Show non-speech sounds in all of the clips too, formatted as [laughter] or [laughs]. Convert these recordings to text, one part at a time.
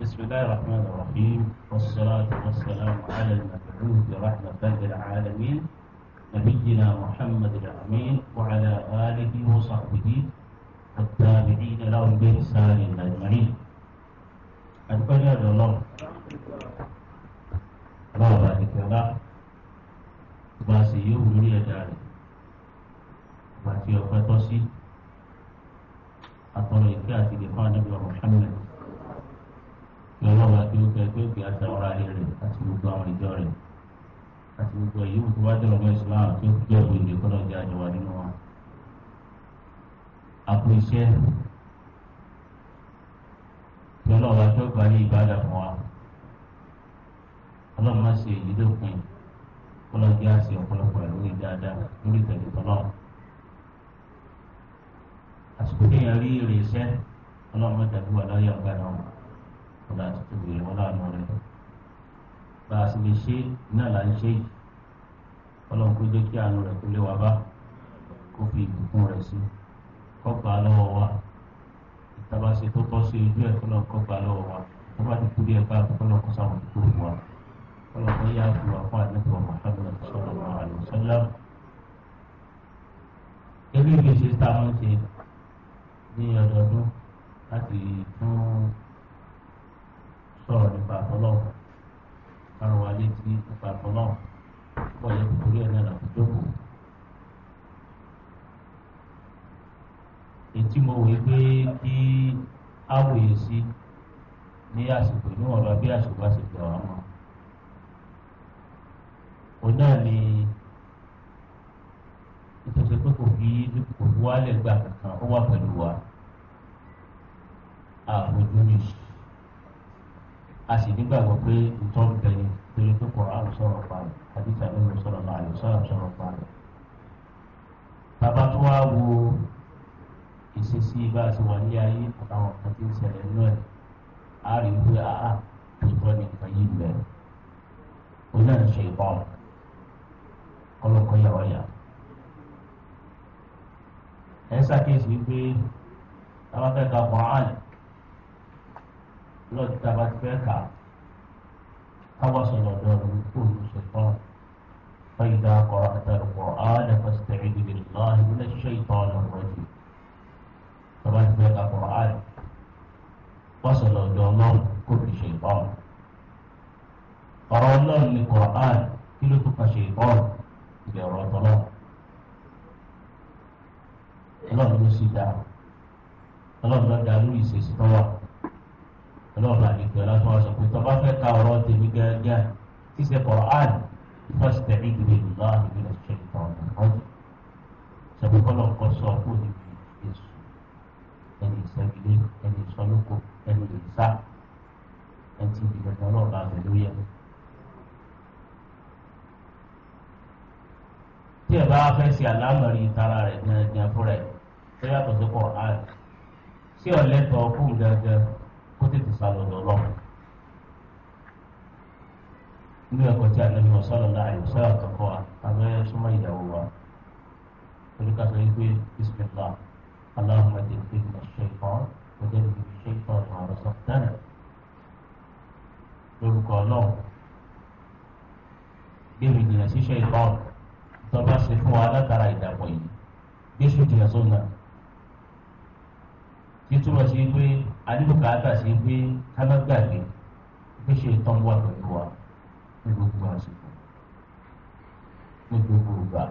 بسم الله الرحمن الرحيم والصلاة والسلام على المبعوث رحمة للعالمين نبينا محمد الأمين وعلى آله وصحبه والتابعين لهم بإحسان أجمعين أتقل يا الله الله بارك الله باسي يوم من يداري باتي وفتوسي atọrọ ìfẹ́ àti ìdẹ̀kọ́ anábìwá Muhammad lọ́wọ́ àti oge ẹgbẹ́ òkè àti àwọn ará rẹ̀ àti gbogbo àwọn ìjọ rẹ̀ àti gbogbo èyí wò tó wá dẹ̀rọ̀ mọ́ Islam tó kú jẹ́ òwe ìdẹ̀kọ́ náà jẹ́ àjọwà nínú wọn. àpò iṣẹ́ tí ọlọ́wọ́ àti ọgbà ní ìbádà fún wa ọlọ́run má ṣe èyí lópin ọlọ́run jẹ́ àṣẹ ọ̀pọ̀lọpọ̀ lórí dáadáa lórí ìtẹ̀lẹ́tọ̀ náà àsìkò téèyàn rí èrè iṣẹ́ ọlọ́run mẹ́ta bí wà láyé ọ̀gá náà wọn láti tóbi rẹ̀ wọn láàánú rẹ̀ bá a sì lè ṣe náà là ń ṣe yìí ọlọ́run kó jẹ́ kí àánú rẹ̀ kó lé wa bá kó fi ìbùkún rẹ̀ sí kọ́ gbà á lọ́wọ́ wa ìtàbáṣe tó tọ́ sí ojú ẹ̀ kọ́ lọ́ọ́ kọ́ wa tó bá ti kú bí ẹ bá sáwọn tó kú wa kọ́ lọ́ọ́ kọ́ yá àbúrò àpá àdébọ̀ Muhammad sallallahu alaihi wasallam. ebi ìgbésẹ̀ tá a máa ń ní ọdọọdún láti tún sọ̀rọ̀ nípa àtọ́lọ́ márùn wa létí nípa àtọ́lọ́ pọ̀ yẹ kúkúrú ẹ̀ náà làwọn jókòó. ètí mo wòye pé kí á wòye sí ní àsìkò níwọ̀nba bí àsìkò bá ṣe gbà wá mọ́. òun náà ni nítorí pé kò fi kò fi wálẹ̀ gbà kankan ó wà pẹ̀lú wa àfojúrí a sì nígbàgbọ́ pé ìtọ́ ń bẹni torí pé Kùránì sọ̀rọ̀ pa rẹ̀ àdìsá nínú sọ̀rọ̀ náà àyè sọ̀rọ̀ sọ̀rọ̀ pa rẹ̀. bàbá tó wá wo ìṣesí bá a ti wà ní ayé àtàwọn kan tí ń ṣẹlẹ̀ nínú ẹ̀ a rí i pé àá tòótọ́ nìkan yìí bẹ̀rẹ̀ onáà ṣe ìbọn kọ́lọ́kọ́ yà ẹ̀ ń ṣàkíyèsí wípé táwọn fẹ́ ka Quran lọ́ọ̀dì táwọn ti fẹ́ kà káwá sọ̀rọ̀ ọ̀dọ́ olùsọ̀tàn فإذا قرأت القرآن فاستعذ بالله من الشيطان الرجيم tọ́ba ti fẹ́ ka Quran wọ́sọ̀lọ̀ ọ̀dọ̀ ọlọ́run kò fi ṣe ìbọn ọ̀rọ̀ ọlọ́run ni Quran kí ló tún ka ṣe ìbọn ìbẹ̀rù ọ̀tọ̀ náà ọlọ́run ló sì dá ọlọ́run ló dá lórí ìṣesí tó wà ọlọ́run àdìgbò láti wá sọ pé tó bá fẹ́ ka ọ̀rọ̀ tèmi gẹ́gẹ́ tí ṣe Qur'an fásitì ìgbìmọ̀ ìlú àdìgbò lọ ṣe ìtàn ọ̀dọ́ sọ̀rọ̀ kọ́lọ̀ kọ́ sọ kó níbi èso ẹni ìṣẹ́gilé ẹni ìsọlóko ẹni ìsá ẹni tí ìgbìmọ̀ ọlọ́run tí ẹ bá fẹ́ ṣe àlámọ̀rí ìtara rẹ̀ gan-an fúnra tó yàtọ̀ sí Qur'an tí ọ̀lẹ́tọ̀ fún gẹ́gẹ́ kó tètè sálọ̀dọ̀ lọ́wọ́ nínú ẹ̀kọ́ tí Ànábì sallallahu alaihi wasallam àkọ́kọ́ wa àmọ́ ẹ súnmọ́ ìyàwó wa oníkàtọ́ yìí pé bisimilá aláhùnmá ti fi ní ṣèkọ́ ọjọ́ ìdí ṣèkọ́ ọ̀rọ̀ sọ̀tẹ́nà lórúkọ ọlọ́run gbèrú ìjìnlẹ̀ sí ṣèkọ́ tó bá ṣe fún wa látara ìdàpọ̀ yìí gbèsè ìjìnlẹ̀ sọ́nà nítorí ṣe pé adébùkátà ṣe pé kálágbàgbé pé ṣe tán wà pẹ̀lú wa ní gbogbo àsìkò ní gbogbo ìgbà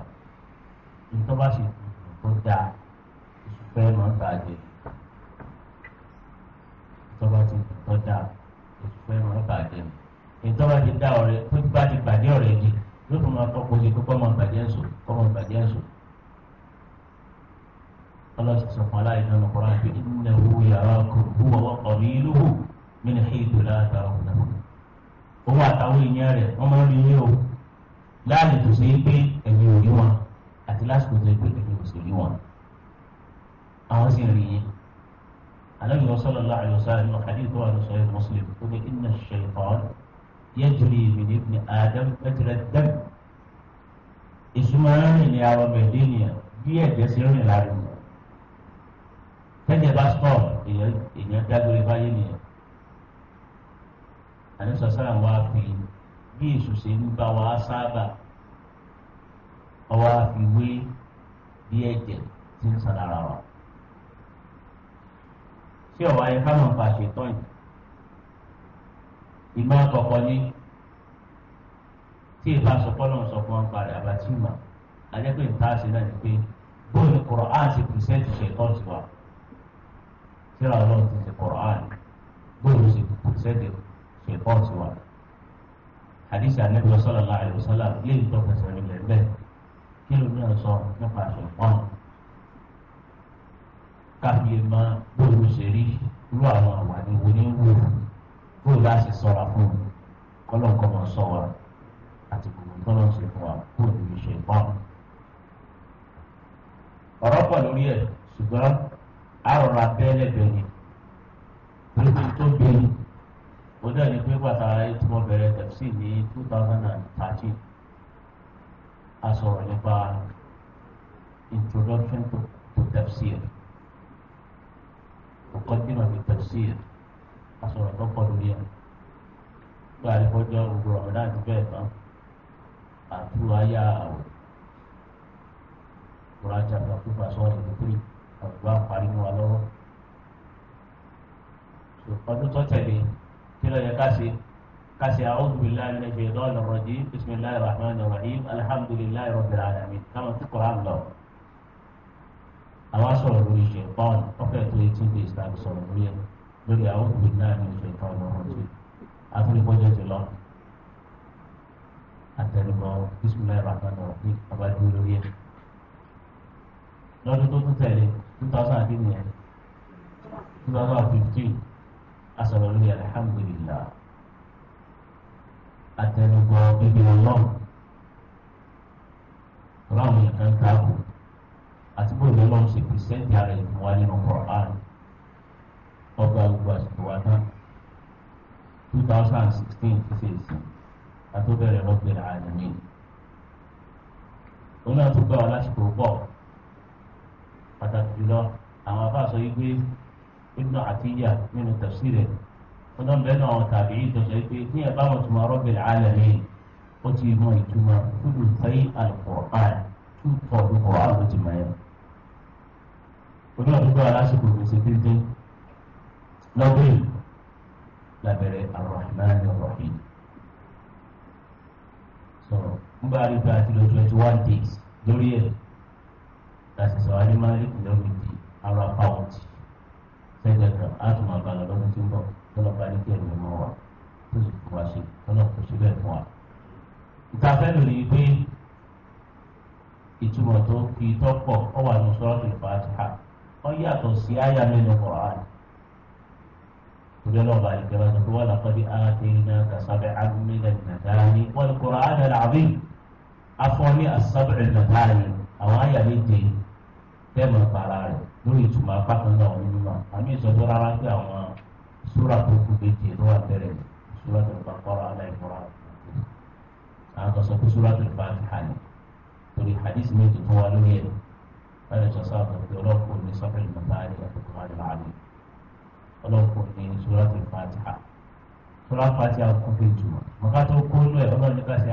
nítorí bá ṣe tó dáa oṣù fẹ́ máa ń bàjẹ́ nítorí bá ti tó dáa oṣù fẹ́ máa ń bàjẹ́ nítorí bá ti dá ọ̀rẹ́ tó bá ti bàjẹ́ ọ̀rẹ́ yìí ló máa tọ́ kó ṣe kó kọ́ máa bàjẹ́ ń kọ́ máa bàjẹ́ ń ọlọ́sì sọ fún aláìsàn ní kọ́ra pé innahu yarakum huwa wa qabiluhu min haythu la tarawnahum. owó àtàwọn èèyàn rẹ̀ wọ́n máa ń rí yín o láàrin tó ṣe àwọn sì rí yín. النبي صلى الله عليه وسلم وحديث عن صحيح مسلم يقول إن الشيطان يجري من ابن آدم مجرى الدم إسماعيل يا رب الدنيا بيد يسيرني tẹ́jẹ̀ bá sọ̀ èèyàn dágbére báyé nìyẹn àníṣọ sáà wá fi bí èso ṣe ń bá wa sábà ọwọ́ àfi wé bí ẹ̀jẹ̀ ti ń sàn lára wa tí ọ̀wá yẹn ká máa ń pàṣẹ tán yìí ìgbà àkọ́kọ́ ní tí ìbá sọ̀kọ́ náà sọ fún ọgbà rẹ̀ àbátí mà ajẹ́pẹ́ ìta ṣe náà ni pé bóyá kọ̀rọ̀ á ti pèsè ìṣẹ̀tọ́ tiwa tíra ọlọ́run ti ṣe kọ̀ọ̀án bóòlù ṣe kúkú sẹ́dẹ̀ ṣe kọ́ ti wà. hadith anabi sallallahu alaihi wasallam léyìí tó fẹsẹ̀ nílẹ̀ bẹ́ẹ̀ kí ló náà sọ nípa ṣe kọ́ọ̀n. káfíń máa bóòlù ṣe rí irú àwọn àwàdí wo ní wò bóòlù á sì sọ̀rọ̀ fún un kọ́lọ́ǹkọ́ máa sọ wa àti gbogbo tọ́lọ́ ṣe fún wa bóòlù ṣe kọ́ọ̀n. ọ̀rọ̀ pọ̀ lórí ẹ̀ ṣùgbọ́n àròrò abẹ́lẹ̀ bẹ̀rẹ̀ lórí tó bẹ̀rẹ̀ ó dẹ̀ ní pé pàtàkì tí mo bẹ̀rẹ̀ tẹ̀sí ní two thousand and thirteen a sọ̀rọ̀ nípa introduction to, to tafsir muqaddimah fi tafsir a sọ̀rọ̀ tó kọ lórí ẹ̀ gba àríkọ́jọ́ gbogbo Ramadan ti bẹ́ẹ̀ tán àtúwáyà àwọ̀ kúrò ajá fún akúfà sọ́ọ̀rọ̀ nítorí àdúrà parí mọ́ wa lọ́wọ́ ọdún tó tẹ̀lé kí ló yẹ ká ṣe ká ṣe a'udhu billahi minash shaitanir rajim bismillahir rahmanir rahim alhamdulillahi rabbil alamin káwọn tí kọ́ra lọ. àwa sọ̀rọ̀ lórí ṣe bọ́ọ̀n ọ̀fẹ́ tó eighteen days tàbí sọ̀rọ̀ lórí ẹ̀ lórí a'udhu billahi minash shaitanir rajim àtúndínlẹ́gbọ́jọ́ ti lọ àtẹnumọ́ bismillahir rahmanir rahim abadúró lórí ẹ̀ lọ́dún tó tún tẹ̀lé two thousand and fifteen yẹn two thousand and fifteen asọ̀rọ̀ lórí alihamudulilayi atẹnugbọ bíbí ọlọ́run ọlọ́run yẹn kan káàbọ̀ àti bóyá ọlọ́run ṣe pèsèǹtì ara ẹ̀ fún wa nínú Quran ọgbà gbogbo àsìkò wa tán two thousand and sixteen ti ṣe ìsìn àtúbẹ̀rẹ̀ lọ́gbẹ̀rẹ̀ pàtàkì jùlọ àwọn afá sọ yìí pé ibùdó àtìyà nínú tafsirẹ̀ ọdún bẹ́ẹ̀ náà wọn tàbí yìí tọ̀sọ̀ yìí pé ní ẹ̀bá wọn tuma rabbil alamin ó ti mọ ìtumọ̀ kúlù fẹ́yì al-Qur'an tú tọ́dún kọ́ àwọn ti mọ̀ ẹ́. oní ọdún tó aláṣepọ̀ kò pínpín lọ́dún lábẹ́rẹ́ ar-Rahman sọ̀rọ̀ ń bá rí pé àti lọ twenty one days lórí ẹ̀ àṣìṣe wa ní malik lọ́wọ́ ìdí ara pàwọ́tì sẹ́gbẹ̀ẹ́ kan á tún máa balọ̀ lọ́dún tí ń bọ̀ tọ́lọ́ bá ní kí ẹ̀mí mọ́ wa tó sì fún wa ṣe tọ́lọ́ kò ṣe bẹ́ẹ̀ fún wa. ìtafẹ́ lórí pé ìtumọ̀ tó fi tọ́pọ̀ ọ wà ní sọ́ọ́tì fàtíhà ọ yàtọ̀ sí àyà mẹ́nu kọ̀ọ̀án ìjọba ọba ìjọba tó wà lápẹ́ẹ́dì àtẹ̀yìnà kàṣàbẹ̀ àmìlẹ̀ nàdáni wọ́n kọ̀ọ̀án àdàlà àbí afọ́ ní àṣàbẹ̀ nàdáni àwọn àyà méje yìí bẹ́ẹ̀ mọ̀ para rẹ̀ lórí ìtumọ̀ apákan náà nínú náà àmì ìsọdọ̀ rárá pé àwọn súrà tó kù méje ló wà bẹ̀rẹ̀ súrà tó bá kọ́ra aláìmọ́ra àwọn kan sọ pé súrà tó bá ti hàn lórí hadith méje tó wà lórí ẹ̀ báyìí sọ sáà tó fi ọlọ́pọ̀ ní sọ́fẹ̀lì mọ̀tàlì àtọkùn àdìláàlì ọlọ́pọ̀ ní súrà tó bá ti hàn súrà tó bá ti hàn kó fi ìtumọ̀ mọ̀ká tó kó lóẹ̀ ọlọ́ọ̀ni ká ṣe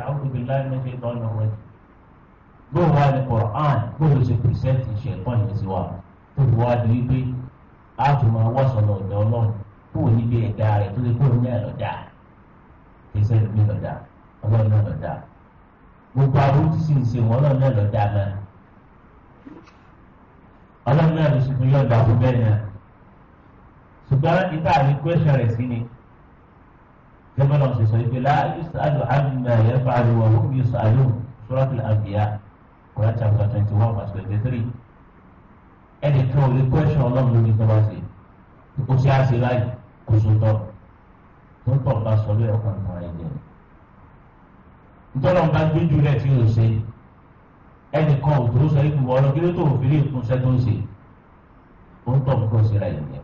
bóun wá ní Qur'an bóun ṣe pèsèntì ṣẹ̀kọ́ yẹn sí wa tó fi wá di wípé a tún máa wọ́sọ̀ lọ ọ̀dọ̀ ọlọ́run kó o níbi ẹ̀dá rẹ̀ tó lè kó o ní ẹ̀lọ́dà pèsè ẹ̀lọ́mí lọ́dà ọlọ́run náà lọ́dà gbogbo àwọn tí sì ń ṣe wọn ọlọ́run náà lọ́dà náà ọlọ́run náà ló ṣùgbọ́n yọ̀ǹda fún bẹ́ẹ̀ náà ṣùgbọ́n ibà ní kwẹ́sàn rẹ̀ sí ni gẹ́gẹ́ bá ṣe sọ ìpè láàyè àmì náà yẹ fàlù wà wọ́n mi sàlù suratul Quran chapter twenty one verse twenty three ẹnì kan ò lè question ọlọ́run lórí tó bá ṣe kò ṣe àṣe láì kò sótọ́ tó ń tọ̀ bá sọ lórí ọkàn kan ẹ̀ jẹ́ ntọ́lọ́run bá gbójú rẹ̀ tí ò ṣe ẹnì kan ò tó sọ ìgbìmọ̀ ọlọ́gẹ́rẹ́ tó fi lè kún sẹ́tọ́ ṣe ó ń tọ̀ nǹkan ṣe láì jẹ́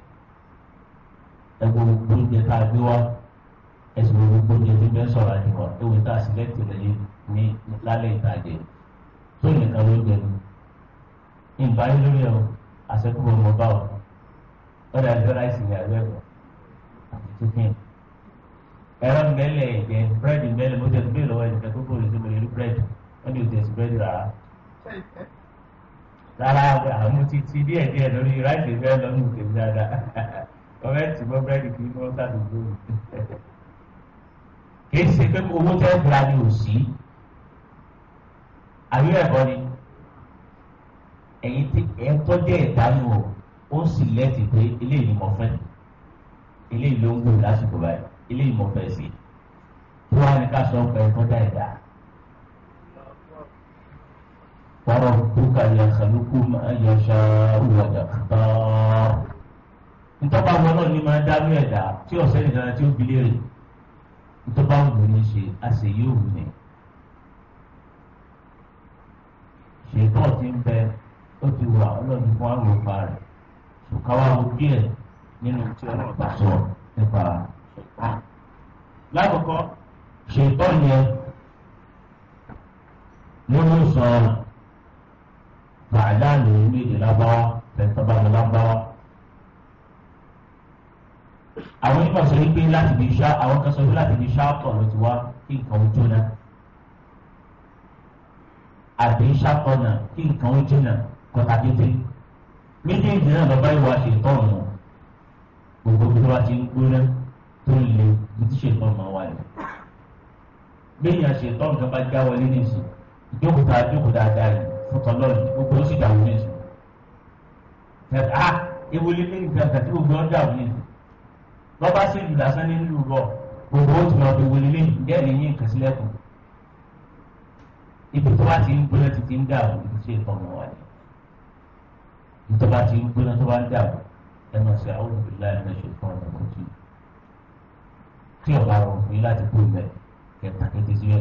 ẹgbẹ́ gbogbo oúnjẹ tá a gbé wá ẹsùn gbogbo oúnjẹ tó bẹ́ẹ̀ sọ̀rọ̀ àdìwọ̀ ewu tá a sì lẹ́tọ̀ọ́ lẹ́yìn ní lálẹ́ ìtàgé yìí tó nìkan ló jẹ ní ìbá yín lórí ọ àṣẹkùbọ ọmọ bá ọ ọdọ àti ráìsì ní àgbẹ̀ ẹ̀kọ́ àti chicken ẹ̀rọ mẹ́lẹ̀ ẹ̀jẹ̀ búrẹ́dì mẹ́lẹ̀ mo tẹ̀sí bẹ́ẹ̀ lọ́wọ́ ẹ̀jẹ̀ kókó lè ṣe mo lè rí búrẹ́dì wọ́n ní o tẹ̀sí búrẹ́dì rà á rárá àwọn ti ti díẹ̀ díẹ̀ lórí ráìsì fẹ́ lọ́nù tèmi dáadáa ọmọ ẹ̀ tì mọ́ búrẹ́dì kì í mọ́ sàdúgbò kì í ṣe pé owó tẹ́ gbà ní òsì àbí ẹ̀kọ́ ni ẹ̀yin tí ẹ̀ tọ́jú ẹ̀dánù o ó sì lẹ́tì pé eléyìí ni mo fẹ́ eléyìí ló ń gbò lásìkò báyìí eléyìí mo fẹ́ sí tó wà ní ká sọ pé ẹ̀kọ́ dá ẹ̀dá. Wàrà òkúta yà sàlùkù máa yọ ṣááru ọ̀dà tán. Ntọ́ba wọn náà ni máa dánú ẹ̀dá tí ọ̀sẹ̀ nìkan tí ó bilé rè. Ntọ́ba wọn ló ní ṣe àṣeyí òun ni. ṣèkọ́ ti ń bẹ ó ti wà ọlọ́ọ̀dún fún àròpá rẹ̀ ṣùkáwá wo díẹ̀ nínú tí ọlọ́ọ̀bá sọ nípa ṣèkọ́. lákòókò ṣèkọ́ yẹn nínú sọ bàdá lòún méjì lábáwá tẹ̀síọ́bàdàn lábáwá àwọn onímọ̀ sọ wípé láti bí iṣá àwọn kan sọ wípé láti bí iṣá ọ̀tọ̀ ló ti wá kí nǹkan ojú náà àbí ṣàkọnà kí nǹkan ó jìnnà kọta títí méjèèjì náà bàbá ìwà ṣètọ́nù gbogbo bí wọ́n ti ń gbóná tó le ní ti ṣètọ́nù máa wà lẹ̀ méjì àṣetọ́nù kan bá já wọlé nìsín ìjókòtà ìjókòtà dáa yìí fún tọ́lọ́ọ̀nù gbogbo ó sì dàrú nìsín tẹ̀ka ewúlé ní ìgbàgbà tí ah, gbogbo ọjà wù ní lọ́ba sí ìlú lásán ní ìlú bọ̀ gbogbo ó ti lọ́ọ́ fi wọlé lẹ́yìn bẹ́ẹ̀ ni yín kàn sílẹ̀kùn ibi tó bá ti ń gbóná ti ti ń dààmú ibi tí èkó ọmọ wa ni ibi tó bá ti ń gbóná tó bá ń dààmú ẹnu ọ̀sẹ̀ àwọn olùdílé ẹnu ẹ̀ṣẹ̀ fún ọmọ kò tù kí ọba rọrùn fún yín láti kó ibẹ̀ kẹta kété síbẹ̀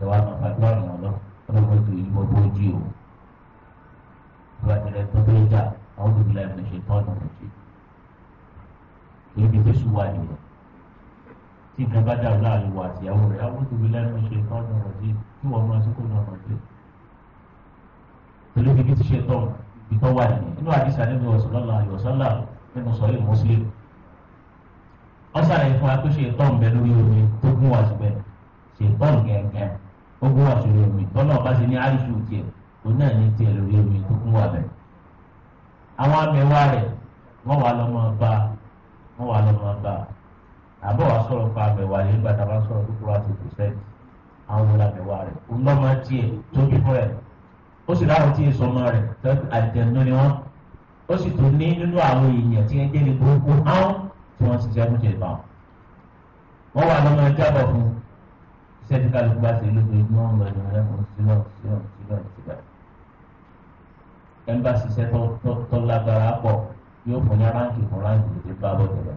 ẹ wá máa fàdúrà ràn lọ ọlọ́run ètò yìí mo bó jí o ìwà tẹ̀lé tó bẹ́ẹ̀ jà àwọn olùdílé ẹnu ẹ̀ṣẹ̀ fún ọmọ kò tù ibi tó sùn wà nìyẹn tí nǹkan bá dàrú láàrin wà àtìyàwó rẹ̀ àwọn tóbi lẹ́nu ṣe tọ́nu ọ̀dí tí wọ́n máa tún kó náà ọ̀dí. pẹ̀lú bí kí ti ṣe tọ́nu ìtọ́ wà ní inú àdìsá nínú ọ̀sánlá ìwọ̀sánlá nínú sọ̀rọ̀ Muslim. wọ́n sàlàyé fún wa pé ṣe tọ́nu bẹ lórí omi tó gún wá síbẹ̀ ṣe tọ́nu gẹ̀ǹgẹ̀ ó gún wá sórí omi tọ́nà bá ṣe ní àríṣù tiẹ̀ òun náà ní tiẹ̀ lórí omi tó gún wá bẹ̀ àbọ̀ wa sọ̀rọ̀ pa àbẹ̀wò àlè nígbà tá a bá sọ̀rọ̀ tó kúrò àti percent àwọn wọlé àbẹ̀wò rẹ̀ ọlọ́mọ tiẹ̀ tóbi fún rẹ̀ ó sì láwọn tí èso ọmọ rẹ̀ tẹ́tù àjẹnú ni wọ́n ó sì tún ní nínú àwọn èèyàn tí wọ́n gbé ní burúkú áwọn tí wọ́n ti jẹ́ mú jẹ̀bà wọ́n wà lọ́mọ jábọ̀ fún iṣẹ́ tí kálukú bá ṣe lójoojúmọ́ ọmọ ènìyàn lẹ́kọ̀ọ́ sílọ̀ sílọ̀ sílọ̀ sílọ̀ ẹ̀ńbà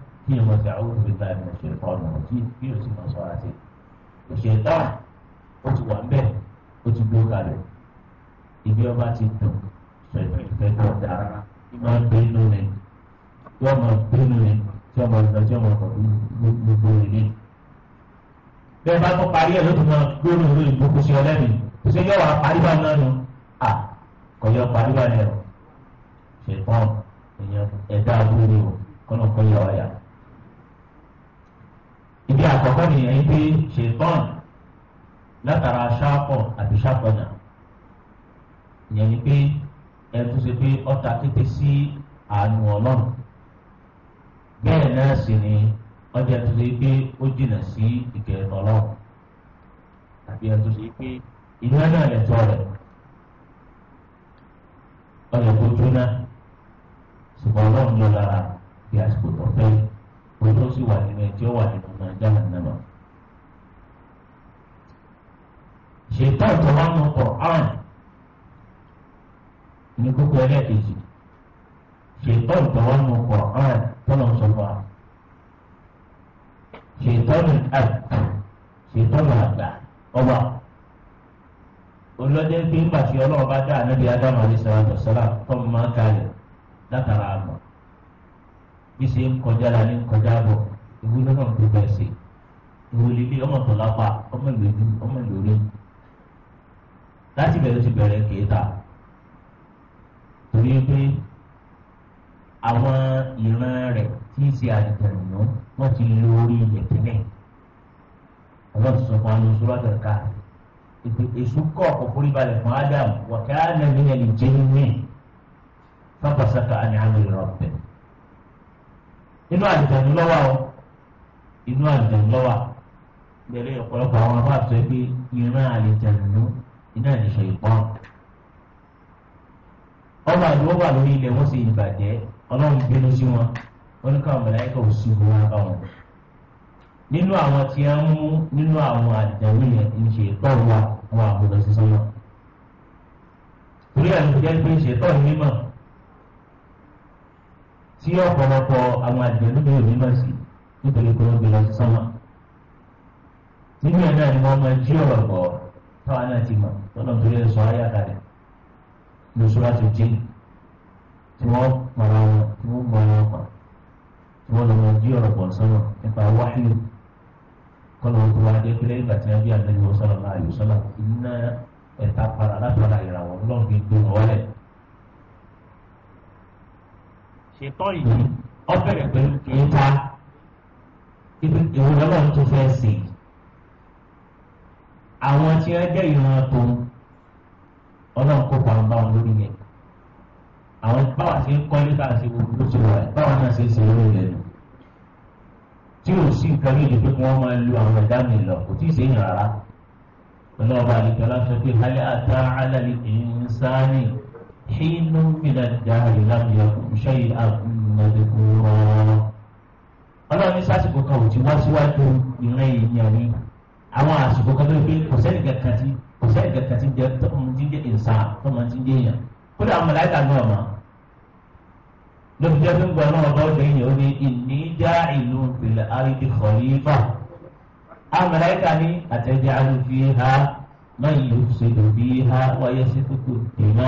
kí ẹ máa gbà ó lórí báyìí mo ọ̀nà kí kí o sì máa sọ àti òṣèlú náà ti wà ńbẹ̀ ó ti gbó kalẹ̀ ibi ọba ti dùn pẹ̀lú ìfẹ́tọ̀ dára kí máa ń bínú ni kí ọmọ bínú ni kí ọmọ ìgbà tí ọmọ kọ̀ gbogbo ìní. bẹ́ẹ̀ bá tó parí ẹ̀ ló ti máa gbóòórùn lórí ìgbókù sí ọlẹ́bi kò yọ parí bá yẹn o ṣètò èèyàn kọ́nà kọ́ yọ ọ̀yà ibi àkọ́kọ́ nìyẹn yìí pé ṣètọ́n látara ṣáàpọ̀ àti ṣáàpọ̀nà ìyẹn ni pé ẹtú ṣe pé ọta kété sí àánú ọlọ́run bẹ́ẹ̀ náà sì ni ọjà tó ṣe pé ó jìnnà sí ìkẹyẹ ọlọ́run tàbí ẹtú ṣe pé ìlú ẹ̀ náà lẹ́tọ́ rẹ̀ ọ̀yọ̀ kò jóná ṣùgbọ́n ọlọ́run ló lára bí àsìkò tó fẹ́ yìí òun sì wà nínú ẹjọ́ wà nínú náà jahannama. ṣètò ìtọ́wá nù Qur'an ní kókó ẹlẹ́ẹ̀kejì ṣètò ìtọ́wá nù Qur'an tọ́lọ̀ ń sọ fún wa. ṣètò ìtọ́wá ṣètò ìtọ́wá ọba olóde gbé ńgbà tí ọlọ́run bá dá ànábi ádámù alẹ́sàlátọ̀ sọ́lá tó ń máa kalẹ̀ látara àmọ́ bí ṣe ń kọjá la ní ń kọjá bọ̀ ìwé lọ́nà tó bẹ̀ ṣe ìwé lílé ọmọ tó lápá ọmọ ìlójú ọmọ ìlórí láti bẹ̀rẹ̀ ti bẹ̀rẹ̀ kéta torí pé àwọn ìran rẹ̀ tí ń ṣe àdìgbẹ̀rùnú wọ́n ti lo orí ilẹ̀ kílẹ̀ ọlọ́run sọ fún àwọn oṣù lọ́dọ̀ọ́ká ìpè kọ́ ọ̀pọ̀ foríbalẹ̀ fún Ádámù wọ̀kẹ́ ánà nílẹ̀ lè jẹ́ nínú ẹ̀ fọ́pọ̀ sọ́kà á ní àmì ìrọ̀bẹ̀ inú àdìdànù lọ́wọ́ o inú àdìdànù lọ́wọ́ gbẹ̀rẹ̀ ọ̀pọ̀lọpọ̀ àwọn afọ àti ẹgbẹ́ ìran àdìdànù iná ìṣe ìpọ́n. ọba àdúgbò wà lórí ilẹ̀ wọ́n sì ìbàjẹ́ ọlọ́run bínú sí wọn wọn ní káwọn mọ̀láyíkà ò sí wọn bá wọn. nínú àwọn tí a ń mú nínú àwọn àdìdànù yẹn ìṣe ìpọ́n wa wọn àbúrò sísọ wọn. torí àdìdànù tí ọ̀pọ̀lọpọ̀ àwọn àjẹ̀lú bẹ̀rẹ̀ nínú ẹ̀sìn nítorí kó ló gbé lọ sánmà. nínú ẹ̀ náà ni wọ́n máa jí ọ̀rọ̀ gbọ́ táwa náà ti mọ̀ lọ́nà tó yẹ sọ ayé àkàrẹ̀ lóṣùlá tó jẹ́ tí wọ́n mọ̀ra wọn tí wọ́n mọ̀ra wọn pa tí wọ́n lọ máa jí ọ̀rọ̀ gbọ́ sánmà nípa wáhíù kọ́nà tó wá dé pẹ́lẹ́ ìgbà tí wọ́n bí àdéhùn sọ̀rọ̀ náà yóò sọ̀rọ̀ iná ẹ̀ta para látọ̀ra ìràwọ̀ lọ́ọ̀ ṣètọ́ yìí ọ bẹ̀rẹ̀ pẹ̀lú kìíta ìwé lọ́wọ́ tó fẹ́ sè àwọn tí wọ́n jẹ́ ìran tó ọlọ́run kó pa ọba wọn lórí yẹn àwọn báwa ṣe ń kọ́lé ká ṣe gbogbo ló ṣe wà báwa náà ṣe ń ṣe lórí yẹn tí ò sí nǹkan ní ìdíje kí wọ́n máa lo àwọn ẹ̀dá mi lọ kò tí ì ṣe é yàn rárá ọlọ́ọ̀bà àdìgbọ́lá sọ pé hálẹ́ àtà alálẹ́ ìsáni. حين من الدهر لم يكن شيئا مذكورا ọlọ́run ní sásìkò kan ò ti wá síwájú ìran èèyàn ni àwọn àsìkò kan tó fi kò sẹ́ni kankan tí kò sẹ́ni kankan tí jẹ tó ń ti jẹ ìsà tó máa ti jẹ èèyàn kódà àwọn mọ̀láìkà náà mọ̀ lóbi jẹ́ fún gbọ́n náà ọba ọ̀dọ̀ èèyàn ó ní ìní ìlú ìpìlẹ̀ àrídì kọ̀ọ̀lìfà àwọn mọ̀láìkà ní àtẹ̀jẹ́ àlùfíà máa yóò ṣe lòbí ha wáyé sí kókò dèmá.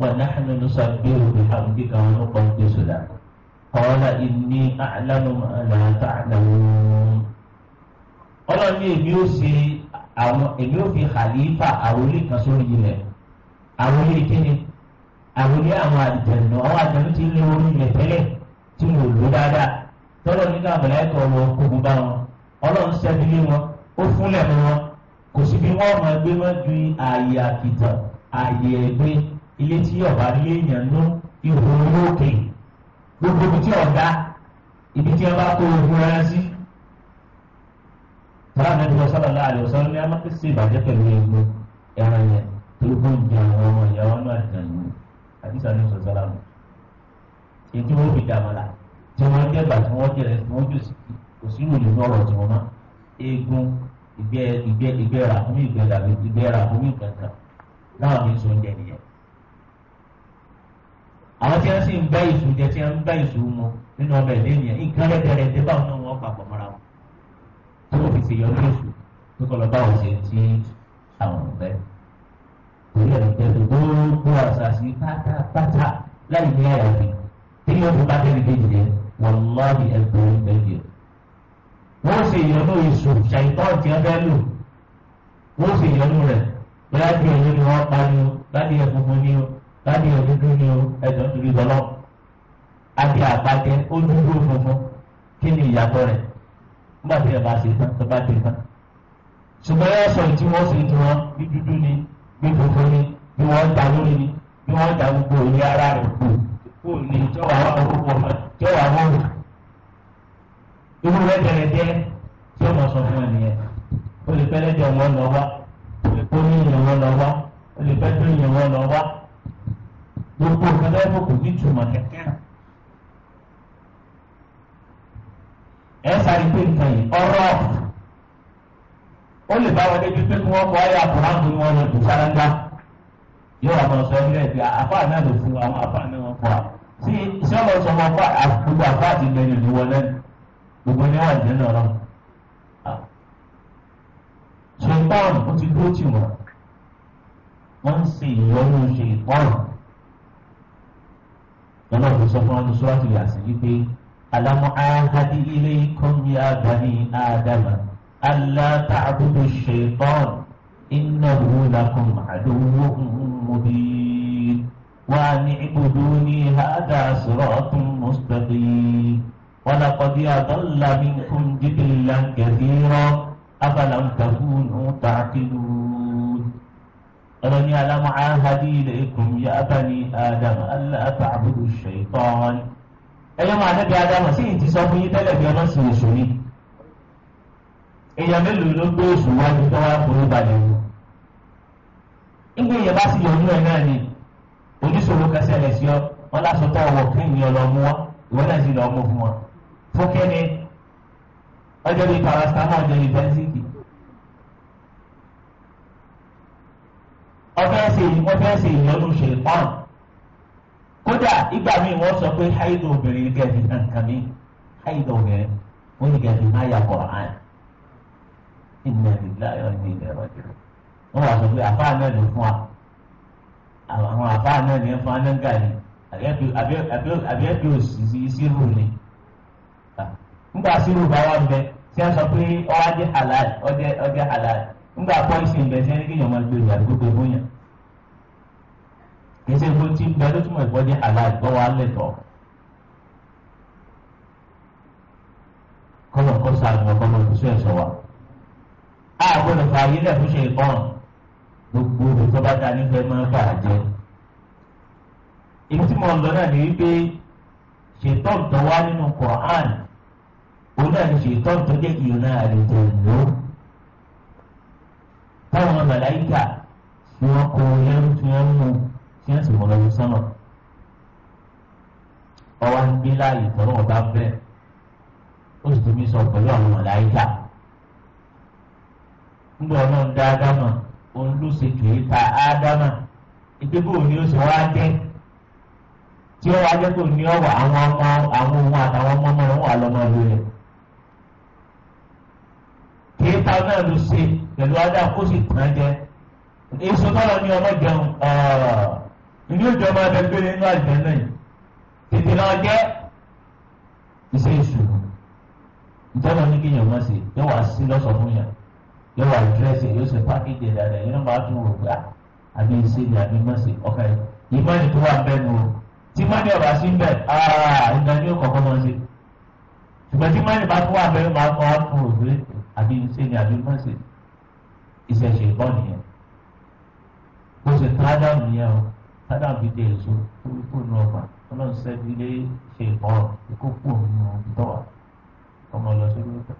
ونحن نسبح بحمدك ونقدس لك قال إني أعلم ما لا تعلمون ọlọ́run ní èmi ò ṣe àwọn èmi ò fi khalifa àwọn ilé kan sórí ilẹ̀ àwọn ilé kíni àwọn ilé àwọn àjẹnù àwọn àjẹnù ti lé orí ilẹ̀ tẹ́lẹ̀ tí mo lò dáadáa tọ́lọ̀ nígbà mọ̀lẹ́kọ̀ wọn kò mú bá wọn ọlọ́run ṣẹ́bi lé wọn ó fúnlẹ̀ mọ́ wọn kò sí bí wọ́n máa gbé wọn ju ààyè àkìtàn ààyè ẹgbẹ́ ilé tí ọba rí èèyàn nú ihò olóòkè gbogbo ibi tí ọga ibi tí ẹ bá kó ogun ẹran sí. Tọ́lá nàbí wọ́n sọ́dọ̀ láàrin ọ̀sán ní ẹ̀ma pèsè ìbàjẹ́ pẹ̀lú egbò ẹran yẹn tó gbóúnjẹ àwọn ọmọ ìyá wọn náà dàn àdìsá ní Ètò wọn fi tí wọ́n jẹ́ wọ́n jẹ́ rẹ̀ tí wọ́n jù sí kò àwọn tí wọ́n sì ń bá ìṣù jẹ tí wọ́n ń bá ìṣù mu nínú ọmọ ẹ̀dẹ́ ènìyàn nǹkan rẹ̀dẹ̀rẹ̀dẹ̀ báwọn náà wọ́n papọ̀ mọ́ra wọn tí wọ́n fi ṣe yọ lóṣù tó kọ́ lọ báwọn ṣe ti àwọn ọ̀fẹ́. torí ẹ̀rọ pẹ̀lú gbogbo àṣàṣì pátápátá láì ní ẹ̀rọ mi tí yóò fi bá tẹ́lẹ̀ kejì rẹ̀ wọ́n lọ́ọ̀dì ẹgbẹ̀rún méje. wọ́n ṣe ìyọnú ìṣù ṣàìtọ́ọ̀ tí wọ́n fẹ́ lò wọ́n ṣe ìyọnú rẹ̀ bóyá bí ẹ̀yìn ni láti òdúdú ni o ẹjọ́ nítorí lọ́lọ́ àti àpàtẹ ó funfun kí ni ìyàtọ̀ rẹ̀ nígbà tí ẹ bá ṣe tán tó bá ṣe tán. tí wọ́n ṣe tí wọ́n bí dúdú ni bí funfun ni bí wọ́n da lórí ni bí wọ́n da gbogbo ara rẹ̀ ní jọ́wọ́ àwọn ọmọ àwọn jẹ́ tí ó mọ̀ sọ fún ẹ nìyẹn gbogbo nǹkan lẹ́nu kò ní túmọ̀ kẹ́kẹ́ rẹ̀. ẹ sáré pé nǹkan yìí ọ̀rọ̀ ó lè bá wọn débi pé kí wọ́n kọ́ ayé àkùrán tó ní wọn lọ tó sáráńgá yóò wà lọ sọ ilé ẹgbẹ́ àfa náà lò fún àwọn àfa náà wọn fọ àwọn sí iṣẹ́ lọ sọ wọn fà gbogbo àfa àti ìgbẹ́ni ìlú wọn lẹ́nu gbogbo ní wà jẹ́ lọ́rọ́ ṣe ó ti dúró tì wọ́n wọ́n ń ṣe ìyọ́nú ṣe lọ́nà tó sọ fún ọdún sọ́wọ́tì yà sí wípé alamu ahadi ilé kọ́mi abani adama allah ta'budu shaitan innahu lakum aduwwun mubin wa ani ibuduni hada siratun mustaqim wa laqad adalla minkum jibilan kathira afalam takunu ta'qilun ẹlọ́ni alámọ̀ ahadi ilẹ̀ ikùn ya abani adam aláàbà àbúrò ṣètọ́n. ẹyọ́ máa nẹ́bí adam sí ìtì sọ fún yín tẹ́lẹ̀ bí ọmọ sì èso ni. èèyàn mélòó ló gbé èso wájú tó wá forí balẹ̀ wò. nígbà èèyàn bá sì yọ inú ẹ̀ náà ni oníṣòro kẹsẹ̀lẹ̀ sí ọ wọn lásán tó wọ kírìmì ọlọ́mú wa ìwọ náà sì lọ́ọ́ mú fún wọn. fún kẹ́ni ọjọ́ bíi paracetamol ọjọ́ bíi bẹ́ńsìkì ọfẹ́ ṣe ọfẹ́ ṣe ìyọnu ṣèlpọ́n kódà ìgbà míì wọ́n sọ pé háìdù obìnrin gẹ̀ẹ́dì kankan mi háìdù obìnrin wọ́n ní gẹ̀ẹ́dì náà yà kọ̀ án ìnà ìlà ìrìn ìlẹ̀ rọ̀jò wọ́n wà sọ pé àfa náà ló fún wa àwọn àfa náà ní fún anáńgà ni àbí ẹbí òsì ìṣirò ni nígbà sírò bá wà ń bẹ tí wọ́n sọ pé ó wá jẹ́ halal ó jẹ́ halal nígbà pọ́ìsì ń bẹ sí ẹni kéèyàn máa gbèrú àti gbogbo ẹ̀bùn yẹn kìsẹ́ ìbò tí ń bẹ ló túmọ̀ ìbọn ní halal gbọ́ wa lẹ́tọ̀ kọ́nà kọ́ sàánù ọ̀kọ́nà òṣìṣẹ́ ẹ̀ṣọ́ wa a gbọ́dọ̀ fà ayé lẹ̀ fún ṣe ìkọ́n gbogbo òbí tó bá ta nífẹ̀ẹ́ máa bà á jẹ́ ibi tí mo lọ náà ní wípé ṣètọ́n wá nínú Qur'an òun náà ní ṣètọ́n jẹ́ ìrìnà àlejò ìlú. táwọn màláìkà ni wọ́n kó lẹ́rú tí wọ́n mú tí wọ́n sì mú lọ sọ́nà ọwọ́ ń gbé ọba fẹ́ ó sì tún sọ pẹ̀lú àwọn màláìkà ńgbà ọlọ́run dá ádámà òun ló ṣe kìí ta ádámà ni ó ṣe wá dé tí ó wá ní kìí ta náà ló ṣe pẹ̀lú ajá kó sì tàn jẹ èso tọ́lọ ní ọmọ jẹun ìlú ìjọba ẹgbẹ́ gbé nínú àjẹ náà tètè náà jẹ́ ìṣe ìṣòro ìjọba ní kéèyàn má ṣe yóò wá sí lọ́sọ̀ fún yàn yóò wá dírẹ́sì yóò ṣe pákéjì ìlànà yóò máa tún wò pé ah, àbí ìṣe ni àbí má ṣe ọkà ìmọ̀ni tó wà bẹ́ẹ̀ nù tí mọ́ni ọ̀bà sí ń bẹ̀ ìgbà ni yóò mọ́ ṣe ṣùgbọ́n tí mọ́ni bá tún wà bẹ́ẹ̀ máa tún wò pé àbí ṣe ni àbí má ṣe ìṣẹ̀ṣẹ̀ ìbọn nìyẹn bó ṣe tádàm nìyẹn o tádàm fi dé èso tó fi kó nu ọgbà ọlọ́run ṣẹ́bi lé ṣe ìbọn ikú kú nínú ìtọ́wà ọmọ lọ sí ìlú ìtọ́.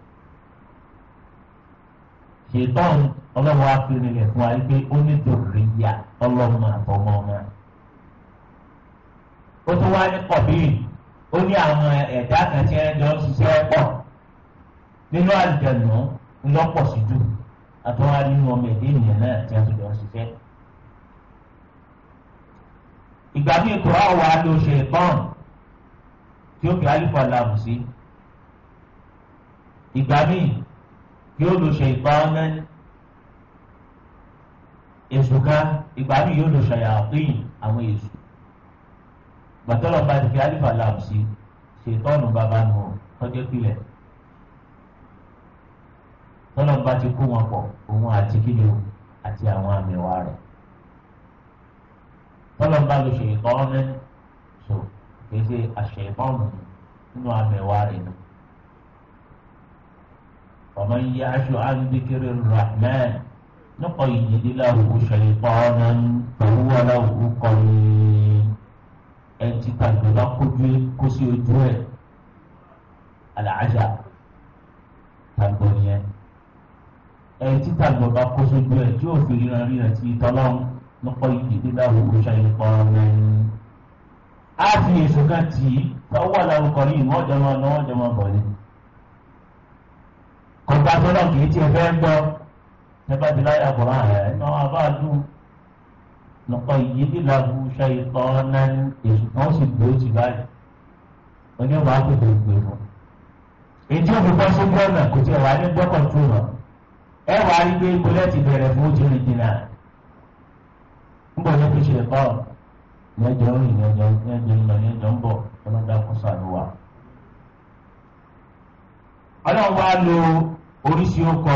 ṣètọ́n ọlọ́run wá fi rinlẹ̀ fún wa pé ó ní dòrè ya ọlọ́run àtọmọ ọmọ ó tún wá ní kọ̀bí ó ní àwọn ẹ̀dá kan tí ẹ jọ ń ṣiṣẹ́ pọ̀ nínú àjẹnù lọ́pọ̀ sí jù àtọ́wá nínú ọmọ èdè ènìyàn náà tí a ti lọ ṣiṣẹ́. ìgbà míì kò á wà á lo ṣe ìtọ́n tí ó fi alifu aláàbò sí. ìgbà míì yóò lo ṣe ìtọ́n náà èso ìgbà míì yóò lo ṣe àwọn èso. gbàtọ́lọ́ bá ti fi alifu aláàbò sí ṣe bàbá nù ọjọ́ pílẹ̀ tọ́lọ́mùbá ti kó wọn pọ̀ òun àti kíni o àti àwọn àmì wa rẹ̀ tọ́lọ́mùbá ló ṣe ìkọ́ ọ́nẹ́ so gbèsè àṣẹ ìbọ́ọ̀nù nínú àmì wa rẹ̀ nù. ọmọ yìí aṣọ àdìkiri rahman nípa ìyìnlélàwò ṣèyíkọ́ ọ̀nà ìpàwọ́ aláwọ̀ kọ́ni ẹ̀ ti tàgbé bá kójú kó sí ojú ẹ̀ àlàájá tàgbọ̀ yẹn ẹni títà ìjọba kó sójú ẹ tí òfin ríran ríran ti tọ́lọ́run lọ́pọ̀ ìdílé láwọn oṣù ìpọ́n lẹ́yìn. a fi èso kan tì í tọ́wọ́ làwọn kọ̀ọ̀rọ̀ ìmọ̀ ọ̀jọ̀mọ̀ ọ̀nà ọ̀jọ̀mọ̀ bọ̀lẹ̀. kọ̀ọ̀tà tọ́lọ̀ kì í tiẹ̀ fẹ́ gbọ́ nípa ti láyà kọ̀ọ̀rọ̀ ẹ̀ ẹ̀ náà abáàdù lọ́pọ̀ ìdílé láwọn oṣù ìpọ́n lẹ́yìn èso kan sì gbé ó ti báyìí. oníwàá kò tó gbé fún. èyí ẹ wà á rí pé bọ́lẹ́tì bẹ̀rẹ̀ fún oṣù ìdìnnà nbọ̀ lẹ́kọ̀ọ́ ṣe ẹ̀kọ́ lẹ́jọ́ rìn lẹ́jọ́ lẹ́jọ́ lọ lẹ́jọ́ ń bọ̀ ọlọ́dà kó sàlùwà. ọlọ́run wá lo oríṣi ọkọ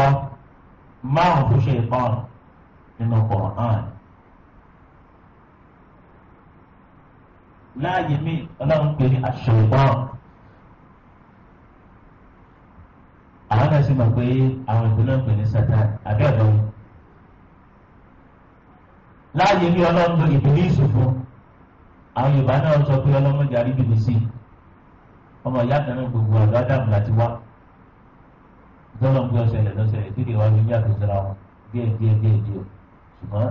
márùn ẹ̀kọ́ nínú láàyè mi ọlọ́run pè àwọn náà sì mọ̀ pé àwọn ìbò náà pè ní satan abẹ́ẹ̀lọ́ láàyè bí ọlọ́run lo ìṣòfò àwọn yorùbá náà sọ pé ọlọ́run jàrí bìbí sí ọmọ náà gbogbo ádámù láti wá lọ́sẹ̀lẹ̀ tí ìwà yàtọ̀ wọn díẹ̀ díẹ̀ díẹ̀ díẹ̀ ṣùgbọ́n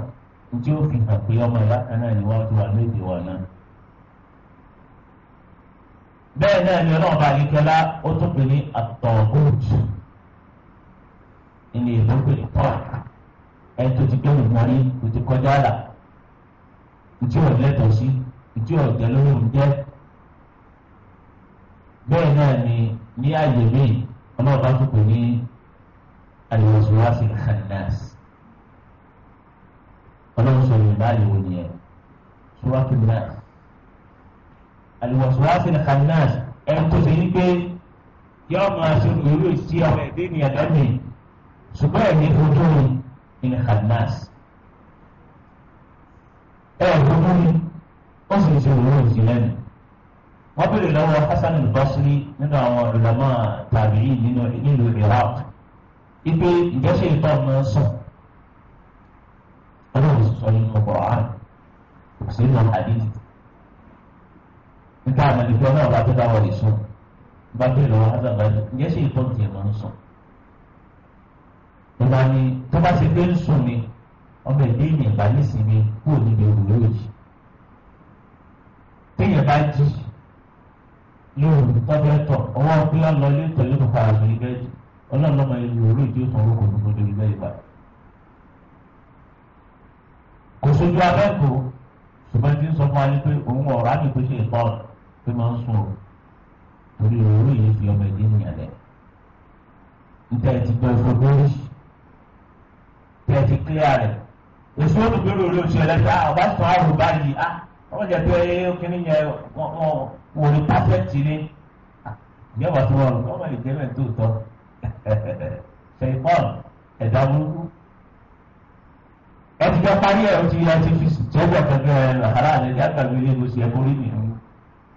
tí ó fi hàn pé ọmọ náà ni wọ́n wà lóde wọn náà. bẹ́ẹ̀ náà ni ọlọ́run bá àlekẹ́lá ó tún pè ní àtọ̀gọ́jì ní èdè pé tọ́ ẹni tó ti gbẹ́wò wọn rí ti kọjá là ìtí ò lẹ́tọ̀ọ́ sí ìtí ò jẹ́ lórí oúnjẹ bẹ́ẹ̀ náà ni ní àyè míì ọlọ́run bá tún pè ní àlèwòsíwáṣí hannas ọlọ́run sọ̀rọ̀ ìbáyìí wò nìyẹn sọ́wọ́n tó náà àlùwọ̀sowáṣí ní kànáà ẹni tó ṣe yí pé yọ máa ṣe ìrírí sí ọmọ ẹ̀dá ènìyàn lẹ́nu ṣùgbọ́n ẹ̀mí fojú ni ní kànáà ẹ̀ fojú ni ó sì ń ṣe ìrírí sí lẹ́nu. wọ́n bèrè lọ́wọ́ Hasan al-Basri nínú àwọn ìlànà tàbí nínú nílùú Iraq ipe ìjọsìn ìtọ́ máa sùn ọlọ́run sọ nínú Kùránì kò sí nínú àdìsí. a àwọn ìjọ náà bá tó dá mba sùn bá bẹ̀rẹ̀ lọ́wọ́ ádàbà ǹjẹ́ si ìtọ́ tiẹ̀ máa ń sùn. tó bá kúrò níbi òwúrọ̀ yìí. téèyàn bá jí sọ fún wa ní pé òun ọ̀rọ̀ á pé máa ń sùn torí òru yìí fi ọmọ ẹdín ní alẹ́ níta ẹ ti gbọ́ ìfọdún rí tẹ ti clear rẹ èso tó gbé lórí oṣù ẹlẹgbẹ àwọn bá sọ àrùn báyìí á ah, wọn jẹ pé kíní yẹn wọn wò ní perfect ni ìjọba tó wà lọ wọn lè jẹ bẹ́ẹ̀ tó tọ ṣèyí bọọlù ẹ̀dá burúkú ẹ ti jọ parí ẹ o ti ẹ ti fi ṣẹgbẹ kẹkẹ ẹ lọ ara rẹ jágbàgbé ní oṣù ẹ borí nìyẹn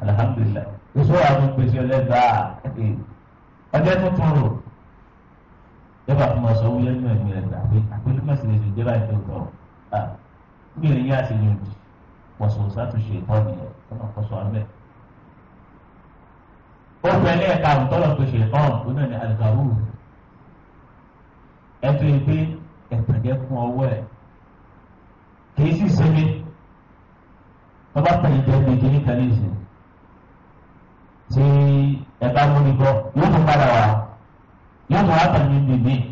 alhamdulilah èso wà fún pèsè ọlẹ́gbàá ọjọ́ tuntun rò yọba fún ma sọ wúlé nínú ẹ̀mí rẹ̀ gbà pé àpèlú mẹ́sìlẹ̀ lè jẹ́ báyìí tó tọ̀ à gbìyànjú yín àti yín òdì pọ̀sọ̀ sátúnṣe ìtọ́ni yẹn tó náà kọ́ sọ abẹ́. ó fẹ́ ilé ẹ̀ka àwùtọ́lọ̀ pé ṣe tán ó náà ní alùpàrù ẹ̀tọ́ ìgbé ẹ̀tàjẹ́ fún ọwọ́ ẹ̀ kì í sì sinmi bàbá pẹ̀lú ìgbẹ́ mi tí ẹ bá múni bọ yóò tún padà wá yóò tún wá tẹ̀lé bèbè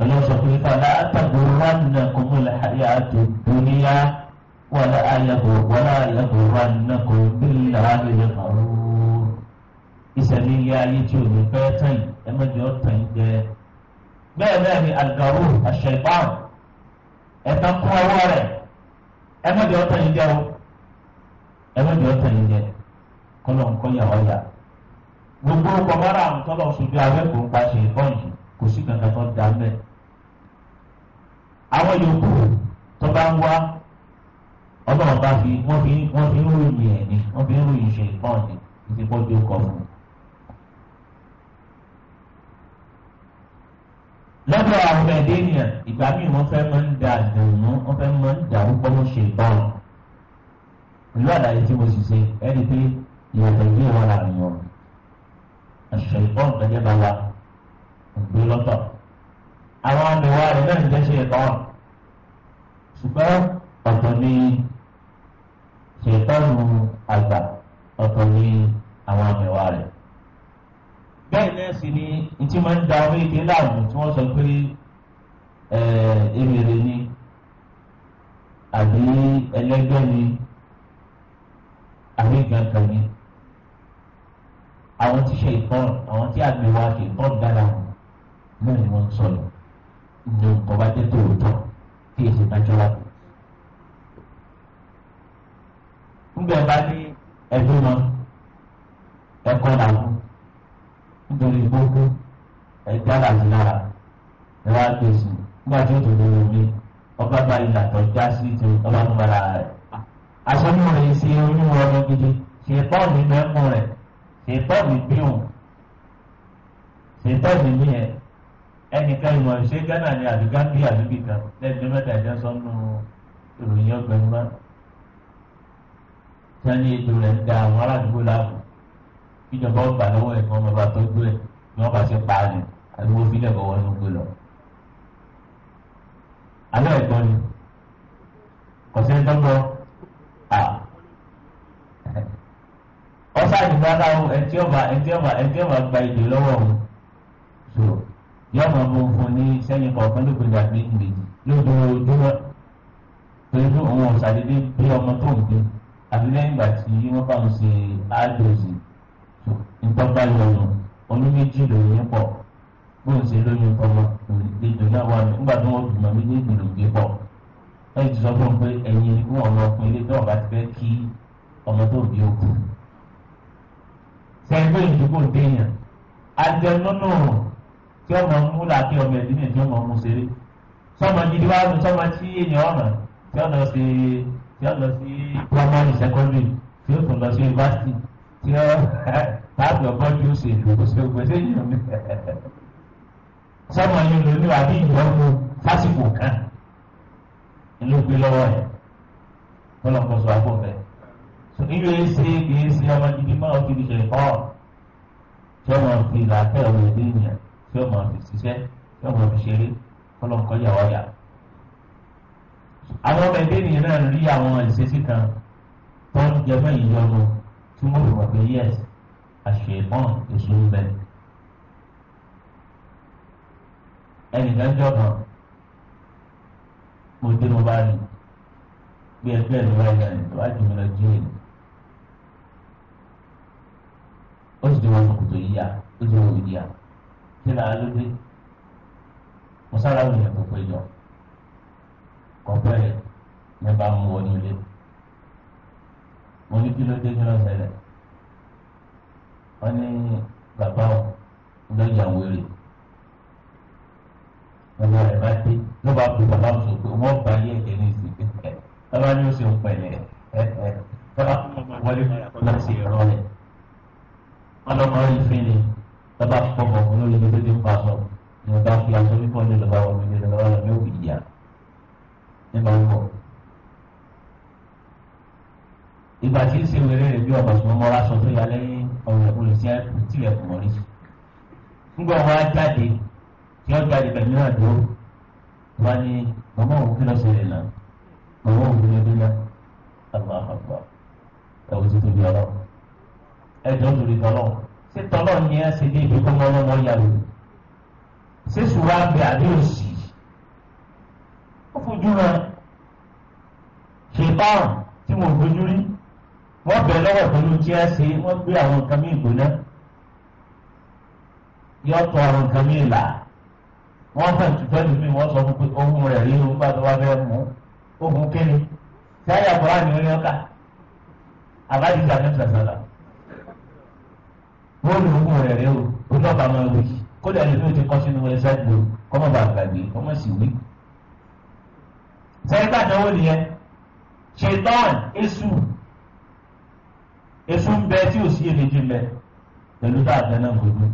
ọlọ́sọ̀ pé fàlà àtàgbòrò ànàkùn mọ́lẹ̀ àyà àti òníyà wàlà àyàbò wàlà àyàbòrò ànàkùn bílẹ̀ àlùyẹ màrú. ìṣẹ̀lẹ̀ ilé ayé tí o lè fẹ́ tán ẹ má tán yìí bẹ́ẹ̀ bẹ́ẹ̀ ni àgàrò àṣẹ ìbáwò ẹ̀tàn kún ọwọ́ rẹ̀ ẹ má tán yìí o ẹ má tán yìí kọ́lọ̀ ń kọ́yà ọ̀yà gbogbo kọ̀mọ́ra àwọn tọ́lọ̀ sojú awẹ́kùn pa ṣe bọ́ọ̀lù kò sí kankan tó da mẹ́. àwọn yòókù tó bá ń wá ọlọ́run bá fi wọ́n fi wọ́n fi ń ròyìn ẹ̀ ni wọ́n fi ń ròyìn ṣe bọ́ọ̀lù títí pọ́jú kọ̀ fún un. lọ́dọ̀ àwọn ẹ̀dẹ́ ènìyàn ìgbà míì wọ́n fẹ́ máa ń da àdùnnú wọ́n fẹ́ máa ń da púpọ̀ wọ́n ṣe bọ́ọ̀lù pẹ̀lú àlàyé tí mo sì ṣe ẹni pé ìròyìn wọn la nìyẹn àṣìṣe ìbọn gbẹdẹ bá wa ògbé lọ́tọ̀ àwọn àmìwá rẹ náà ń jẹsẹ ẹ̀tọ́ wọn ṣùgbọ́n ọ̀tọ̀ ni ṣètọ́nù àgbà ọ̀tọ̀ ni àwọn àmìwá rẹ bẹ́ẹ̀ náà sì ni ntí máa ń da ọmọ èdè láàmú tí wọ́n sọ pé emèrè ni àbí ẹlẹ́gbẹ́ ni àbí gàǹkà ni. àwọn tí ṣètọ́n àwọn tí àgbèwà ṣètọ́n dára náà ni sọ̀rọ̀ ní nǹkan bá dé tòótọ́ kí èsì dájọ́ wá. ńgbẹ́ bá ní ẹbí wọn ẹ̀kọ́ làwọn nítorí gbogbo ẹ̀dá làwọn lára gbèsè nígbà tí ó tó lórí omi já sí ti bára rẹ̀. aṣọ́nù rẹ̀ ṣe ṣètọ́ọ̀nù gbéhùn ṣètọ́ọ̀nù ní ẹ ẹnìkan ìmọ̀ ṣé Ghana ni àbí Gambia àbí bìkan lẹ́nu mẹ́ta ìjọ sọ́nù ìròyìn ọgbẹ̀rún mọ́ sani ètò rẹ̀ ń da àwọn aládùúgbò láàbù ìjọba ọgbà lọ́wọ́ ẹ̀kọ́ ọmọ bàbá tó gbé ẹ̀ ni wọ́n bá ṣe pa á nù àbí wọ́n fi lẹ̀ bọ̀ wọnú gbé lọ. alẹ́ ẹ̀kọ́ ni kọ̀sẹ́ ń dọ́gbọ́n rárá o ẹtí ọba ẹtí ọba ẹtí ọba gba ìdè lọ́wọ́ o so yóò máa mú fún ní sẹ́yìn kọ̀ọ̀kan ló gbèjà bí ìbejì lójoojúmọ́ pẹ̀lú òun ọ̀sàdédé bí ọmọ tó ń gbé àbí lẹ́yìn ìgbà tí wọ́n bá ń ṣe áàdòsì so ìtọ́gbà yọ̀ọ̀nù olùméjì lòyìn pọ̀ bó ń ṣe lóyún tọmọ ìlejò náà wà nígbà tí wọ́n dùnmọ́ méjèèjì lògé pọ̀ ẹ̀ ti sọ fún un pé ẹ̀yin ni wọ́n lọ fún ilé tó ọ̀gá ti fẹ́ kí ọmọ tó bí ó kù sẹ́yìn lóyún tó kò déyàn àjẹnúnú tí ọmọ mú làákì ọmọ ẹ̀dín ní ìjọba ọmọ ṣeré sọmọ gidi wá lu sọmọ tí ènìyàn ọ̀nà tí ọ̀nà sí tí ọ̀nà sí primary secondary tí ó tún lọ sí university tí ó [laughs] láti ọgbọ́n tí ó ṣe ìlú ó ṣe ògbẹ́ sẹ́yìn ọ̀nà sọmọ yìí ló ní wàá bí ìjọba sásìkò kan ìlú gbé lọ́wọ́ ẹ̀ kọ́lọ́kọ́ sọ àbọ̀ bẹ́ẹ̀ inú ẹsẹ kìí ṣe ọmọ níbi máa fi ṣe ọ tí ọmọ fi làákẹ́ ọ̀rọ̀ ẹ̀dẹ́ ènìyàn tí ọmọ fi ṣiṣẹ́ tí ọmọ fi ṣeré kọ́lọ́nkọ́ yà wáyà. àwọn ọmọ ẹ̀dẹ́ ènìyàn náà rí àwọn ìṣesí kan tó ń jẹ mẹ́yìn yọnu tí wọ́n fi wà pé yẹ́s àṣemọ́ èso ń bẹ. ẹnìkan jọ̀bọ̀ mo dé mo bá rí bí ẹgbẹ́ mi wáyà ní wájú mi lọ jí ènìyàn. ó sì di wọn kòtò yíyá ó di wọn òdìyà tí làá ló dé mọ́sálà wò yẹn kó pé jọ kọ́ bẹ́ẹ̀ ní bá mú wọn nílé mo ní kí ló dé kí ló ṣẹlẹ̀ wọ́n ní bàbá wọn lọ́jà wèrè ọmọ rẹ̀ bá dé ló bá bu bàbá wọn pé wọ́n bá yé ẹ̀jẹ̀ ní ìsìnkú ẹ̀ ẹ̀ bá ní ó ṣe ń pẹ̀lẹ́ ẹ̀ ẹ̀ bá wọlé lọ́sẹ̀ ìrọ̀lẹ́ wọn lọ́mọ rí fín ni lọ́ba fọmọ olórí ló dé pa sọ ni wọ́n bá fi aṣọ fífọ́ ní lọ́ba wọn ní lọ́ba wọn ní òbí ìyá ní bá ń bọ̀. ìgbà tí ń ṣe wẹ̀rẹ̀ rẹ̀ bí ọ̀bà sọ̀rọ̀ mọ́ra sọ tó yà lẹ́yìn ọ̀rọ̀ olùsíẹ́ tìrẹ̀ kù mọ́rí. ńgbà wọn á jáde tí wọ́n jáde pẹ̀lú àdó wọn ni màmá òun kí lọ sílẹ̀ náà màmá òun kí lọ ẹjọ́ lórí tọ́lọ́ ṣé tọ́lọ́ ni ẹ ṣe débi kó mọ́ lọ́mọ yà lórí ṣé sùúrù àgbẹ̀ àbí òsì ó fojú rẹ̀ ṣèbáwọ̀ tí mo fojú rí wọ́n bẹ̀ lọ́wọ́ pẹ̀lú tí ẹ ṣe wọ́n gbé àwọn nǹkan mí ìgbóná yọ tọ àwọn nǹkan mí ìlà wọ́n fẹ́ tutẹ́ lómi wọ́n sọ fún pé ohun rẹ̀ rí ohun bá tó wá mú ohun kéde tí àyàbọ̀ wà ní orí ọ̀ka àbájáde àti ìtàsọ̀lá bóòlù ogun rẹ̀ rẹ̀ o ojú ọ̀pá máa wí kódà ẹni tó ti kọ́ sínú wẹ́ẹ́sáìtì gbòòrò kọ́mọ̀ bá gbàgbé kọ́mọ̀ sì wí. sẹ́yìn gbàdánwò nìyẹn ṣetán èṣù èṣù ń bẹ tí ò sí èméjì ń bẹ pẹ̀lú tá a dáná gbogbo.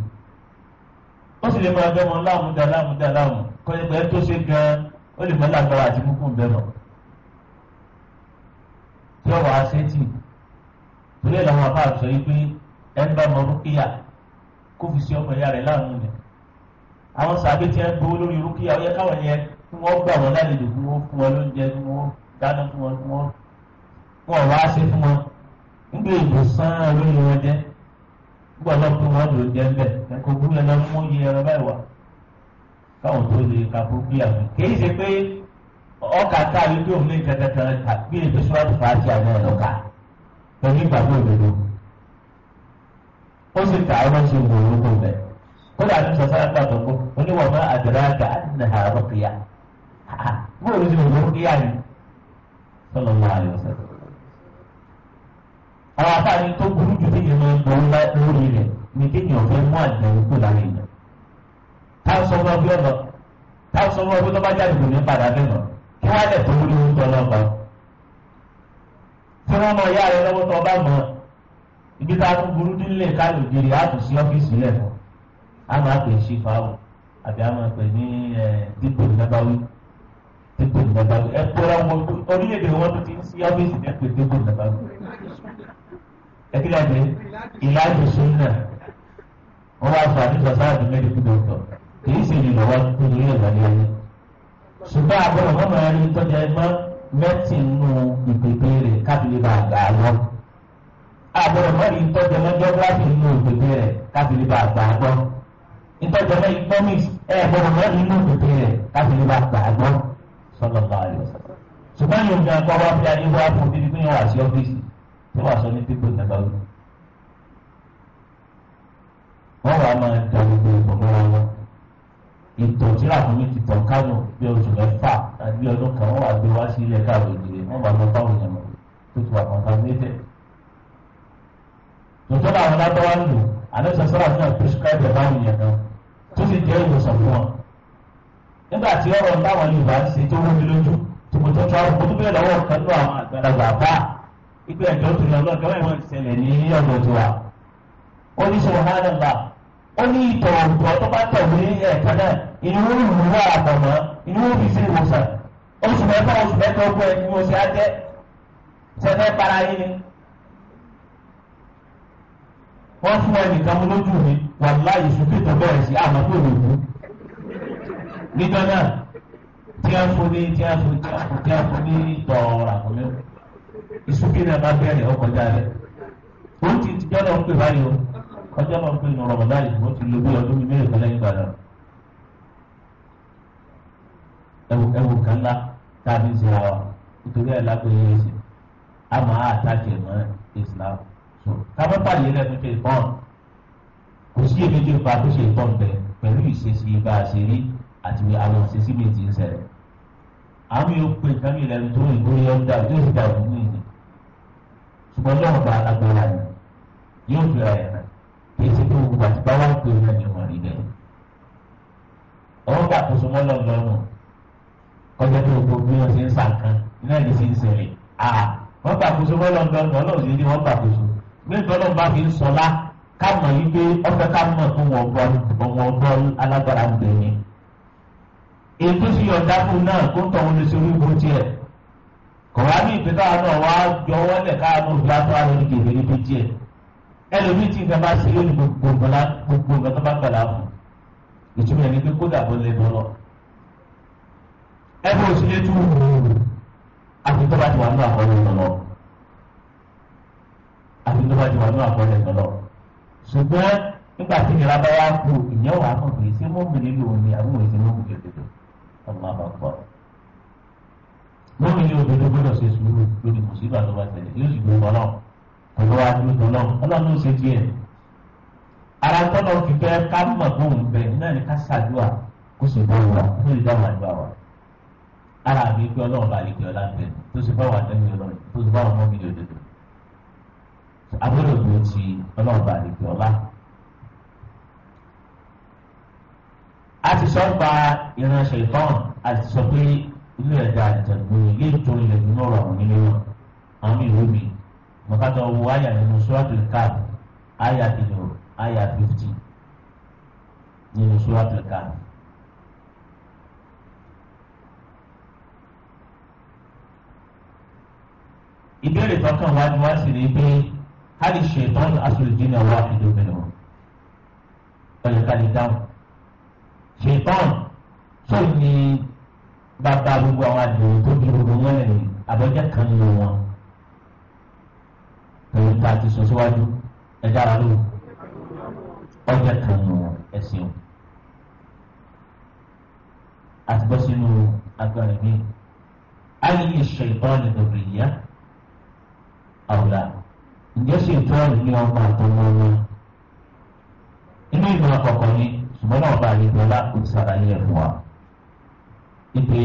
ó sì lè máa bẹ́mọ láàmúdá láàmúdá láàmú kọ́ ẹgbẹ́ tó ṣe gan-an ó lè mọ́ lágbára àti kúkú ń bẹ́mọ. tí ọ̀rọ̀ àṣetì torí ẹ̀ làwọn àbá ẹni bá mọ rúkìá kó fi sí ọmọ ìyá rẹ̀ láàánú rẹ̀ àwọn sàbí tí wọ́n gbowó lórí rúkìá ó yẹ káwọn yẹn kí wọ́n gbà wọ́n lálejò kí wọ́n fún wọn lóúnjẹ kí dáná fún wọn fún fún wọn nígbà èbò lórí wọn jẹ nígbà fún wọn jẹ yẹn lọ báyìí ka kì í ṣe pé ọkà tó ń lé ó sì tà á wọ́n ṣe wò lóko bẹ̀. kódà ní sọ́sọ́ àgbà tó kó oníwọ̀n máa àdúrà àgbà àdínà àárọ̀ kìíyà. bó o sì wò lóko kìíyà ni sọlọ máa yọ sẹ. àwọn afáàní tó burú ju kéèyàn máa ń gbọ́ lórí rẹ̀ ni kéèyàn fẹ́ mú àdìyàn kó láyé lọ. táwọn sọ wọn bí ọ̀nà táwọn sọ wọn bí ọ̀nà bá kí wọ́n á tó lórí oúnjẹ ọlọ́gbà. tí wọ́n mọ ìyá rẹ lọ́wọ́ tó ọ ibi tá a tún burú nílẹ̀ káàlù gèrè á tún sí ọ́fíìsì lẹ̀ fún a máa pè é ṣífà o àbí a máa pè ní dípò nàbáwí dípò nàbáwí ẹ kóra wọn orílẹ̀-èdè wọn tún ti ń sí ọ́fíìsì ní pè dípò nàbáwí ẹ kí lóde ìlàjì sunna wọn bá fà nígbà sáàdì mẹ́rin dọ́tọ̀ kì í sì ní lọ́wọ́ tó ní ilé ìwà ní ẹni ṣùgbọ́n àbúrò wọn máa rí tọ́jà ẹgbọ́n mẹ́tìnú ìpèpè rẹ̀ kábílẹ̀ àbọ̀rọ̀mọ́ ní ìtọ́jọmọ́ geography nínú òdòdó rẹ̀ káfíńlì bá gbà á gbọ́ ìtọ́jọmọ́ economics ẹ̀ àbọ̀rọ̀mọ́ nínú òdòdó rẹ̀ káfíńlì bá gbà á gbọ́ sọ́nà bá rẹ̀ ṣùgbọ́n yóò gbà kọ́ wá fi ayéwò àpò bíbí pé wọ́n wà sí ọ́fíìsì tó wà sọ ní pípò nàbà wù. wọ́n wà máa da gbogbo ìgbọ̀nmọ́ra wọn ètò ìtura fún mi ti tàn kánò bí oṣù mẹ́fà àbí ọdún kan wọ́n wà gbé wá sí ilé káàbọ̀ ìdílé wọ́n wà lọ báwọn èèyàn tó ti wà kọ̀ọ̀kan níbẹ̀ lọ́tọ́ làwọn lábọ́wá ń lò àdéṣẹ́sọ́rọ̀ àti náà prescribe ẹ̀ báwọn èèyàn náà tó sì jẹ́ ìwòsàn fún wọn. nígbà tí ọ̀rọ̀ táwọn Yorùbá ń ṣe tó wọ́n mi lójú tó mo tó tó àwọn mo tó bẹ̀rẹ̀ lọ́wọ́ kan lọ àwọn àgbàlagbà bá ipe ẹ̀jọ́ tó lọ lọ́dọ̀ ẹ̀wọ̀n ìṣẹ̀lẹ̀ ní ọ̀dọ̀ tó wa. ó ní sọ wọn lọ́la ó ní ìtọ̀ òkùnkùn tó bá tẹ̀wé ẹ̀ka náà inú ìwúrà àbọ̀mọ́ inú òbí sí ìwòsàn oṣù mẹ́fà oṣù mẹ́ta ó wọ́n fún ẹnìkan mú lójú mi wà láàyè sókè tó bẹ̀rẹ̀ sí àmọ́ tó lè wú. níjọ́ náà tí a fún ní tí a fún tí a fún tí a fún ní tọ̀ọ̀rọ̀ àkọ́lẹ́ ìsókè náà bá bẹ̀rẹ̀ ọkọ̀ ó ti jọ́ lọ ń pè báyìí o ọjọ́ ń pè ní ọ̀rọ̀ báyìí wọ́n ti lo bí ọdún mi mẹ́rin ẹwù ẹwù kámọ́tàlẹ́ lẹ́nu ṣe ìbọn kò sí èméjì nípa tó ṣe ìbọn bẹ̀ pẹ̀lú ìṣesí bá a ṣe rí àti àwọn ìṣesí mi ti ń ṣẹlẹ̀ àwọn yóò pè kámi lẹ́nu tó ìgbóni ọ̀dà yóò fi dàrú ní ìlú ṣùgbọ́n lọ́wọ́ bá agbára ni yóò fi ra ẹ̀ràn kí èsì tó gbogbo àti bá wà pé ó ní ìwọ̀n rí bẹ́ẹ̀ ọwọ́ bá àkóso mọ́ lọ́nlọ́nù kọjá tó gbogbo bí wọ́n ṣe ń sàkán iná ìdí ṣe ń ṣẹlẹ̀ à wọ́n bá àkóso mọ́ lọ́nlọ́nù ọlọ́run sì ni wọ́n bá àkóso nítorí ọba fi ń sọlá ká mọ̀ yí pé ọ̀fẹ́ ká mọ̀ tó wọ́n gbọ́ wọ́n gbọ́ alágbára ń bẹ̀ yẹn. ètò sì yọ̀ǹda fún náà kó tọ̀ wọn lè ṣe orí ìbò tiẹ̀. kọ̀wá ní ìpínlẹ̀ náà wá jọ wọlé káàánú ìlú àtúwá lórí kèfé níbi tiẹ̀. ẹlòmíì tí nǹkan bá ṣe lónìí gbogbo nǹkan tó bá gbàlá fún ìtumọ̀ ẹni pé kódà bó lè lọ́lọ́. ẹ bó o sì lè tú àfi tó bá ti wà nínú àkọọ́lẹ̀ àti tó bá ti wà ní àkọọ́lẹ̀ tọ́lọ̀ ṣùgbọ́n nígbà tí ìnira bá wá kú ìyẹn wà fún pé ṣé mọ́mù nílò omi àbí wọ́n ti mọ́mù òdodo ọmọ àbàkọ́ mọ́mù nílò òdodo gbọ́dọ̀ ṣe sùúrù lórí mùsùlùmí àti ọba tẹ̀lé yóò sì gbowó ọlọ́run pẹ̀lú wa ní ọlọ́run ọlọ́run ló ṣe díẹ̀ ara tọ́lọ̀ fi fẹ́ ká mọ̀ bóun bẹ̀ náà ni ká ṣàdúrà kó sì bá wa kó lè dáhùn àdúrà wa ara mi pé ọlọ́run bá lè gbé ọlá ọlọ́run agbọ́dọ̀ bí o ti ọlọ́ọ̀bà àdìgbò ọlá. a ti sọ pa ìránṣẹ́ ìtọ́n a ti sọ pé ilé ẹ̀dá àjẹgbò ilé ètò ilẹ̀ dúró rọ̀ wọ́n nílé wọn àwọn ìwé mi mọ̀kátà owó àyà nínú suratul Kahf àyà kìlọ̀ àyà fifty nínú suratul Kahf. ìbéèrè tọkàn wájú wá sí ni pé hali ṣètọ́nù asolùdínà wà ìdòmínà ọ̀lẹ́kàlẹ̀ dáhùn ṣètọ́nù tó ní bàbá gbogbo àwọn àdéhùn tó di gbogbo wọn lè abọ́jà kan lò wọn pẹ̀lú tá a ti sọ síwájú ẹ̀dá ara lò ọjà kan lò wọn ẹ̀sìn o àti bọ́ sínú agbára mi ayé ṣètọ́nù lórí ìyá àwòrán ǹjẹ́ sì ń tán ní ọmọ àtọmọ wọn inú ìlú ọkọ̀ọ̀kan ni ṣùgbọ́n náà bá àlejò ọlá kò sàlàyé ẹ̀ fún wa ìpè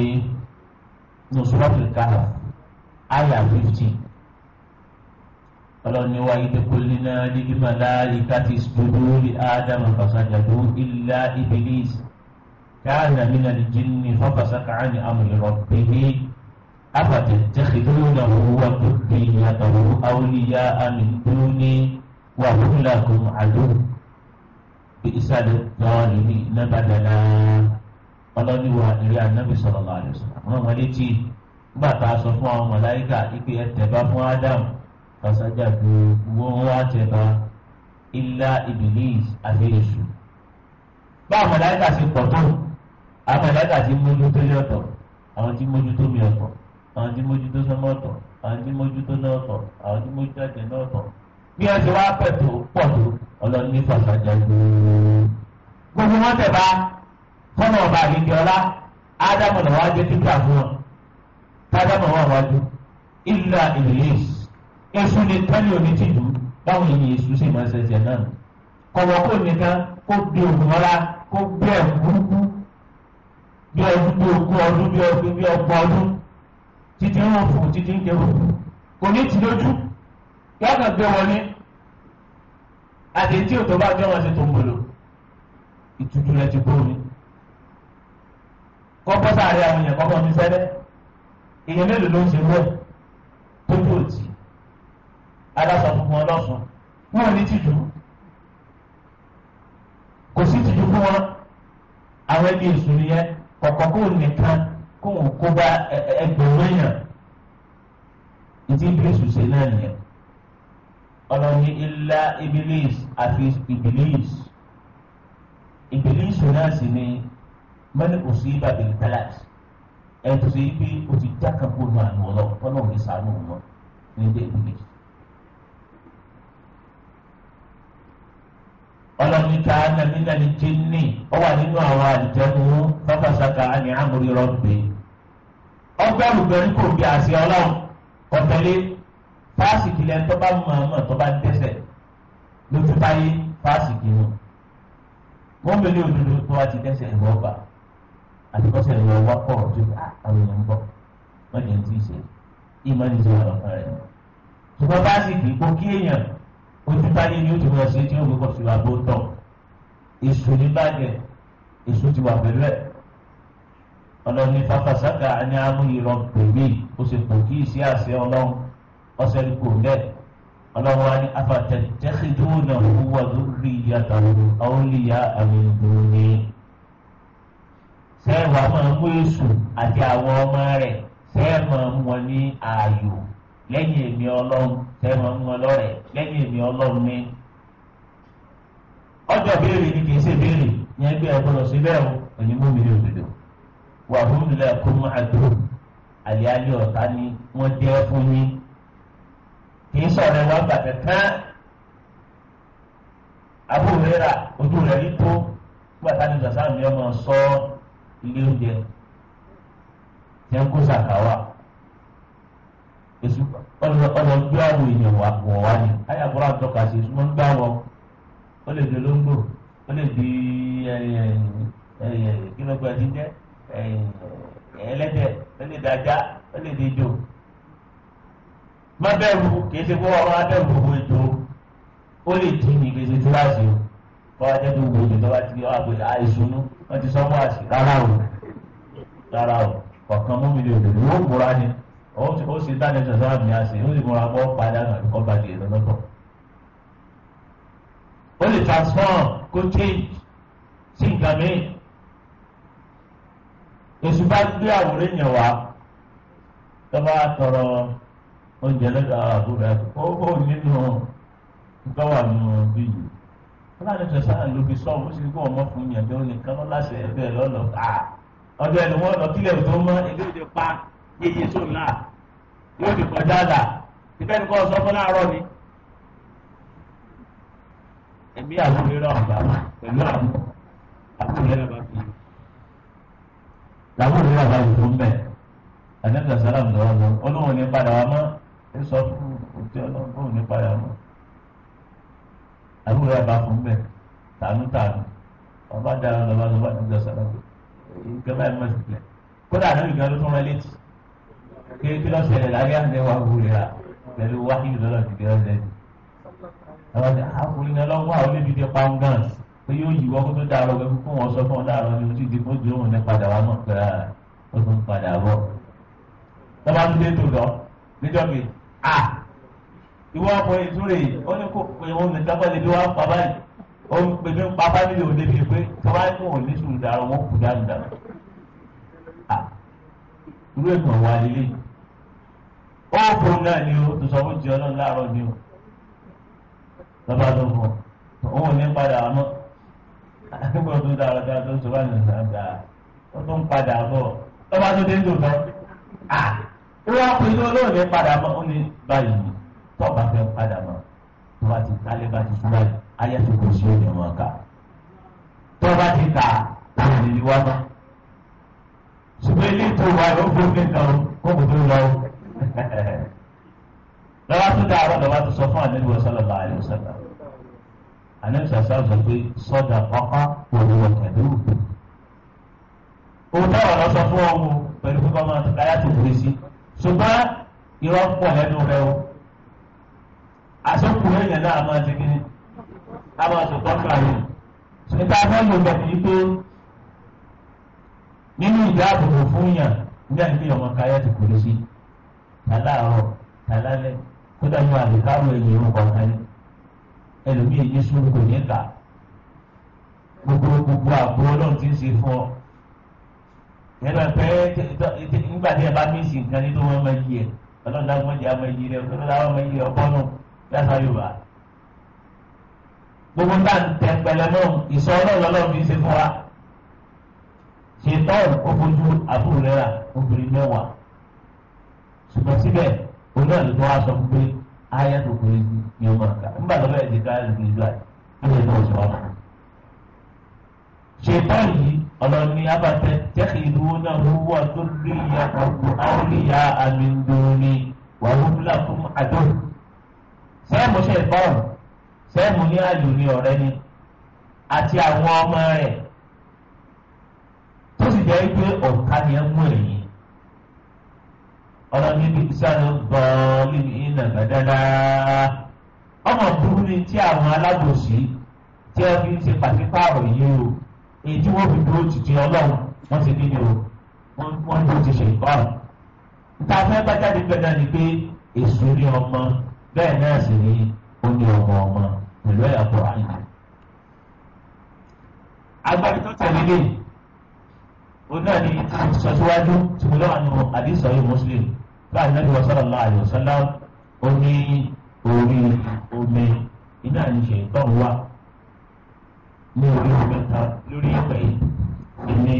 nùsùlọ́fì káà àyà fífitì ọlọ́ni wa ibi kulli náà níbi màláàrí káti sùdúdú lè ádámù fàṣàjàdó ilá ibilis káà nàmínà lè jí ní fọ́fàṣàkàá ní amòyìnrọ̀ أفتتخذونه وذريته أولياء من دوني وهم لكم عدو بئس للظالمين بدلا ọlọ́niwa ìrẹ́ ànábì sallallahu alaihi wasallam àwọn ọmọ létí nígbà tá a sọ fún àwọn mọ̀láyíkà ipe ẹ̀tẹ̀bá fún Adam ọ̀sájà ju wọ́n wá tẹ̀bá ilá ibilis àti èṣù. báwọn mọ̀láyíkà ṣe pọ̀ tó àwọn mọ̀láyíkà ti mójútó lé àwọn ti mójútó mi ọ̀tọ̀ àwọn tí mójútó sọmọ ọ̀tọ̀ àwọn tí mójútó náà ọ̀tọ̀ àwọn tí mójútó àjẹ́ náà ọ̀tọ̀ bí wọ́n ti wá pẹ̀ tó pọ̀ tó ọlọ́run ní sàṣàjà gbòòrò. gbogbo wọn tẹ̀ bá sọ́nà ọba àdìdì ọlá ádámù náà wájú títà fún wọn tádámù wọn wájú ìlà ìrìlẹ́sì èṣù ni tẹ́lẹ̀ òní ti dùn báwọn èèyàn èṣù sì máa ṣẹ̀ṣẹ̀ náà kọ̀wọ́ kò nìkan kó gbé ògùn ọlá kó gbé ẹ̀kú bí ọdún bí ogún ọdún bí ọgbọ̀n ọdún títí ń wọ̀n fún títí ń jẹun kò ní ti lójú yọ̀ọ̀kan gbé wọlé àdéhùn tí òtò bá jọ wọn ṣe tó ń bolo ìtújú rẹ ti bó ni kọ́ bọ́sà rẹ àwọn èèyàn kọ́kọ́ ní sẹ́lẹ̀ èèyàn mélòó ló ń ṣe wẹ̀ tójú òtí aláṣọ funfun ọlọ́sùn wọn ò ní tìjú kò sí tìjú fún wọn àwọn ẹbí èso nìyẹn kọ̀ọ̀kan kò nìkan kó wọn kó bá ẹgbẹ̀rún èèyàn ìdí ìbílísù ṣe náà nìyẹn ọlọ́ni ilá ibilis àfi ibilis ibilis náà sì ni mẹ́ni kò sí bàbá ìtàlàt ẹ̀ tó ṣe bí o ti jákàn kó nu àná ọlọ́ ọlọ́run ní sàánú wọn ní ilé ibilis. ọlọ́ni ká nàmínà ní jíní ọ wà nínú àwọn àlùjẹ́ mú fáfàṣàkà àmúrí rọ́ọ̀bì ọgbẹ́rù bẹ̀rù kò bí àṣẹ ọlọ́run ọ̀tẹ̀lé fásitì lẹ́nu tó bá mọ̀ọ́mọ̀ tó bá dẹ́sẹ̀ lójú táyé fásitì nù. wọ́n bẹ̀rẹ̀ òdodo tó wá ti dẹ́sẹ̀ ìwọ́ ọba àtikọ́sẹ̀ ìwọ́ ọba pọ̀ tó àwọn èèyàn ń bọ̀ wọ́n ní ti ṣe ìmọ̀ ní ìṣòro ọ̀kan rẹ̀. ṣùgbọ́n fásitì kò kí èèyàn ojú táyé ni ó ti wọ́n ṣe tí ó gbé kọ́ ọlọ́ni fàfàṣàkà ni amúyí lọ bèrè ó sì kò kí sí àṣẹ ọlọ́run ọ̀sẹ̀ ní kò bẹ́ẹ̀ ọlọ́run wa ni afatẹ̀tẹ̀sídúnà owó lórí ìyàtọ̀ àwòlíyà àmì ìdúróní. sẹ́ẹ̀wà máa mú èṣù àti àwọn ọmọ rẹ̀ sẹ́ẹ̀ máa mú wọn ní ààyò lẹ́yìn èmi ọlọ́run sẹ́ẹ̀ máa mú wọn lọ́rẹ̀ lẹ́yìn èmi ọlọ́run ní. ọjọ́ béèrè ni kì í ṣe béèrè ní ẹgbẹ́ ẹgbẹ́ wàhùn lẹ́kùn àdúró àlẹ́àlẹ́ ọ̀tá ni wọ́n jẹ́ fún yín kì í sọ̀rọ̀ ẹ̀rọ àgbàtẹ̀ kán abúrẹ́rà ojú rẹ̀ rí tó gbàtà ní sàṣà mi ọmọ sọ ilé oúnjẹ tí ń kó sàkáwà ọlọ gbé àwọn èèyàn wà wọ̀ wá ni ayàbọ̀rọ̀ àtọ́ka sí èso máa gbá wọn ó lè di olóńgbò ó lè di kí ló gba ẹni jẹ́ ẹlẹ́dẹ̀ ó lè dájá ó lè dídò má bẹ̀rù kìí ṣe kó ọmọ abẹ́rù gbogbo ètò ó lè jí ní gbèsè kíláàsì o kọ́ ajẹ́ tó gbogbo ètò lọ́wọ́ ti wá gbèsè àìsùnú wọ́n ti sọ́mọ́ àṣì rárá o rárá o kọ̀ọ̀kan mú mi lè lò ó múra ni ó sì dá nẹ́sọ̀ sọ́wọ́n mi àṣì ó sì múra bọ́ padà náà kọ́ bàjẹ́ lọ́lọ́tọ̀ ó lè transform kó change sí nǹkan mìíràn. èsù bá gbé àwòrán yẹn wá tọ́ba tọrọ oúnjẹ lọ́dọ̀ àbúrò ẹ̀ ó nínú nǹkan wà nínú bíyì fúlàní sọ sáà ló fi sọ́ọ̀bù sí kó ọmọ fún yẹn láṣẹ ẹgbẹ́ ọdún ẹni wọn lọ kílẹ̀ tó ẹgbẹ́ òde pa tó náà yóò kọjá là ìfẹ́ sọ fún láàárọ̀ ni ẹ̀mí pẹ̀lú àwọn làwọn òní làwọn àyè tó ń bẹ̀ àdéhùn sàlámù lọ́wọ́ lọ olóhùn ní padà wá mọ́ ẹ sọ fún òtí ọlọ́run ní padà mọ́ àbúrò àbá fún bẹ̀ tàánú tàánú ọba dára lọ́wọ́ lọ́wọ́ àdéhùn sàlámù nǹkan báyìí mọ̀ sí pẹ̀ kódà àdéhùn ìgbà ló tún rẹ létí kéèké lọ́sẹ̀lẹ̀ láyé àti ẹwà wúlera pẹ̀lú wákìlì lọ́lọ́ pé yóò yíwọ́ kó tó dàrọ̀ wẹ́ fún wọn sọ fún wọn dàrọ̀ ni ojú ìdìbò jẹ́ òun ní padà wá mọ̀ pé ó tún padà bọ̀. tọ́ba tún dé tó lọ níjọ́ mi à ìwọ ọkọ ìtúrè ó ní kó pé òun ní sábàlẹ̀ bí wọ́n pa báyìí ó ń pè mí pa báyìí ò débi pé tọ́ba ní òun ní sùn dàrọ̀ wọ́n kù dàrú dàrú. irú èèyàn wà lílé ó kó náà ni ó tó sọ fún ti ọlọ́run láàárọ̀ ni ó lọ́ba tó àtúgbò tó dára dára tó sọ báyìí nìyẹn sáà ó tún padà bọ̀ lọ́ba tó dé dùn tán à wọ́n pe ní olóòní padà bọ̀ ó ní báyìí ni tọ́ba fẹ́ padà bọ̀ tó bá ti kálé bá ti súnmọ́ ayé tó kò sí òní wọn kà tọ́ba ti kà táwọn ènìyàn wá bá ṣùgbọ́n ilé tó wà ló fún mi kan kó kò tó lọ lọ́ba tó dáa lọ́ba tó sọ fún àdéhùn sọ́lọ́lá àdéhùn sọ́lá àlẹ́sà sáàsọ pé sọ́dà pápá òru ọ̀kàdé wù. òun táwọn lọ sọ fún ọmọ pẹ̀lú pípa máa ti káyà tó kúrẹ́ sí ṣùgbọ́n irọ́ pọ̀ lẹ́nu rẹ o. àsọkùnrin èèyàn náà máa ti kí ni a máa tó tọ́ka yìí. nípa abẹ́lò bẹ̀rẹ̀ ni pé nínú ìdáàbòbò fún yàn nígbà tí ọmọ káyà tó kúrẹ́ sí. tàlàrọ̀ tàlálẹ̀ kódà yóò àlè káwọn èèyàn ìrùkọ̀ kan ẹlòmíì ní sùúrù kò ní kà gbogbo gbogbo àgbo ọlọ́run ti ń ṣe fún ọ yẹn lọ pé nígbà tí ẹ bá mí sí nǹkan nínú wọn máa yí ẹ ọlọ́run náà wọ́n jẹ́ àwọn ẹyí rẹ ọlọ́run náà wọ́n máa yí ọkọ nù lásán yorùbá gbogbo náà ń tẹ pẹlẹ mọ ìsọ ọlọ́run ọlọ́run fi ṣe fún wa ṣètọ́n òfojú àbúrò rẹ̀ rà obìnrin mẹ́wàá ṣùgbọ́n síbẹ̀ òun náà ló tó wá sọ fún pé ayé tó kúrò sí ni ó máa kà nígbà tó bẹ̀rẹ̀ sí ká lè fi gbà tó lè tó sọ ọ́nà. ṣètàn yìí ọlọ́ni abatẹ tẹ́kì ìdúró náà wúwọ́ tó lé ìyá àgbo àríyá àmì ndòní wà wúlà fún àdó. sẹ́ẹ̀mù ṣe ìbọ̀rùn sẹ́ẹ̀mù ní àlò ní ọ̀rẹ́ ni àti àwọn ọmọ rẹ̀ tó sì jẹ́ pé ọ̀tá ni ẹ mú èyí ọlọ́ni bí sáré bọ́ọ̀lì iná gbàdádá ọmọ burú ni tí àwọn alábòsí tí wọ́n fi ń ṣe pàṣípààrọ̀ yìí o èyí tí wọ́n fi dúró títí ọlọ́run wọ́n ti bí ni o wọ́n dúró ti ṣe ìpààrọ̀ níta fẹ́ bá jáde gbẹ̀dá ni pé èso ní ọmọ bẹ́ẹ̀ náà sì ni ó ní ọmọ ọmọ pẹ̀lú ẹ̀yà pọ̀ àyìnbó. tó tẹ̀lé lé o náà ni sọ síwájú tí mo lọ́wọ́ nínú àdìsọ́ mùsùlùmí báyìí náà ni wọ́n sọ̀rọ̀ lọ́wọ́ àyọ̀sọ́lá ó ní orí omi iná ìṣe ìtọ́n wà ní orí omi ta lórí ìpè ìní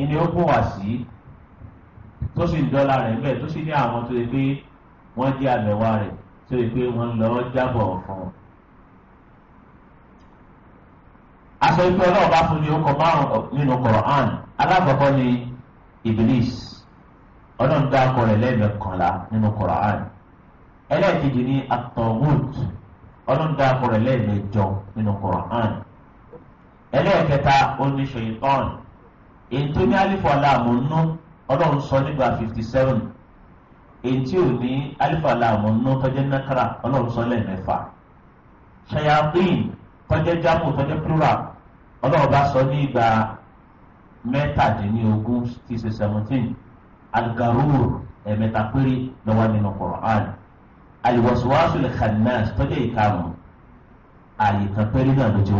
ìní ó kún wá sí tó sì ń dọ́là rẹ̀ bẹ́ẹ̀ tó sì ní àwọn tó yẹ pé wọ́n jẹ́ àbẹ̀wá rẹ̀ tó yẹ pé wọ́n lọ jábọ̀ fún aṣọ ìpè ọlọ́ọ̀bá fún ni ó kọ márùn-ún nínú Kọ̀ọ̀án alákọ̀ọ́kọ́ ni Iblis ọlọ́run dá akọ rẹ̀ lẹ́ẹ̀mẹ́kànlá nínú Qur'an ẹlẹ́ẹ̀kejì ní atọ́wọ́t ọlọ́run dá akọ rẹ̀ lẹ́ẹ̀mẹ́jọ nínú Qur'an ẹlẹ́ẹ̀kẹta oníṣòyìntàn èyí tó ní alifu aláàmú nú ọlọ́run sọ nígbà fifty seven èyí tí ò ní alifu aláàmú nú tọ́jẹ́ nàkàrà ọlọ́run sọ lẹ́ẹ̀mẹ́fà ṣayàpín tọ́jẹ́ jámù tọ́jẹ́ plural ọlọ́run bá sọ ní ìgbà mẹ́tàdínlógún tí ṣe seventeen agarur ẹ̀mẹ́ta péré lọ́wọ́ nínú Qur'an aliwasuwasu lè khannas tọ́jú ìkarùn ààyè kan péré náà ló ti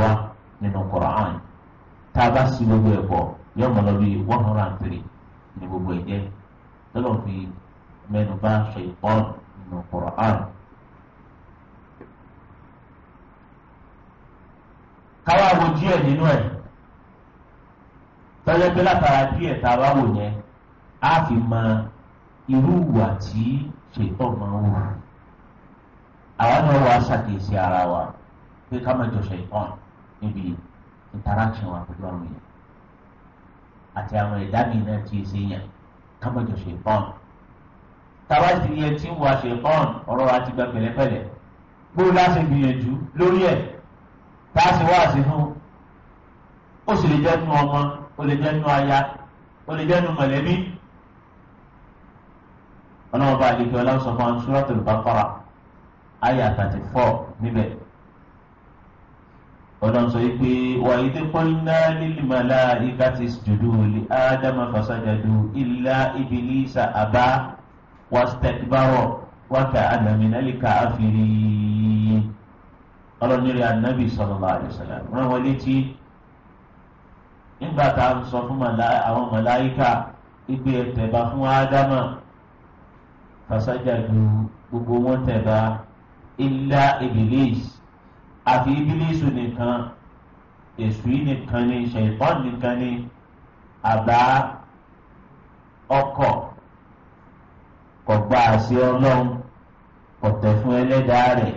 nínú Qur'an Taba si bá sí gbogbo ẹ̀ pọ̀ yóò mọ̀ lọ́bí one hundred and three ní gbogbo ẹ̀ jẹ́ fi mẹ́nu bá ṣe ìpọ́n nínú Qur'an. káwá wo díẹ̀ nínú ẹ̀ tọ́jú pé látara díẹ̀ tá a bá wò yẹn á fi mọ irú ìwà tí ṣètò máa ń wù àwa náà wàá ṣàkíyèsí ara wa pé ká má jọ ṣètò níbi interaction wa pẹ̀lú àwọn èèyàn àti àwọn ẹ̀dá mi náà ti ṣe yàn ká má jọ ṣètò tàwa sì yẹ tí ń wà ṣètò ọ̀rọ̀ àti gba pẹ̀lẹ́pẹ̀lẹ́ gbóò láti gbìyànjú lórí ẹ̀ tá a ṣe wá sí fún ó sì lè jẹ́ nu ọmọ ó lè jẹ́ nu aya ó lè jẹ́ nu mọ̀lẹ́bí ọlọ́wọ́n bá àlejò ọlọ́sọ fún Suratul Baqara àyà thirty four níbẹ̀ ọlọ́sọ yìí pé wa idh qulna lil mala'ikati isjudu li Adama fasajadu illa iblisa aba wastakbara wa kana minal kafirin ọlọ́nìrẹ́ anabi sallallahu alaihi wasallam rán wọlé tí nígbà tá a sọ fún àwọn màláìka ìgbé ẹ̀tẹ̀ bá fún Ádámà fasajadu gbogbo wọn tẹ̀dá ilá ibilis àfi ibilisu nìkan èṣù yìí nìkan ni ṣèyíkọ́ nìkan ni àbá ọkọ̀ kò gba àṣẹ ọlọ́run kò tẹ̀ fún ẹlẹ́dàá rẹ̀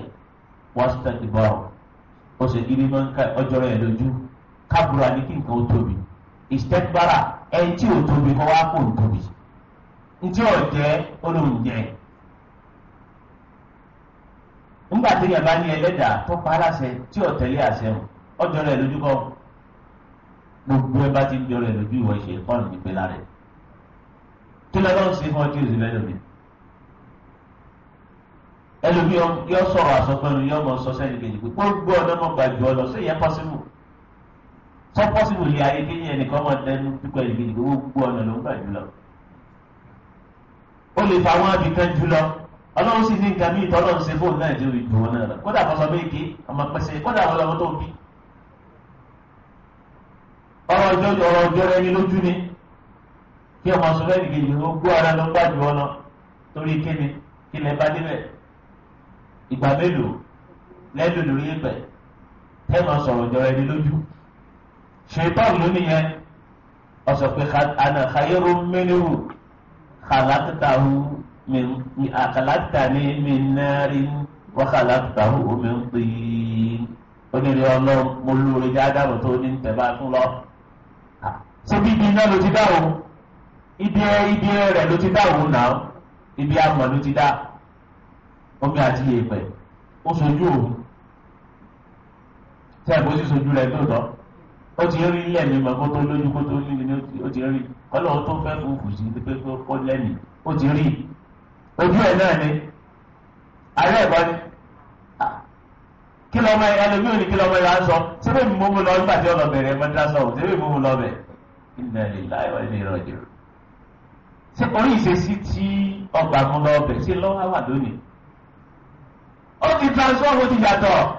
wọ́stẹ̀dì bọ́ọ̀ ó ṣe kí ni máa ń ká ọjọ́ rẹ̀ lójú kábùrà ní kí nǹkan ó tóbi ìstẹ́gbára ẹni tí ò tóbi kọ́ wá kó ń tóbi. ntí ọ̀jẹ́ olóńjẹ. nígbà tí yẹn bá ní ẹlẹ́dàá tó pa aláṣẹ tí ò tẹ̀lé àṣẹ o ọjọ́ rẹ̀ lójú gbogbo ẹ bá ti ń jọ rẹ̀ lójú ìwọ ìṣe kọ́ọ̀nù nípe lára ẹ̀ kí lọ́dọ̀ ń ṣe fún ọjọ́ ìṣe yọ sọ̀rọ̀ àsọpẹ́nu yọ mọ sọ sẹ́yìn kejì pé gbogbo mọ̀ gbàjú ọ lọ sí ìyẹn pọ́sibú sọ pọ́sibú ayé kéyìn ẹnìkan mọ̀ ó lè fa àwọn abìkan jù lọ ọlọ́run sì ní nǹkan bí ìtọ́ ọlọ́run ṣe fóònù náà jẹ́ ìjù wọn náà lọ kódà kọ́sọ méje ọmọ pẹ́sẹ́ kódà wọn lọ́wọ́ tó bí. ọ̀rọ̀ ọjọ́ rẹ ni lójú ni kí ọmọ sọ fẹ́ẹ́ nìkejì ó gbó ara ló ń gbà jù ọ lọ torí kíni kí lẹ bá débẹ̀ ìgbà mélòó lẹ́lò lórí ẹgbẹ́ tẹ́ máa sọ̀rọ̀ ọjọ́ rẹ ni lójú. ṣèpá lónìí yẹn ọ̀sọ̀ pé ana khayru minhu khalaqtahu min khalaqtani min narin wa khalaqtahu min tin onírè ọlọ́run mo lóore jágàbọ̀ tó ní tẹ̀bá tún lọ. Ah, síbi ibi iná ló ti dá o ibi ibi rẹ̀ ló ti dá òun náà ibi amọ̀ ló ti dá omi àti yèèpẹ̀ ó sojú òun tẹ́ ẹ̀ bó sì sojú rẹ̀ lóòótọ́ ó ti rí ilé mi mọ̀ kó tó lóyún kó tó líle ní ó ti rí ọlọ́run tó fẹ́ fún kùsì ní pé kó lẹ́nu ó ti rí ojú ẹ̀ náà ni alẹ́ ẹ̀kọ́ ni kí lọ́mọ ẹ ẹlòmíì ní kí lọ́mọ ẹ wá sọ síbẹ̀ mi mú mu lọ nígbà tí ọ̀nà bẹ̀rẹ̀ mọ́tàṣọ́ ò síbẹ̀ mi mú mu lọ bẹ̀ ilẹ̀ ilẹ̀ ayọ̀ ilẹ̀ ìrọ̀jẹ̀ ṣé orí ìṣesí tí ọgbà mu lọ bẹ̀ ṣé lọ́wọ́ wà lónìí ó ti transform ó ti yàtọ̀.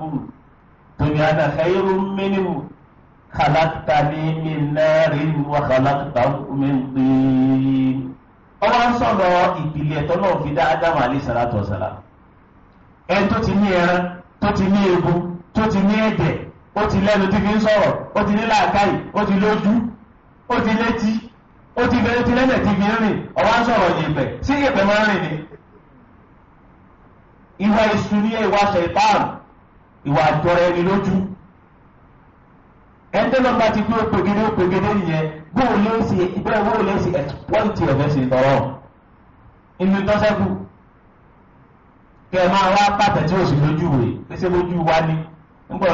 tóní ana khairun minhu khalaqtani min narin wa khalaqtahu min tin. ọmọ ń sọ̀rọ̀ ìpìlẹ̀ ẹ̀tọ́ náà fi dá ádámù alayhi salatu wa salam ẹni tó ti ní ẹran tó ti ní egun tó ti ní ẹ̀jẹ̀ ó ti lẹ́nu tí fi ń sọ̀rọ̀ ó ti ní làákàyè ó ti lójú ó ti létí ó ti ti lẹ́nà tí fi ń rìn ń sí máa ń rìn ni. ìwà ìwà ìwà àjọra ẹni lójú ẹ̀ńtẹ́lọ́ bá ti gbé òpègede òpègede nìyẹn bóò lè ṣe ìbẹ́ẹ̀ bóò lè ṣe ẹ̀tùpọ́ǹtì ẹ̀fẹ́ ṣe tọ̀rọ̀ inú tọ́sẹ́kù kẹ́ ẹ máa wá pàtẹ́ tí o sì lójú wèé pèsè lójú wa ni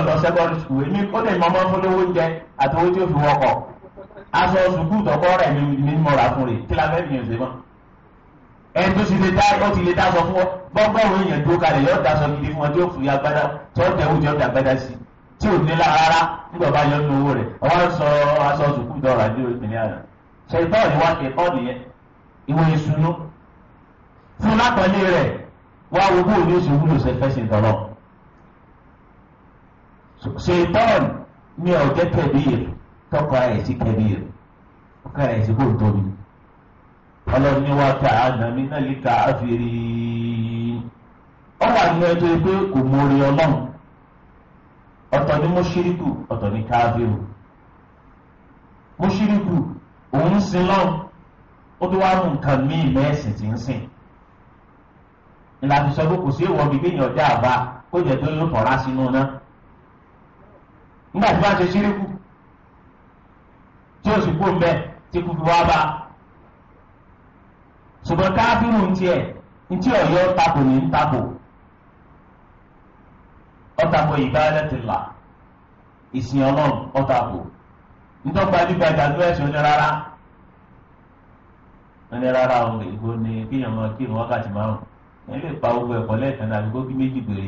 lọ sùkúl èmi lè oúnjẹ àti owó tí o fi wọkọ̀ aṣọ sùkúl rẹ̀ ẹni tó ti lè dá ó ti lè dá sọ fún ọ gbọ́ngbọ́n àwọn èèyàn tó kalẹ̀ yọ da sọ gidi fún ọ tí ó fún ya gbada tí ó dẹ̀wù tí ó dà gbada sí tí ò nílá rárá nígbà bá yọ nínú owó rẹ̀ ọwọ́ sọ aṣọ sùkúù dọ̀rọ̀ àdé ìpínlẹ̀ àná ṣe ìtọ́ ìwà kẹ̀kọ́ nìyẹn ìwé ìsúnú fún lápẹ̀lẹ́ rẹ̀ wá owó ní oṣù wúlò ṣe fẹ́ ṣe tọ̀rọ̀ ṣe ìtọ́ ni ọ̀jẹ̀ kẹ̀bíyè tọkọ ẹ̀ sí kẹ̀bíyè tọkọ ẹ̀ kò tóbi ọlọ́ni wa ta náà lè ka a ọwọ́ àyè ẹjọ́ pé kò mórí ọlọ́run ọ̀tọ̀ ni mọ́ṣíríkù ọ̀tọ̀ ni káfíìrù mọ́ṣíríkù òun ń sin lọ́run ó tó wá mú nǹkan míì mẹ́sìn tí ń sìn ìlànà ìsọdọ kò sí èèwọ̀ bíi kéèyàn dá àbá kó jẹ tó yóò tọ̀ra sínú náà nígbà tí wọ́n ṣe ṣíríkù tí ó kú ń tí kú ṣùgbọ́n káfíìrù ń tiẹ̀ ọ̀yọ́ tako ní ọ̀tako ìsìn ọlọ́run ọ̀tako ni máa kí wákàtí márùn ẹ̀ lè pa gbogbo ẹ̀kọ́ lẹ́ẹ̀kan náà àbíkó kí méjì gbèrè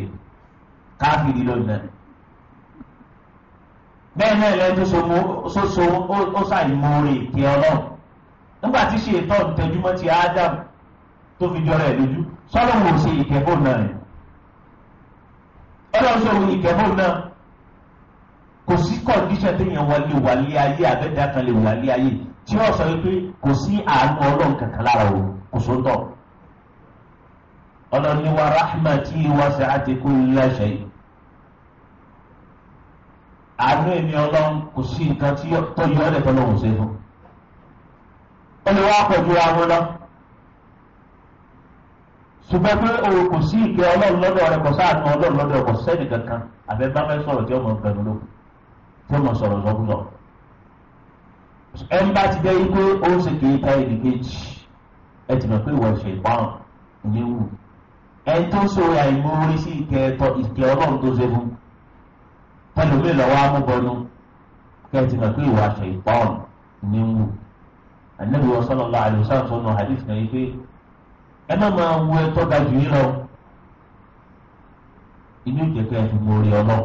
káfíìrì lónìí bẹ́ẹ̀ nígbà tí ṣètò ìtẹjúmọ́ ti Ádámù tó fi jọra ẹ̀ lójú sọ́lọ́mù ò ṣe ìkẹ́kọ̀ọ́ náà rẹ̀ ọlọ́run sọ̀rọ̀ ìkẹ́kọ̀ọ́ náà kò sí kọ́ndíṣẹ̀ téèyàn wọlé wàlé ayé abẹ́dá kan lè wàlé ayé tí wọ́n sọ pé kò sí àánú ọlọ́run kankan lára o kò sóńtọ̀ ọlọ́run ní wa rahmati wasi'at kulla shay àánú ẹ̀mí ọlọ́run kò sí nǹkan tó yọ ọ́ lẹ́tọ́ lọ́wọ́ ṣe ẹni wá pẹ̀lú àwọn lọ ṣùgbọ́n pé òun kò sí ìkẹ́ ọlọ́run lọ́dọ̀ rẹ̀ kò sáànù ọlọ́run lọ́dọ̀ rẹ̀ kò sẹ́ni kankan àbẹ́ bá fẹ́ sọ̀rọ̀ tí ọmọ ìfẹ́nu ló tí ọmọ sọ̀rọ̀ sọ́kúsọ. ẹn bá ti jẹ́ pé ó ń ṣe kìí ta èdè kejì ẹ ti mọ̀ pé ìwọ ṣe ìparun ìyẹn wù ẹn tó so àìmúrí sí ìkẹ́ ẹ̀tọ́ ìkẹ́ ọlọ́run tó ṣe fún tẹlifíì lọ́wọ́ amúbọnú kẹ́ ẹ ti mọ̀ pé ìwọ ṣe ìparun ìyẹn wù anabi wa sallallahu alayhi wa sallam tó nù hadith náà yìí pé ẹ má máa wọ ẹ tọ́ da jù yín lọ inú ìjẹ̀kẹ́ ẹ̀ fi mú orí ọlọ́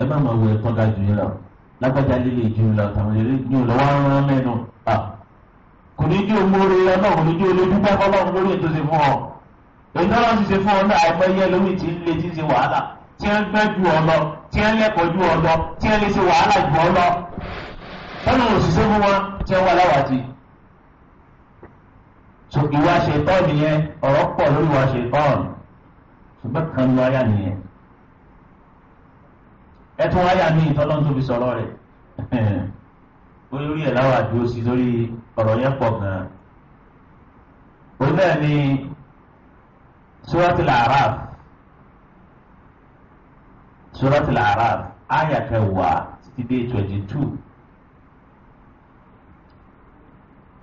ẹ má máa wọ ẹ tọ́ da jù yín lọ lágbájá líle jù yín lọ tàwọn ilé jù yín lọ wá rán mẹ́nu à kò ní jẹ́ òmú orí ọlọ́ kò ní jẹ́ olójú bá fọlọ́run lórí ètò ṣe fún ọ èyí náà ti ṣe fún ọ náà àìmọye lórí ti ń ti ṣe wàhálà tí wọ́n ju ọ lọ tí wọ́n ju ọ lọ tí wọ́n wàhálà ju ọ tọ́nà òṣìṣẹ́ fún wọn tí wọ́n wà láwàtì. so ìwà ṣètọ́ nìyẹn ọ̀rọ̀ pọ̀ lórí ìwà ṣètọ́ ṣùgbọ́n kan ló ayà nìyẹn. ẹ tún ayà ní ìtọ́lọ́n tó fi sọ̀rọ̀ rẹ̀ olórí ẹ̀ láwàtì ó sì lórí ọ̀rọ̀ yẹn pọ̀ gan-an. òun náà ni suratul A'raf suratul A'raf ayà kẹwàá títí dé twenty two.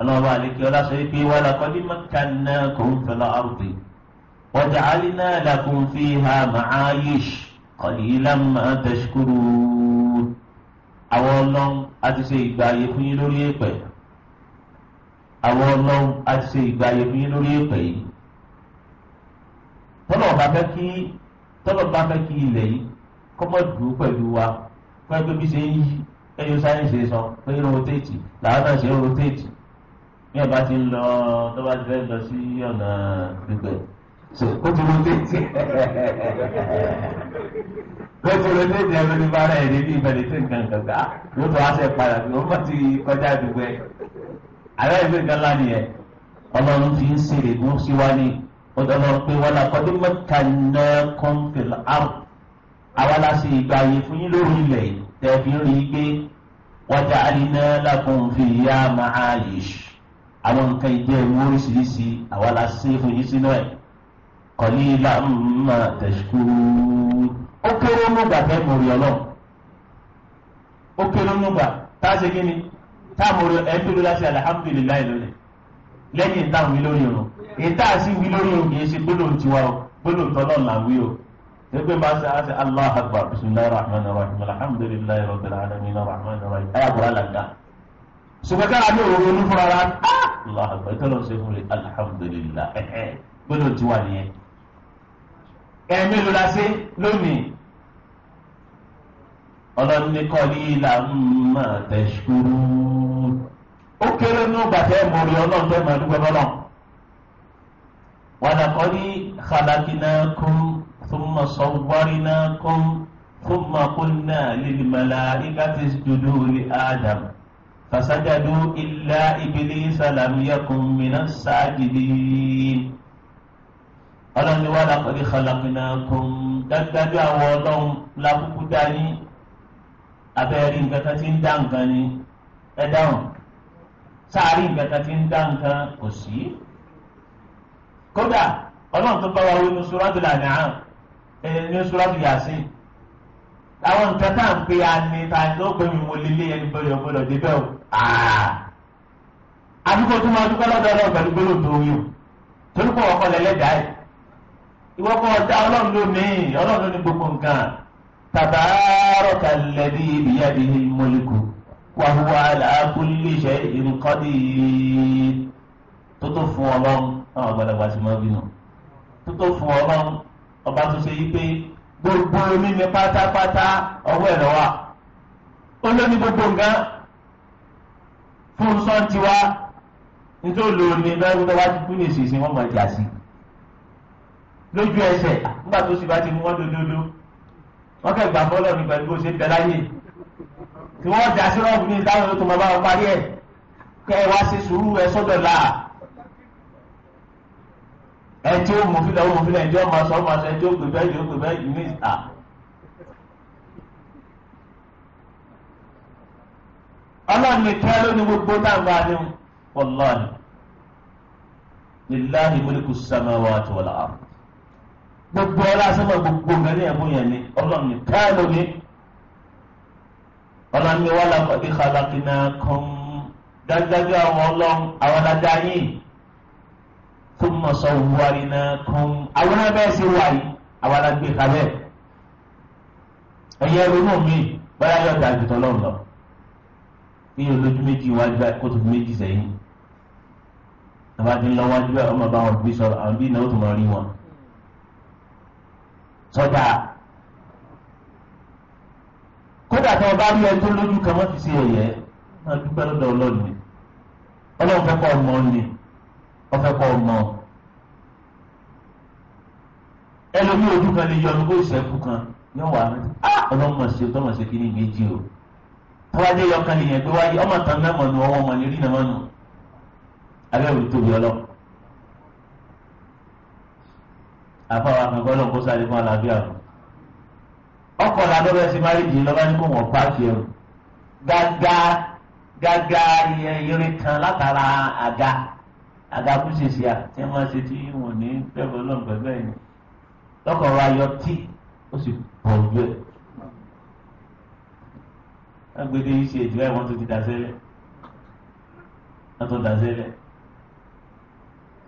ọlọ́ọ̀bá àlekí ọlá sọ wípé wà lákọ́dí mọ́kànnà kòun fẹlẹ́ àrùbí wọ́jà alínà làkùn fi ha màáyíṣ kọ̀lìlá máa tẹ̀síkúrú. àwọn ọlọ́run a ti ṣe ìgbà ayé fún yín lórí èpè àwọn ọlọ́run a ti ṣe ìgbà ayé fún yín lórí èpè yìí. tọ́lọ̀ bá fẹ́ kí tọ́lọ̀ bá fẹ́ kí ilẹ̀ yìí kọ́mọ́ dùn pẹ̀lú wa pẹ́ bí ṣe ń yí ẹ̀yọ sáyẹ́nsì sọ pé rotate làwọn náà ṣe ń rotate ní ọba ti ń lọ tó bá ti fẹ́ lọ sí ọ̀nà gbígbẹ. ó ti lóde tí ó ti lóde tí ẹni ní bára ẹni ní ìbẹ̀rẹ̀ tí nǹkan kàkà ló tó wá sẹ́ padà tó bá ti kọjá àdúgbò ẹ̀. àárẹ̀ ìgbé kan lá nìyẹn ọlọ́run fi ń ṣèrè mú sí wá ní ọlọ́run pé wọ́n lakọ́ ní mẹ́ta náà kọ́ńfìlà áwù àwa la ìgbà yìí fún yín lórí ilẹ̀ tẹ̀ fi ń rí i pé wọ́n àdínà lákùnfin máa yìí àwọn nǹkan ìjẹ́ ewu oríṣiríṣi àwa la ṣe fún yín sínú ẹ̀ kọ́lí ilá mma tẹ̀síkúrú ó kéré nígbà tẹ́ mò rí ó kéré nígbà tá a ṣe kí ni tá a mò rí ẹ̀ tó ló alihamudulilayi lónìí lẹ́yìn ìta wí lórí ìta wí lórí o sọfẹ́kára ní òru ronú fúnra rà Allahu Akbar tọ́lọ̀ ṣe fún mi alhamdulillah gbọ́dọ̀ ti wà nìyẹn ẹ̀mí ló la ṣe lónìí ọlọ́ni kọ́lí là ń mọ̀ tẹ̀síkúrú ó kéré ní gbàtẹ́ mọ̀rí ọlọ́run tẹ́ mọ̀ ẹ̀dúgbẹ́ bọ́lọ̀ wàdà kọ́lí khalaqnakum thumma sawwarnakum thumma qulna lil malaikati isjudu li Adam. فسجدوا إلا إبليس لم يكن من الساجدين ọlọ́run ni wà lápẹ̀lẹ́ xalàmìnà kùn dájúdájú àwọn ọlọ́run lákùkù dání abẹ́rẹ́ nǹkan kan ti ń dá nǹkan ni ẹ dáhùn sáárì nǹkan kan ti ń dá nǹkan kódà ọlọ́run tó bá wa wí ní lànà ẹ̀ ní sùràtù yàsín àwọn nǹkan tá à ń pè á ní ta ló pè mí mo lè lé ẹni bọ́lẹ̀ ọgbọ́dọ̀ débẹ̀ o. àdúgbò tó máa dúpẹ́ lọ́dọ̀ ọlọ́run pẹ̀lú gbọ́dọ̀ tó yìí o torí pé ọkọ lẹ́lẹ́dàá yìí ìwọ kọ́ ọjà ọlọ́run ló ní ọlọ́run ló ní gbogbo nǹkan tabaraka alladhi biyadihi al-mulku wa huwa ala kulli shay'in qadir tó tó fún ọlọ́run àwọn àgbàlagbà sì máa bínú tó fún ọlọ́run ọba tó ṣe yí pé gbogbo onímẹ pátápátá ọwọ́ ẹ̀rọ wa olómi gbogbo nǹkan fún sọ́ọ̀tì wa nítorí lóni lọ́wọ́ tó wá ti kú ní ìsinsìnyí wọ́n mọ̀ ẹ́ jà sí lójú ẹsẹ̀ nígbà tó sì bá ti mú wọn dododo wọ́n kẹ́ gbà bọ́ọ̀lù ní pẹ̀lú bó ṣe ń bẹ láyé tí wọ́n jà sí rọ́ọ̀bù ní ìdáhùn tó máa bá wọn parí ẹ̀ kẹ́ ẹ wá sí sùúrù ẹ sọ́dọ̀ láà ẹ tí ó mú fílẹ̀ ó mú fílẹ̀ ẹjọ́ máa sọ máa sọ ẹjọ́ gbé bẹ́ẹ̀ yóò gbé bẹ́ẹ̀ yìí ní ìta. ọlọ́run ní kí ló ní gbogbo táǹgbà ni wallahi lillahi mulku samawati wal ard gbogbo ọlá gbogbo gani ẹ̀bùn yẹn ni ọlọ́run ní kí ló ní ọlọ́run ní wàlá kọ́dí khalaqnakum dájúdájú àwọn ọlọ́run àwọn adájá yìí tó mọ̀ wari na náà kún àwọn abẹ́ sí wáyé àwọn alágbè kalẹ̀ ẹ̀yẹ ronú mi báyà yọ̀ dàbí tọ́lọ́run lọ kí olójú méjì wájú báyìí kótó méjì sẹ́yìn tọ́ba ti ń lọ wájú báyìí ọmọ bá wọn gbé sọ àwọn bí ìnáwó tó mọ̀ rí wọn sọ́jà kódà tó bá rí tó lójú kan wọ́n ti ṣe ẹ̀yẹ wọ́n dúpẹ́ lọ́dọ̀ ọlọ́ọ̀ni ọlọ́run fẹ́ kọ́ ọmọ ọ̀ni. ọfẹ kọ mọ ẹlòmíì ojú kan lè yọnu bó ìṣẹ́kù kan yọ wà ní ah! ọlọ́mọ ṣe tọ́mọ ṣe kí ni méjì o tọ́wájú yọ kan lè yẹn pé wáyé ọmọ tán mọ̀ nù ọwọ́ ọmọ ní rí nàmọ́ abẹ́rù tóbi ọlọ́ kó sáré fún alábíà ọkọ̀ làdọ́bẹ̀ ṣe rí jìn lọ́ba ní kò wọ́n kan látara àga. àgàkúṣèṣì à tí wọ́n ṣe tí wọ́n ní pẹ́ẹ́bù ọlọ́run pẹ̀lú ẹ̀yìn lọ́kọ̀ wa yọ tí ó sì bọ̀ ojú ẹ̀. agbede yìí ṣe ìdílé wọn tó ti dà sẹ́lẹ̀ wọn tó dà sẹ́lẹ̀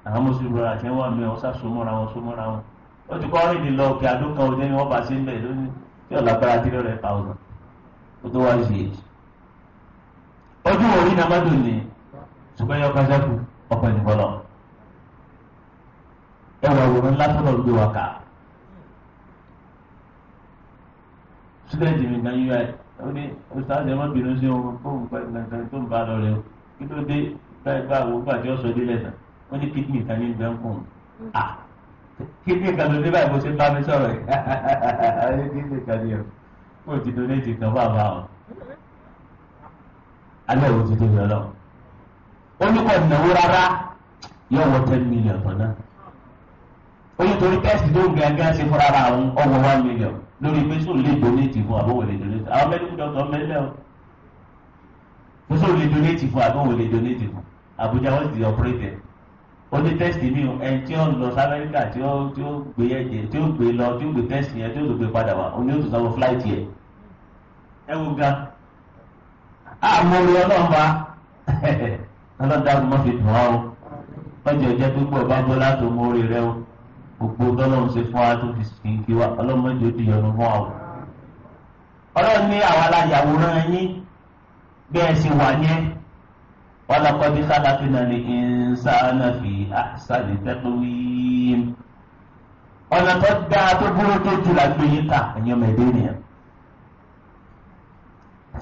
àwọn mùsùlùmí rọra tí wọ́n mi ọ̀sà sọmọ́ra wọn sọmọ́ra wọn ó ti kọ́ rìn lọ òkè àdó kan òde ni wọ́n bá sí ń bẹ̀ lónìí tí ọ̀làgbára tí lọ́rẹ̀ pa ọ̀nà ó tó wá ṣe é. ojú wo rí nàmádùn ni ṣùgbọ́n yọ kásákùú ọpẹ́ ní bọlọ ẹwà òwúrọ̀ ńlá tó lọ gbé wa kà sílẹ̀dì mi gan yíyá ẹ̀ ó ní ọ̀sán ẹ̀mọ́ bínú sí ohun tó ń pẹ́ gbẹ̀ngàn tó ń bá lọ rẹ̀ o kí ló dé báyìí bá àwọn ògbà tí ó sọ délẹ̀ tán ó ní kídìní kan ní ìgbẹ́ ń kùn à kídìní kan ló dé báyìí bó ṣe bá mi sọ̀rọ̀ ẹ̀ kídìní [laughs] kan ní ẹ̀ ó ti donéètì kan bá a bá wọn alẹ́ òun ti dé mi oníkọ̀ ìnáwó rárá yóò wọ ten million kan náà onítorí tẹ́sì tó ń gángan ṣe fúnra ra àwọn ọmọ one million lórí pé sóò lè donate fún àbọ̀wò lè donate àwọn medical doctor mẹ́lẹ̀ o kò sóò lè donate fún àbọ̀wò lè donate fún Abuja wọ́n ti operate oní tẹ́sì mi ẹ tí ó lọ sí Amẹ́ríkà tí ó tí ó gbé ẹ̀jẹ̀ tí ó gbé lọ tí ó gbé tẹ́sì yẹn tí ó tó gbé padà wá oní ó tó sanwó flight yẹn ẹ wo gan àmọ́ orí ọlọ́dàgùn mọ́ fi tàn wá o ọjọ́ ìjẹ́ tó gbọ́ bá gbọ́ láti mú orí rẹ o gbogbo tọ́lọ́run ṣe fún wa tó fi kìkì wa ọlọ́mọdé ó ti yọnu fún wa o. ọlọ́run ní àwọn aláyàwòrán yín bí ẹ ṣe wà yẹn wọ́n lọ kọ́ bí sáláfì náà ní ìsáná fi àṣàlẹ̀ tẹ́kọ̀wé ọ̀nà tó dáa tó burú tó jù lágbèyí ká ẹ̀yọ́mẹ̀dé nìyẹn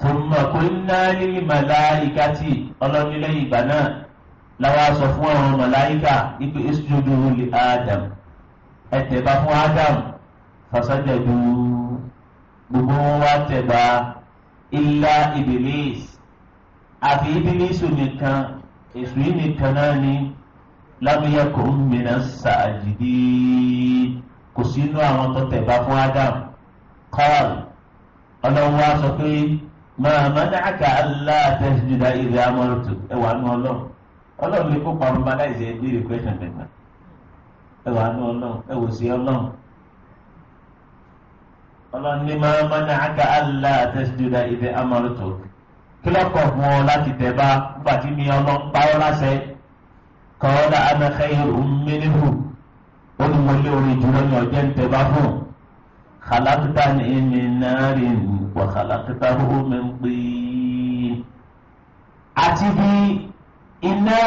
tòmọ̀ pé náírà màláìka tí ọlọ́nilẹ̀ ìgbà náà làwọn aṣọ fún àwọn màláìka ipe ìṣòdodo lè Adam ẹ̀tẹ̀bá fún Adam fàṣàjẹ̀dù gbogbo wọn wá tẹ̀bá ilá ibilis àfi ibilis nìkan èṣù yìí nìkan náà ni lámúyẹ̀kọ̀ mìíràn sàájìdì kò sínú àwọn tó tẹ̀bá fún Adam kọ́ọ̀lù ọlọ́run wá sọ pé. máa mana'aka allā tasjuda idh amartuk ẹ wà nù ọlọ́run ọlọ́run lè kó parun bá láì ṣe é bí rìkwẹ́sàn mẹ́ta ẹ nù ọlọ́run ẹ sí ọlọ́run ọlọ́run ní máa mana'aka tasjuda fún ọ láti tẹ̀ bá nígbà tí mi ọlọ́run pa ọ́ láṣẹ qāla ana khayrun minhu ó ní mo lé orin jùlọ ní خلقتني من نار وخلقته من طين àti bí iná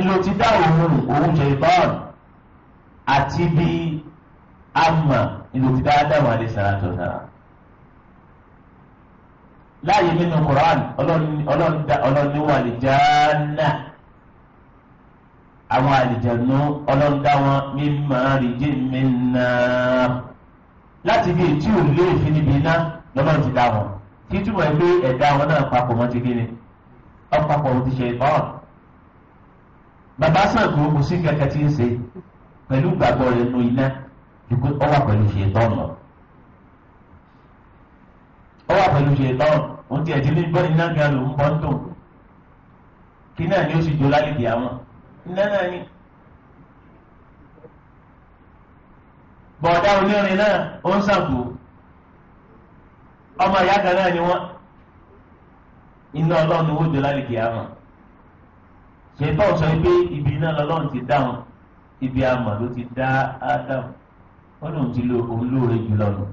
ìlò ti dá òun òun jẹ ìbọn àti bí amà ìlò ti dá Ádámù alayhi salatu wa salam láàyè nínú Quran ọlọ́ni wà lè láti bí etí ò lé níbi iná lọ́nà ti dá wọn kí túmọ̀ pé ẹ̀dá wọn náà papọ̀ mọ́ ti kí ni ọ̀pọ̀pọ̀ ò ti ṣe bàbá Ṣàngó kò sí kẹ̀kẹ́ tí ń ṣe pẹ̀lú gbàgbọ́ rẹ̀ nu iná ọwà pẹ̀lú pẹ̀lú ṣe ti ẹ̀dí ní iná gan ló ń bọ́ ń kí náà bọ̀dá onírin náà ó ń Ṣàngó ọmọ ìyá kan náà ni wọ́n iná ọlọ́run ni wọ́n jọ lálẹ́ kìí àmọ́ ṣètò sọ pé ibi iná lọ́lọ́run ti dáhùn ibi àmọ́ ló ti dá ádámù wọ́n lòun ti lo òun lóore jù lọ́nu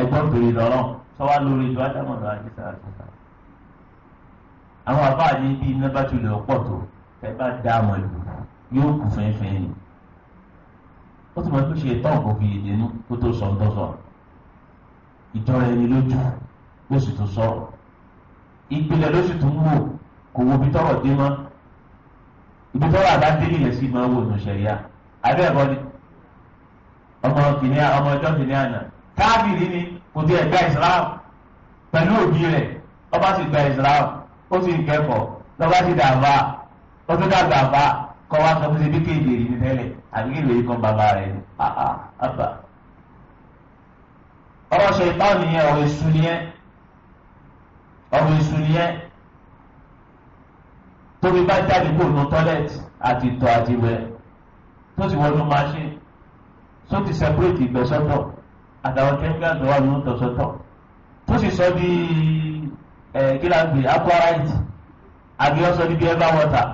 ẹgbọ́n bèrè lọ́rọ̀ sọ́wá lóore jù ádámù lọ́wọ́ àti sàràsàrà àwọn àbáà ní bí iná bá tulẹ̀ ọ̀pọ̀ tó ẹ bá dá àmọ́ ìlú yóò kù fẹ́ẹ́fẹ́ẹ́ ni ó ti mọ̀ tó ṣe tán kò fi èdè nú kó tó sọ tó sọ ìjọra ẹni lójú ló sì tún sọ ìpìlẹ̀ ló sì tún wò kò wo ibi tọ́rọ̀ dé mọ́ ibi tọ́rọ̀ àbá dé nílẹ̀ sí máa wò nù sẹ̀ríà abẹ́ ẹ̀kọ́ ni ọmọ kìnìà ọmọ ọjọ́ kìnìà nà káàbìrì ni kò tí ẹ̀ gba ìsìláàmù pẹ̀lú òbí rẹ̀ ọba sì gba ìsìláàmù ó sì kẹ́kọ̀ọ́ lọ́ba sì dàgbà ó tún dàgbà kọ́ wa sọ fún ṣe bí kéde ìrìn tẹ́lẹ̀ àbíkí wèrè kan bàbá rẹ̀ ni àhà ah, àbà ah, ọ̀rọ̀ ṣe ìpá nìyẹn ọ̀rọ̀ èṣù nìyẹn ọ̀rọ̀ èṣù nìyẹn tóbi bá jáde kó nu tọ́lẹ̀tì àti tọ̀ àti wẹ̀ tó ti wọnú machine tó ti separate ìgbẹ́ sọ́tọ̀ àtàwọn chemicals wà nínú tọ̀ sọ́tọ̀ tó sì sọ bíi ẹ̀ kí lágbè aquarite àbí ọ̀sọ́ bíi ever water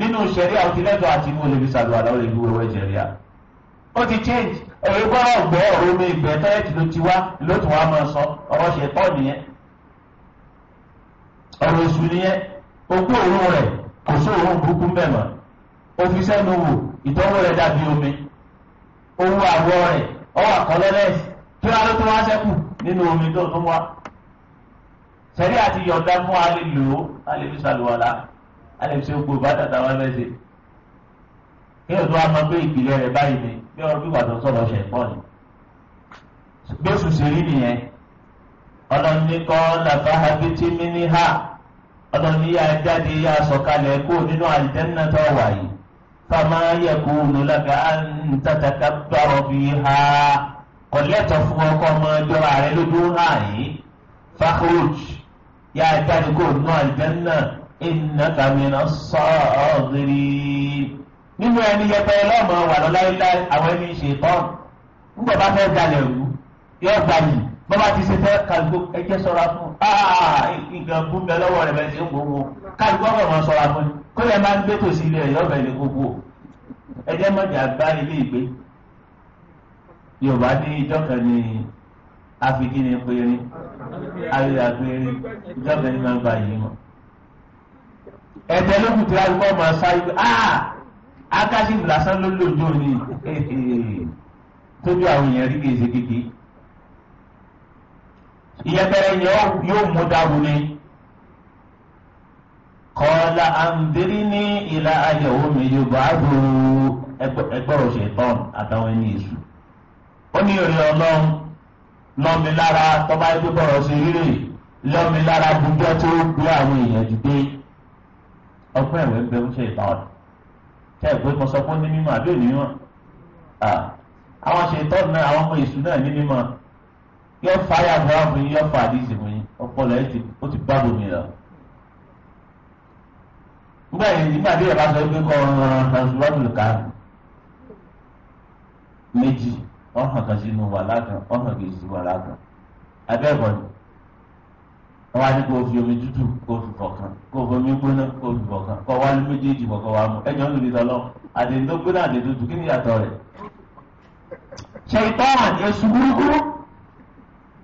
nínú sẹ̀ríà ó ti lẹ́tọ̀ àti inú olè fi ṣàlùwàlá ó lè fi wẹ̀wẹ̀ jẹ̀ríà ó ti change ẹ̀rọ gbọ́dọ̀ gbọ́ ọ̀rọ̀ omi ìgbẹ́ tọ́lẹ̀tì ló ti wá ló tún wá máa sọ ọ̀rọ̀ ṣe tọ́ nìyẹn ọ̀rọ̀ oṣù nìyẹn ogún òórùn rẹ̀ kò sí òórùn burúkú mẹ́mọ̀ ó fi sẹ́nu wò ìtọ́wò rẹ̀ dàbí omi owó àwọ̀ rẹ̀ ọwọ́ àkọlẹ́lẹ́sì kí wá ló yọ̀ọ̀dá fún alẹ́ lò ó alẹ́ fi ṣàlùwàlá a lè ṣe gbogbo bá tàtà wọn lẹ́sẹ̀ kí o tó a máa gbé ìpìlẹ̀ rẹ̀ báyìí ni bí ọ̀rọ̀ bí wàtò sọ̀rọ̀ ṣẹ̀ pọ̀ ni bí oṣù ṣe rí nìyẹn ọlọ́run ní kọ́ làbá abétí mi ní ha ọlọ́run jáde yà sọ̀kalẹ̀ kó nínú àlìjẹ́nà tó wà yìí fama yakunu laka an tatakabbara fiha kọ̀lẹ́tọ̀ fún ọkọ ọmọ ìjọba rẹ lójú hàn yìí fakhruj yà jáde kó nínú àlìjẹ́nà innaka minas saadirin nínú ẹni yẹpẹrẹ lọ́mọ wà lọ́láyíláyí àwọn ẹni ṣètọ́n nígbà bá fẹ́ jalè wù yóò gbàyè bọ́bá ti ṣe fẹ́ kàlùkò ẹjẹ́ sọ́ra fún nǹkan kú bẹ lọ́wọ́ rẹ̀ bẹ́ẹ̀ ṣe ń gbowó kàlùkò ọ̀rọ̀ wọn sọ́ra fún kó lè máa ń gbé tòsí ilé ẹ̀yọ́ bẹ̀ lè gbogbo ẹjẹ́ mọ̀jà gbá ilé ìgbé yorùbá ní ìjọ kan ní afikí ni péré ayélujára péré ìjọ kan ní máa ń gbà yìí mọ́ ẹ̀jẹ̀ ló kù tí wọ́n kọ́ máa sáré pé ah! akásìlù lásán ló lòjó ni tójú àwọn èèyàn rí gèzè kéke ìyẹ́pẹ̀rẹ̀ yẹn yóò mú dáwù ni kọ́lá àǹdírí ní ìlà ayẹ̀wò mi yóò bá a bò ẹgbẹ́ òṣèlú àtàwọn ẹni èṣù ó ní òye ọlọ́run lọ́mi tọ́ba ẹgbẹ́ bọ̀rọ̀ sí rírè lọ́mi bùjọ́ tó gbé àwọn èèyàn dìde ọgbọ́n ẹ̀wẹ̀ ń bẹ ń ṣe ìtàn tẹ́ ẹ̀gbẹ́ mo sọ pé ní mímọ́ àbí òní mímọ́ àwọn ṣe ìtàn náà àwọn ọmọ èṣù náà ní mímọ́ yọ fa ayé àbúrò fún yín yọ fa àdìsí fún yín ọpọlọ ẹ ti ó ti gbàgbọ́ mi lọ. nígbà yìí nígbà tí ìyàbá sọ pé kọ́ ọ̀ràn transformative ká méjì ọ̀hàn kan sínú wà lágàn ọ̀hàn kejì sí wà lágàn abẹ́ẹ̀kọ́ ni. wọ́n wá ní kó fi omi tútù kó fi fọ̀kàn kó fi omi gbóná kó fi fọ̀kàn kó wa ní méjèèjì kọ̀ọ̀kan wa mú ẹjọ́ lórí lọ́lọ́ àdéhùn gbóná àdéhùn tútù kí ni ìyàtọ̀ rẹ̀. ṣètọ́n èṣù burúkú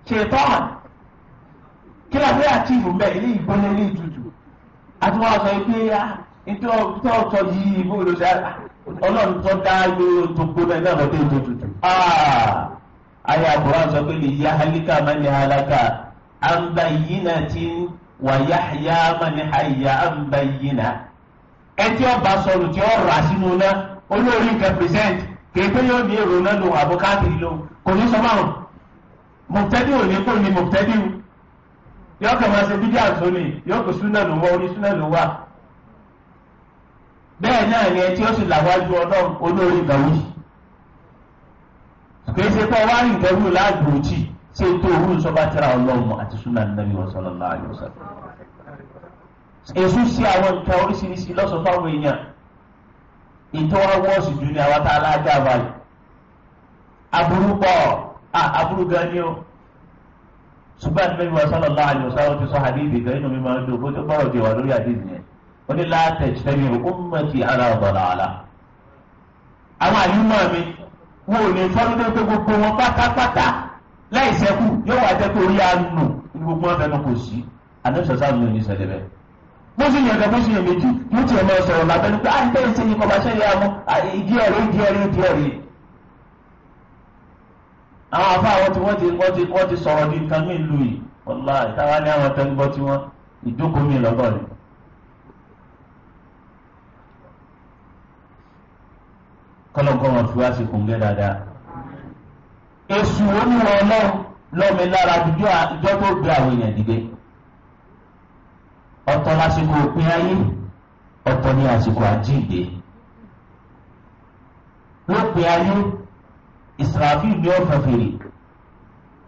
ṣètọ́n kí la fẹ́ àtìfù mbẹ́ ilé ìgbóná ilé ìtutù àti wọ́n sọ pé ah, yìí ọlọ́run tó dá yóò tó gbóná ah! ayé àbúrò an bayyinatin wa yahya man hayya an bayyina ẹ ọba sọ̀rọ̀ tí ọ rà sínú olórí nǹkan percent kéèké yóò di èrò náà lò àbò káàkiri kò ní sọ márùn mọ̀tẹ́dì ò ní kò ní mọ̀tẹ́dì yóò kàn máa ṣe bídí àtò ni yóò kò súnà ló wá orí súnà ló wá bẹ́ẹ̀ náà ni ẹ ó sì làwájú ọlọ́run olórí ìgbàwí ṣé tó ohun sọ bá tẹ̀ra ọlọ́run àti súnà nàbí wọn sallallahu alaihi wasallam. èṣù sí àwọn nǹkan oríṣiríṣi lọ́sọ̀ fáwọn èèyàn ìtọ́wọ́ wọ́ọ̀sì jù ní àwọn tá a lájà báyìí. aburú pọ̀ aburú gan ni o ṣùgbọ́n nàbí wọn sallallahu alaihi wasallam ti sọ hadithi kan inú mi máa ń dùn bó tó di wà lórí hadithi yẹn wọ́n ní láti tẹ̀síwájú ummati ala dalala. àwọn àyùmọ̀ mi wọn pátápátá láì sẹ́kù yóò wá jẹ́ pé orí àánú ní gbogbo ọ̀fẹ́ náà kò sí àdébísọ̀ sáà ló ní sẹ́lẹ̀ bẹ́ẹ̀. bó sì yàn kan bó sì yàn méjì mo tiẹ̀ máa sọ̀rọ̀ lábẹ́ ní pé à ń bẹ́ẹ̀ ṣe yín kọba ṣẹ́yà mú ah, ìdí ọ̀rẹ́ ìdí ọ̀rẹ́ ìdí ọ̀rẹ́. àwọn afá wọn tí wọ́n ti wọ́n ti wọ́n ti sọ̀rọ̀ ní nǹkan mí lu yìí wọ́lá ìtawá ní àwọn tẹ́gbọ́ tí wọ́n ìjókòó mi wọn fi wá sí kùngẹ́ dáadáa èsù oníwọ̀ ọlọ́run lọ́mi lára àtijọ́ àtijọ́ tó gbé àwọn èèyàn dìde ọ̀tọ̀ lásìkò òpin ayé ọ̀tọ̀ ní àsìkò àjíǹde lópin ayé Israfil ni ó fẹ́ fèrè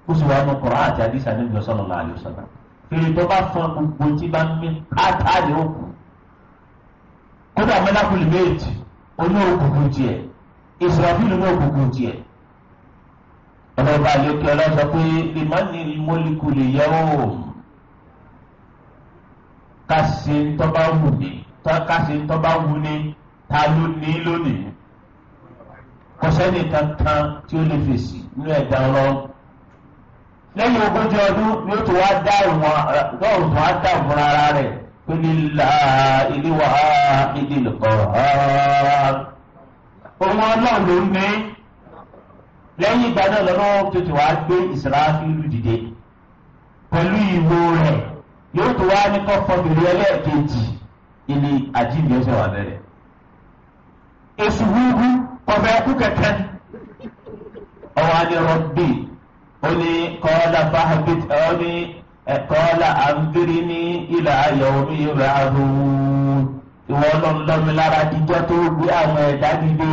kó sì wà ní Kùránì àti àdìsá níbi sallallahu alaihi wasallam fèrè tó bá fọn gbogbo tí bá ń mí átàlẹ́ òkú kódà mẹ́lákùlì méjì oní òkùnkùn tiẹ̀ Israfil ni òkùnkùn tiẹ̀ ọlọ́ba àlekẹ́ ọlọ́sọ pé ìmọ̀nì mólíkù lè yẹ ó kásì tọ́ba wù ní kásì tọ́ba wù ní ta ló ní lónìí kọ́sẹ́nì kankan tí ó lè fèsì nínú ẹ̀dá ọlọ́run lẹ́yìn ogójì ọdún ni ó ti wá dá ìwọ̀n lọ́rùn tó wá dá ìwọ̀n ara rẹ̀ pé nílá ìdíwọ̀ ìdílùkọ̀ ọ̀hún ọlọ́run ń ní lẹ́yìn ìgbà náà lọ́nà tètè wá gbé ìsìráfílù dìde pẹ̀lú ìwo rẹ̀ yóò tó wá ní kọ́fọ́bìrì ẹlẹ́ẹ̀kejì ilé àjíǹde ọ̀sẹ̀ wà bẹ̀rẹ̀. èsù wúwú kọfẹ́ ẹkú kẹ̀kẹ́ ọwọ́ adé rọ́bì ó ní kọ́ọ́lá fáhábìt ó ní kọ́ọ́lá àǹfírí ní ilẹ̀ ayọ̀ omi ìrẹ̀ àrùn ìwọ́n lọ́nlọ́mi lára jíjọ́ tó gbé àwọn ẹ̀dá dìde.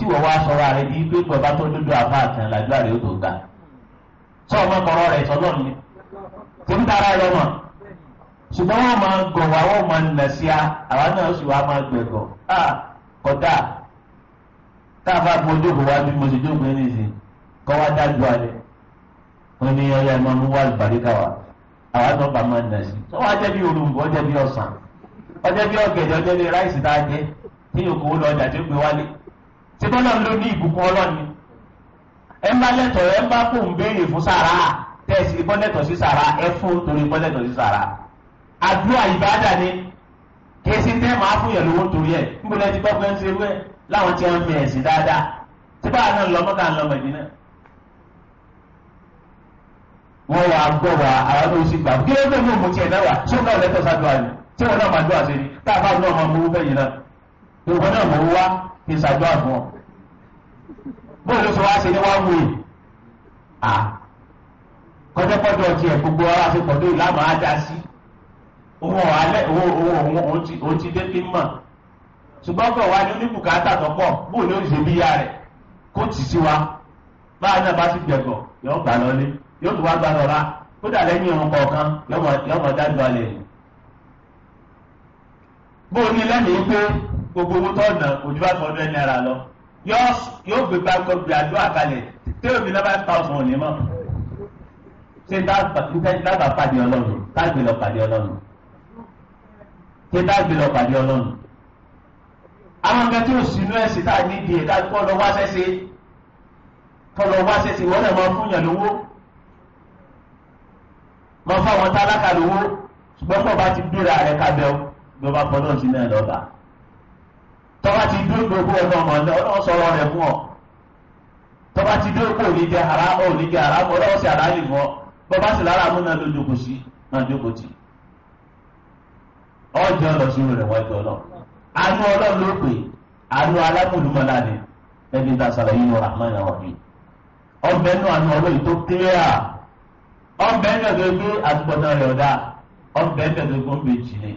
tí wọ́n wá sọ̀rọ̀ rẹ̀ bíi pé bàbá tó dúdú àfa àtàn làjú àrẹ ga sọ ọmọ rẹ̀ sọ́dọ̀ mi tó ń tara rẹ̀ mọ̀ ṣùgbọ́n wọ́n máa ń gọ̀ wá wọ́n sí a àwa náà sì a bá bu wá bí mo sì jókòó ẹni sí kọ́ wá dájú alẹ́ ọyá ẹ̀ máa mú wá àwa náà bá máa nà sí bí ọ̀sán bí ọ̀gẹ̀dẹ̀ ṣé bọ́lá ló ní ìbùkún ọlọ́ni ẹ bá lẹ́tọ̀ ẹ bá kó ń béèrè fún sàrà tẹ̀sí bọ́lẹ̀tọ̀ sí sàrà ẹ fún torí bọ́lẹ̀tọ̀ sí sàrà àdúrà ìbáàdà ni kí ẹsìn tẹ́ máa fún yẹn lówó torí ẹ̀ ń bọ́lẹ̀ ti gbọ́ pé ń ṣe wẹ́ láwọn tí wọ́n fi ẹ̀sìn dáadáa tí báà náà lọ́mọ́ ká ń lọ Mẹ̀dínà wọ́n wà gbọ́ wà àwọn tó sì gbà kí ló dé mú mutí ẹ̀ náà wà tí ó náà lẹ́tọ̀ sáà dùn àná tí wọ́n náà máa dùn àṣẹ ni táà bá mú kí n ṣàjọ àgbọn bóyá ló sọ wá ṣe ní wá wúwe à kọjọkọjọ tiẹ̀ gbogbo ara fi pọ̀ lóyún láàmú ajá sí òun ọ̀hálẹ̀ òun òun ti dé pé mọ̀ ṣùgbọ́n bọ̀ wá ní oníbùkátà tó pọ̀ bóyá ló ń ṣe bí ya rẹ̀ kó tì sí wa báà náà bá ti gbẹ̀gọ̀ yóò gbà lọlé yóò tún wá gbà lọ́ra kódà lẹ́yìn ọ̀hún kọ̀ọ̀kan yóò mọ̀ dájú alẹ́ bóyá ní lẹ́yìn pé gbogbo owó tó nà ojú bá tọ́jú ẹni ara lọ yóò gbé gbàgbọ́ gbé àjọ àkàlẹ̀ tẹ́lẹ̀ mi náà bá ta ọ̀sán òní mọ́ ṣé dábà pàdé ọlọ́run tágbé lọ pàdé ọlọ́run ṣé tágbé lọ pàdé ọlọ́run àwọn akẹ́kọ̀ọ́ tí ò sínú ẹ̀sìn tá a nídìí ẹ̀ dájú kọ́ lọ wá sẹ́sẹ́ kọ́ lọ wá sẹ́sẹ́ wọ́n lè máa fún yàn lówó máa fáwọn tálákà lówó ṣùgbọ́n pọ̀ bá ti dúra rẹ̀ kábẹ́ ọ bí wọ́n bá fọ́ náà sí náà lọ́ba. tọba ti dúró gbogbo ọ̀nà ọmọ ọ̀nà ọ̀nà sọ̀rọ̀ rẹ̀ mú ọ tọba ti dúró kó òní jẹ haramu òní jẹ haramu ọlọ́wọ́ sí aráyè mọ́ bọ́ba sì lára mú náà sí náà jókòó tì lọ sí rẹ̀ wájú ọlọ́ ọlọ́run ló pè alámùlùmọ́lá ni ẹni sọ̀rọ̀ yìí lọ́ra mọ́ mi ọbẹ̀ ọlọ́run tó kílíà ọbẹ̀ rẹ̀ ọ̀dà ọbẹ̀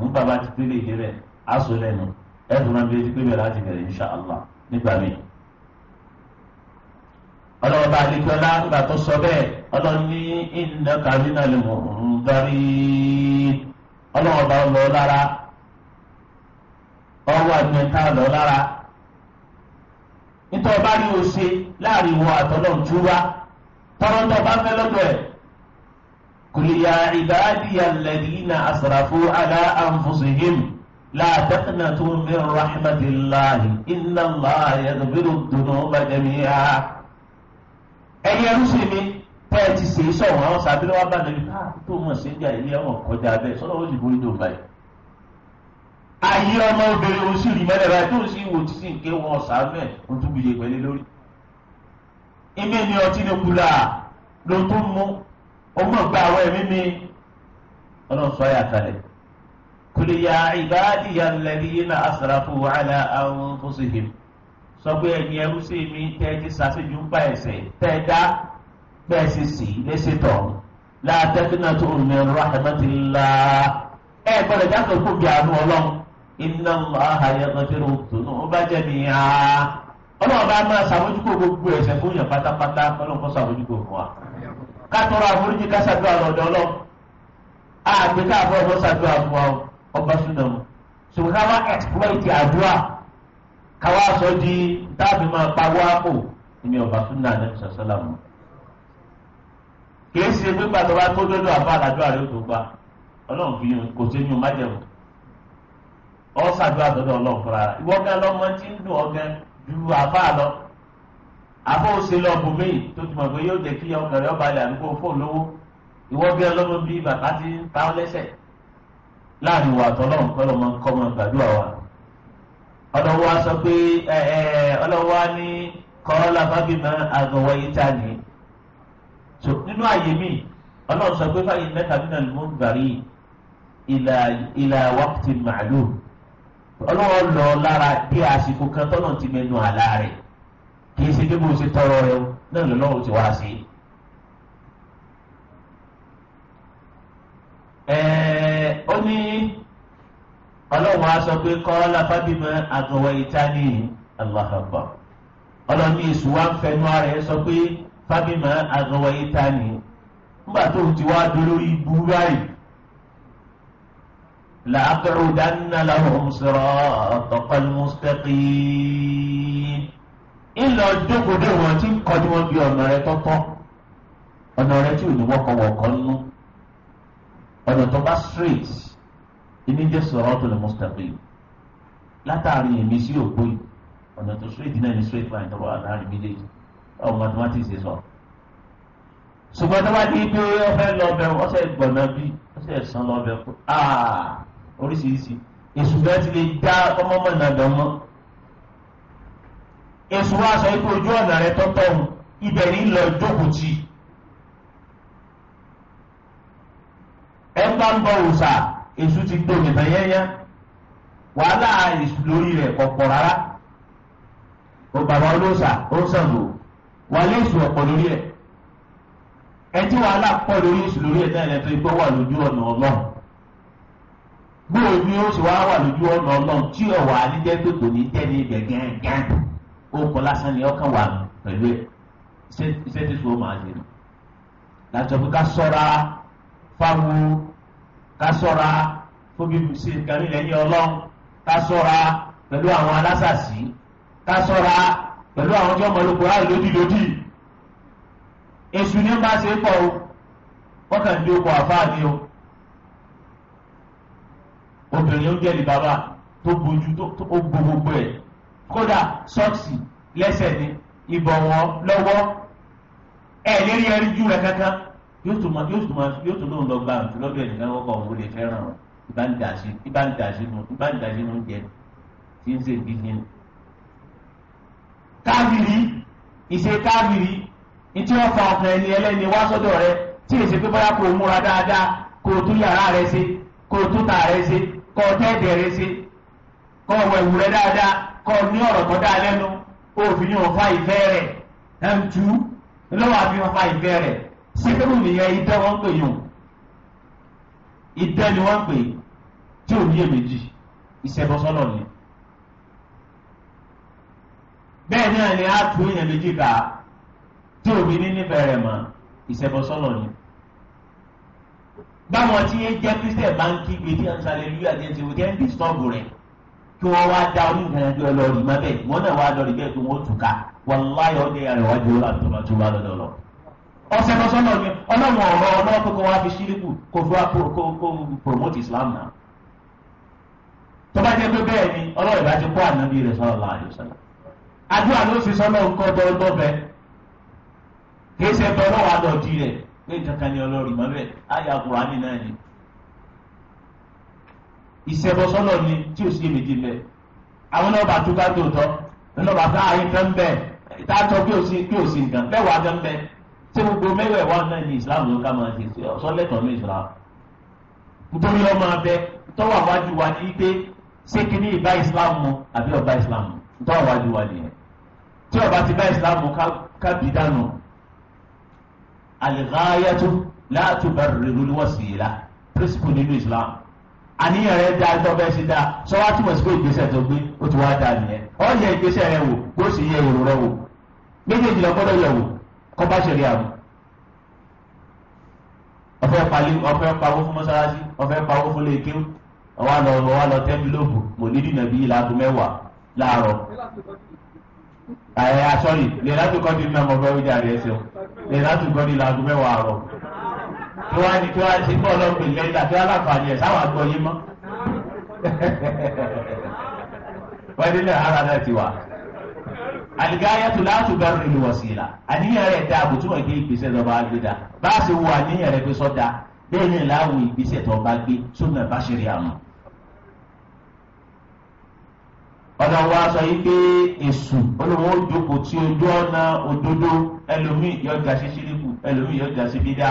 mú bàbá ti pé lè yé rẹ̀ aṣọ lẹ́nu ẹ̀dùn máa ń bí ojú pé mere láti insha allah nígbà míì. ọlọ́wọ́ sọ bẹ́ẹ̀ ọlọ́run ní iná kàmínà lè mọ̀ lọ nítorí ọba ní o ṣe láàrin قل يا عبادي الذين أسرفوا على أنفسهم لا تقنطوا من رحمة الله إن الله يغفر الذنوب جميعا ẹ̀yin ẹrú sí mi tẹ́ ẹ ti ṣe é sọ̀rọ̀ àwọn sàbílẹ̀ wa bá lẹ́yìn náà ah, tó mọ̀ sí ìjà ilé ẹ̀wọ̀n kọjá bẹ́ẹ̀ sọ́dọ̀ ó sì borí dùn báyìí. ayé ọmọ obìnrin oṣù rí mẹ́lẹ̀ báyìí tó ń sì wò ọmọ gba àwọn ẹ̀mí mi ọlọ́run sọ ayà kalẹ̀ kul ya ibadiyal ladhina asrafu ala anfusihim sọ pé ẹ̀yin ẹrú sí mi tẹ́ ẹ ti sàṣejù ń pa ẹ̀ṣẹ̀ tẹ́ ẹ dá bẹ́ẹ̀ sì sì lẹ́sẹ̀ tọ̀ la taqnatu min rahmatillah ẹ̀ gbọ́dọ̀ jáde kó bí àánú ọlọ́run inna Allaha yaghfiru dhunuba jami'a ọlọ́run bá máa ṣàmójúkò gbogbo ẹ̀ṣẹ̀ fún yàn pátápátá ọlọ́run kó ṣàmójúkò fún wa kátọrọ àforíjì ká ṣàdúrà lọ́dọ̀ lọ àgbẹ káàbọ ọmọ ṣàdúrà fún wa ọba súnà mu ṣùgbọ́n ká wá exploit àdúrà ká wá sọ di táàbì máa pa wáàpò ìmì ọba súnà ní sàṣẹlá mu kìí ṣe pé gbàtọ bá tó dọdọ àbá àdúrà rẹ tó gbà Ọlọ́run fi kò sí ní o má jẹun ọ ṣàdúrà dọdọ Ọlọ́run fúnra ìwọ gan lọmọ tí ń dùn ọgán àbọ̀ òsè lọ bùnmí tó ti mọ̀ pé yóò jẹ́ kí ọkàrẹ́ ọba ilẹ̀ àdúgbò fóun lówó ìwọ bí ọlọ́mọ bí bàbá ti ń ta ọ́ lẹ́sẹ̀ láàrin ìwà àtọ́lọ́hún kọ́ lọ́mọ kọ́ mọ gbàdúrà wa ọlọ́wọ́ a sọ pé ọlọ́wọ́ a ní kọ́ọ́lá fábímọ́ àgọ́wọ́ yìí tá ní nínú àyè mi ọlọ́run sọ pé fáyín mẹ́ta nínú ìlú gbàrí ìlà wákìtì màálù ọlọ́wọ́ lọ lára dé àsìkò kan kì í ṣe bí mo ṣe tọrọ rẹ o náà lọ́wọ́ ti wá sí i. ó ní ọlọ́run á sọ pé kọ́lá fábímọ àgọ́wọ́ ìtání aláhàbà ọlọ́run èṣù wa ń fẹnu ara ẹ sọ pé fábímọ àgọ́wọ́ ìtání nígbà tó ti wá dolórí ibú báyìí làákàrọ̀ dáná làwọn sọ̀rọ̀ ọ̀tọ̀kọ́ mustaqim ńlọ dógodó wọn tí ń kọjú wọn bí ọ̀nà rẹ tọ́tọ́ ọ̀nà rẹ tí ò ní wọ́kọ̀wọ́kọ́ nú ọ̀nà tó bá straight ìní jẹ́ siratul mustaqim látàrí èmi sí òpó yìí ọ̀nà tó straight náà ní straight line tọ́wọ́ àláàrin méjèèjì ọ̀ mathematics sọ. ṣùgbọ́n tó bá dé pé ọ̀fẹ́ lọ́bẹ̀ ọ̀sẹ̀ gbọ̀nà bí ọ̀sẹ̀ ẹ̀sán lọ́bẹ̀ ah, oríṣiríṣi èṣù ti lè dá ọmọ mọ̀ èso wa sọ pé ojú ọ̀nà rẹ tọ́tọ́ òun ibẹ̀ ní lọ jókòó ẹ bá ń bọ ti gbòmìn tán yẹ́nyẹ́ wàhálà èso lórí rẹ̀ ọ̀pọ̀ rárá o bàbá olóòṣà ó sàngò ọ̀pọ̀ lórí ẹ̀ ẹ tí wàhálà pọ̀ lórí lórí wà lójú ọ̀nà wà lójú ọ̀nà tí ọ̀wà ní tẹ́lẹ̀ ó kọ lásán ni ọkàn wà pẹ̀lú ẹ̀ iṣẹ́ tí sùn ó máa dì nù. láti ọ̀pẹ ká sọ́ra fáwo ká sọ́ra fóbi ṣe kàmí lẹ́yìn ọlọ́run ká sọ́ra pẹ̀lú àwọn alásàsí ká sọ́ra pẹ̀lú àwọn tí wọ́n mọ̀ èṣù ni ó bá ṣe pọ̀ o wọ́n kàn dé oko o obìnrin ó jẹ́ ní bàbá tó bojú tó gbogbo ẹ̀ kódà sọ́ọ̀sì lẹ́sẹ̀ ni ìbọ̀wọ́ lọ́wọ́ ẹ̀ lérí ẹrí jù rẹ̀ kankan yóò tún máa yóò tún máa yóò tún lóun lọ gba àrùn lọ́dọ̀ ẹ̀ nìkan kọ́kọ́ òun lè fẹ́ràn rẹ̀ ìbá ń dàsí ìbá ń dàsí nu ìbá ń dàsí nu jẹ tí ń ṣe ìdíje nu. káàbìrì ìṣe káàbìrì ìtí wọn fa ọkàn ẹni ẹlẹ́ni wá sọ́dọ̀ rẹ̀ tí èsì pé bóyá kò múra dáadáa kò tún yàrá rẹ̀ ṣe kò tún tà rẹ̀ ṣe kò tẹ́ẹ̀dẹ̀ rẹ̀ ṣe kò wẹ̀wù rẹ̀ dáadáa kọ́ ní ọ̀rọ̀ tó dáa lẹ́nu kó o fi ní wọn fa ìfẹ́ rẹ̀ m2 lọ́wọ́ àfi wọn fa ìfẹ́ rẹ̀ síkírù nìyẹn idẹ́ wọn pè yùn idẹ́ ni wọ́n pè tí ò ní èméjì ìṣẹ́bọsọ́nà ni bẹ́ẹ̀ náà ni a tu èèyàn méjì ká tí òbí ní níbẹ̀rẹ̀ mọ́ ìṣẹ́bọsọ́nà ni báwọn tí yẹn jẹ́ kristian bá ń kígbe tí ń sàlẹ̀ lúyà jẹ́ ti wò jẹ́ ń disturb rẹ̀ kí wọ́n wá dá orí nǹkan ẹjọ́ lọ rí mẹ́bẹ̀ wọ́n náà wá lọ rí bẹ́ẹ̀ tó wọ́n tù ká wàláyọ̀ ní ẹ̀rẹ̀ wájú ọ̀la tọ̀lá tó bá lọ́dọ̀ lọ. ọ̀sẹ̀ lọ́sọ̀ náà ni ọlọ́run ọ̀rọ̀ ọlọ́run kókó wá fi ṣíríkù kó fi wá kó promote Islam náà. tó bá jẹ́ pé bẹ́ẹ̀ ni ọlọ́run ìbá ti kó ànábì rẹ̀ sallallahu alaihi wasallam. àdúrà ló sì sọ́nà nǹkan dọ́ọ̀dọ́fẹ́ kì í ṣe bẹ́ẹ̀ lọ́wọ́ àdọ̀dí rẹ̀ pé kankan ni ọlọ́run mọ́bẹ̀ áyà kùránì náà ni ìṣẹ̀bọsọ́nà ni tí ò sí èméjì mẹ́ àwọn náà bá tó ká tó tọ́ nínú bàtà àyè kan bẹ́ tá a tọ́ kí ò sí kí ò sí nǹkan bẹ́ẹ̀ wà á gan bẹ́ tí gbogbo mẹ́wẹ̀ẹ́ wà náà ní Islam ló ká máa ṣe sọ́lẹ̀tọ̀ ní Islam nítorí ọmọ abẹ tọ́wọ́ àwájú wa ní pé ṣé kí ní ìbá Islam mu àbí ọba Islam mu tọ́wọ́ àwájú wa nìyẹn tí ọba ti bá Islam mu ká bì dànù al-ghayatu la tubarriru al-wasila principle nínú Islam àníyàn rẹ da tó fẹ́ sí da sọ wá túmọ̀ sí pé ìgbésẹ̀ tó gbé ó ti wá da nìyẹn ọ yẹ ìgbésẹ̀ rẹ wò kó o sì yẹ èrò rẹ wò méjèèjì lọ gbọ́dọ̀ yẹ̀ wò kó bá ṣe rí àwọn. ọ̀fẹ́ palí ọ̀fẹ́ pawó fún mọ́sálásí ọ̀fẹ́ pawó fún léèké ọ̀wá lọ ọ̀wá lọ tẹ́bílóòbù mòlídìí nàbí ìlàgò mẹ́wàá láàárọ̀. àyà sọ́ọ̀rì lè látòkọ́ tó wá ní tó wá sí bọ́ọ̀lù ọ̀gbìn lẹ́yìn àti aláǹfààní ẹ̀ sáwọn àgbọ̀ yín mọ́. wọ́n nílẹ̀ ara náà ti wà. àlìgáyà tó láti gbàrú ìlú wọ̀síìlà àníyàn rẹ̀ dá àbùtúmọ̀ kí ìgbésẹ̀ lọ́ba gbé dá bá a ṣe wo àníyàn rẹ̀ pé sọ́dá bẹ́ẹ̀ ni láwù ìgbésẹ̀ tó bá gbé sódà bá ṣe rí àmọ́. ọ̀nà wa sọ yìí pé èṣù olówó jókòó tí ojú ọ̀nà òdodo ẹlòmíì yọjà sí síríkù ẹlòmíì yọjà sí bídà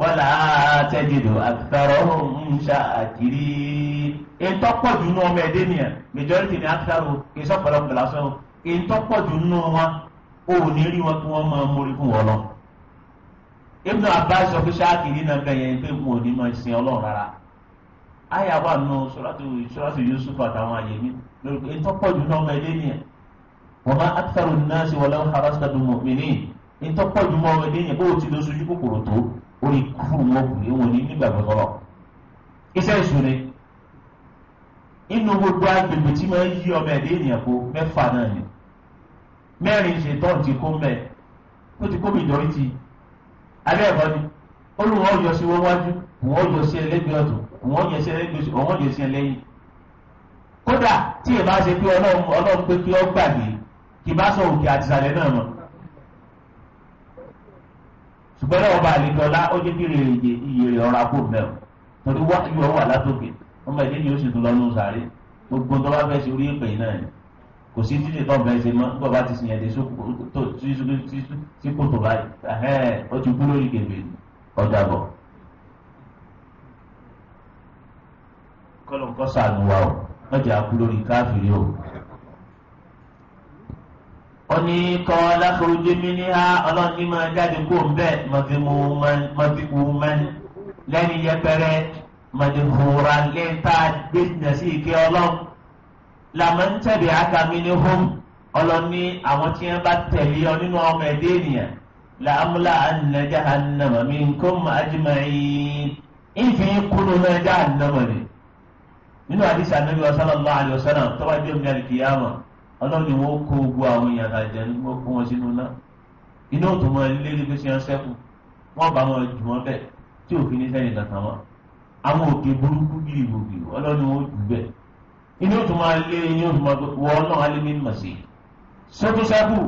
wọ́lá tẹ́jìdò aktharuhum shakirin. ìtọ́pọ̀jù nù ọmọ ẹ̀dẹ́ nìyẹn majority ni akitaro ìsọ̀pọ̀lọpọ̀ lásán ìtọ́pọ̀jù nù wọn ò ní rí wọn kí wọ́n máa fún wọn lọ. sọ pé náà bẹ̀ yẹn pé wọn ò ní máa sin ọlọ́run rárá. àyà wà nù Yusuf àtàwọn àyè mi lórí ma nù ọmọ ẹ̀dẹ́ orí kúrú wọn kù yẹn wọn ní nígbà gbọdọ iṣẹ́ ìṣù ni inú gbogbo agbègbè tí wọn yí ọmọ ẹdẹ ènìyàn kó mẹ́fà náà ni mẹ́rin ṣe tọ́ọ̀ ti kó mẹ́ ó ti kó mi ìdọ̀rí ti abẹ́ ẹ̀kọ́ ni olùwọ́n ọ̀yọ́ sí wọn wájú wọ́n ọ̀yọ́ sí ẹlẹ́gbẹ̀ẹ́ ọ̀tún wọ́n ọ̀yọ́ sí ẹlẹ́gbẹ̀ẹ́ ọ̀tún wọ́n ọ̀yọ́ sí ẹlẹ́yìn kódà tí ì ṣe pé ọlọ́run pé kí ọ gbàgbé kì bá sọ òkè àtìsàlẹ̀ náà mọ̀ ṣùgbọ́n náà ọba àlejòlá ó jẹ́ kí rèrè iye rẹ̀ ọ̀rọ̀ àpò bẹ́ẹ̀ torí wá yọ wà látòkè ọmọ ẹ̀dẹ́ ni ó sì tún lọ nù sàárè gbogbo tó bá fẹ́ ṣe orí èpè náà ni kò sí títí tó bẹ́ẹ̀ ṣe mọ́ bọ́ bá ti sìn ẹ̀dẹ́ sí kòtò báyìí ó ti kú lórí kébè ọjà bọ̀. kọ́lọ̀ ń kọ́ sàánú wa o wọ́n jẹ́ àkú lórí káfíìrì o ọní kọ́ láforójú mi ní ha ọlọ́ọ̀ni máa jáde kó ń bẹ́ẹ̀ mọ̀tìmùmán lẹ́ni yẹpẹrẹ mọ̀tìmùmán lẹ́ni tá a gbé jìnnà sí ike ọlọ́run làmọ́ ń tẹ̀lé àkàmì ní hóm ọlọ́ọ̀ni àwọn tí wọ́n bá tẹ̀lé ọ nínú ọmọ ẹ̀dẹ́ ènìyàn làmúlà ànà jahannama minkum ajma'in ìfì kúrò náà jahannama ni nínú àdìsí ànábi sallallahu alaihi wasallam tọ́wájú ọ̀gbìn ọlọ́run ni wọ́n kó gbogbo àwọn èèyàn àjẹ́ ní wọ́n kó wọn sínú náà iná ò tó mọ ilé ní pé ṣe ń sẹ́kù wọ́n bá wọn jù wọ́n bẹ̀ tí òfin ní sẹ́yìn kankan wọn àwọn òkè burúkú bíi ìwòkè ọlọ́run ni wọ́n jù bẹ̀ iná ò tó mọ ilé iná ò tó mọ wọ́n náà alẹ́ ní mọ̀ sí i sẹ́kùsẹ́kù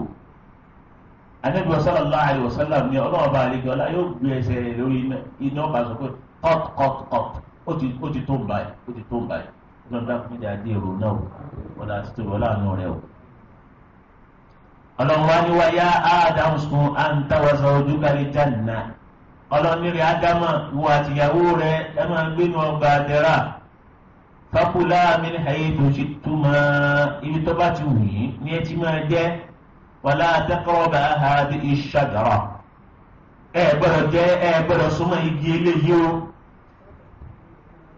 anabi sallallahu alayhi wa sallam ni ọlọ́run bá àlejò ọlá yóò gbé ẹsẹ̀ lórí iná ọba sọ pé kọ́t kọ́t kọ́t ó ti tó ń báyìí ó ti tó ń báyìí. lọ́dá kúndé adé èrò náà o wọ́n lọ wọ́n lánàá rẹ o. ọlọ́run wá ní wá ádámù sùn àǹtàwọ̀sán ojú kárí jáde ọlọ́nìrìn ádámà ìwọ àtìyàwó rẹ ẹ máa gbénu ọgbà àdẹ́rà fapula tó ibi tó bá ti wù yín ní ẹ ti máa wàlá ẹ gbọ́dọ̀ ẹ gbọ́dọ̀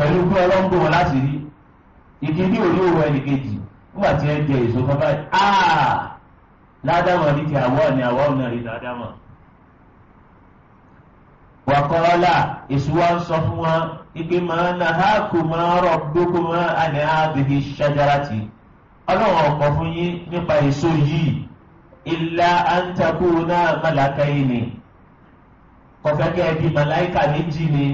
pẹ̀lú pé ọlọ́gbò wọn láti rí ike òní òwò ẹnìkejì nígbà tí ẹ jẹ èso kan báyìí áà ládàmọ̀ ní ti àwọ̀ ni àwọ̀ rí wa sọ fún wa ike máa ń ha kò máa ọrọ gbókò máa àná ọlọ́run ọ̀pọ̀ fún yín nípa èso yìí àǹtakùn náà yìí ni méjì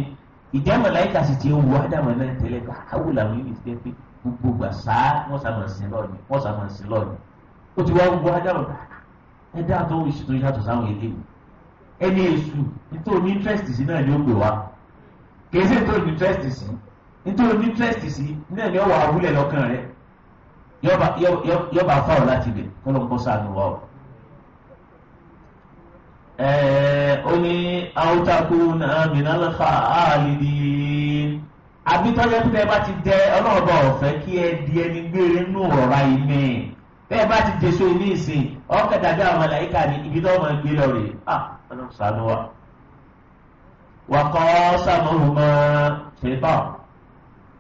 ìjẹ́ màláìka sì ti wù ádámù náà tẹ́lẹ̀ ká àwọn làwọn yìí ti pé gbogbo gbà sáá wọ́n sá máa sin lọ́ọ̀ni wọ́n sá máa sin lọ́ọ̀ni ó ti wá wù ádámù ah, ẹ dá tó ìṣètò ìyàtọ̀ sáwọn eléyìí ẹni èṣù nítorí ní interest sí náà ni ó gbé wa kì í sì nítorí ní interest sí nítorí ní interest sí náà ni ó wà abúlé lọ́kàn rẹ̀ yọba fáwọn láti ibẹ̀ kọ́ ló ń bọ́ sáà ní wa o. ó ní àwùjákùn mìíràn fa àlìdí àbí tọ́jọ́ pé bẹ́ẹ̀ bá ti dẹ ọlọ́ọ̀bá ọ̀fẹ́ kí ẹ di ẹni gbére nù ọ̀rá ìmí bẹ́ẹ̀ ti dèso ìmí ìsìn ọ̀kẹ́ ka àwọn màláíkà ní ibi tó máa gbé lọ rè á ah, ọlọ́run wa. wà kọ́ sàmúhùn mọ́ ṣèpá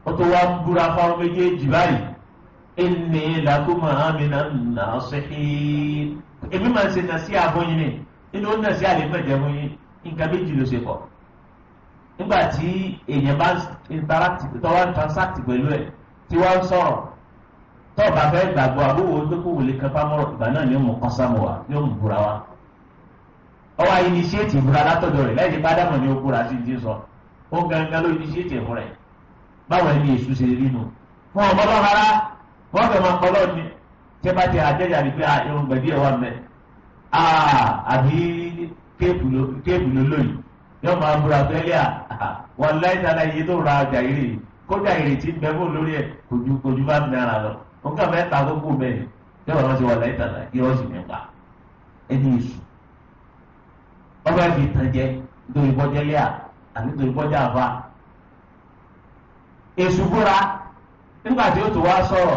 ó tó wá ń búra fáwọn méjèèjì báyìí ẹnì làkúmọ̀ àmì nínú ó nà sí àlèmọ̀jẹ̀mú yín nǹkan méjì ló ṣe pọ̀ nígbà wa ni ó mú búra wa ọwọ́ ayé ni ṣé ti búra látọ̀dọ̀ rẹ̀ lẹ́yìn bá dàmọ̀ ni ó búra sí ti sọ ó gangan ló ní ṣé ti fún rẹ̀ báwo ni èṣù ṣe rí nu fún ọmọ lọ́hara wọ́n fẹ́ máa lọ́ọ̀ni tí ẹ bá ti àjẹjà ni pé àwọn ah, gbẹ̀dí ẹ̀ àbí téèpù ló lóyè yóò máa múra tẹ́lẹ̀ à wọn láìsàlá iye tó ra ọjà yìí rèé kódà ìrètí ń bẹ fún lórí ẹ̀ kojú kojú bá mi nára lọ nǹkan bẹ́ẹ̀ ta gbogbo bẹ́ẹ̀ yóò wọn ti wọn láìsàlá kí wọ́n sì mí pa ẹni ìsù ọba ẹ̀ fi tàn jẹ nítorí bọ́jẹ́lẹ́ à àti nítorí bọ́jà àfa èsù fúnra nígbà tí ó tó wá sọ̀rọ̀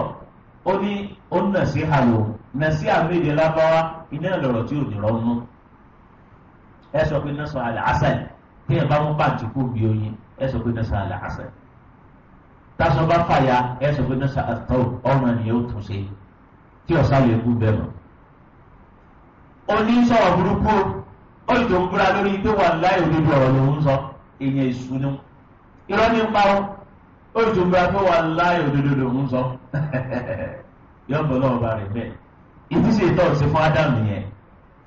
ó ní ó nà sí àlòkù. nàṣí àmédè lábáwá iná lọ̀rọ̀ tí ò ní rọ́ mú ẹ sọ pé nọ́sọ̀ àlàásẹ̀ tí ẹ bá mú pàǹtí kó bí oyin ẹ sọ pé nọ́sọ̀ àlàásẹ̀ tásọ bá fàyà ẹ sọ pé nọ́sọ̀ àtọ́ ọmọ nìyẹn tún ṣe ọ̀sá lè kú bẹ́ẹ̀ mọ́. burúkú ń búra lórí pé wà láì ọ̀rọ̀ ló ń sọ irọ́ [laughs] ìtísí ìtọ́n sí fún ádámù yẹn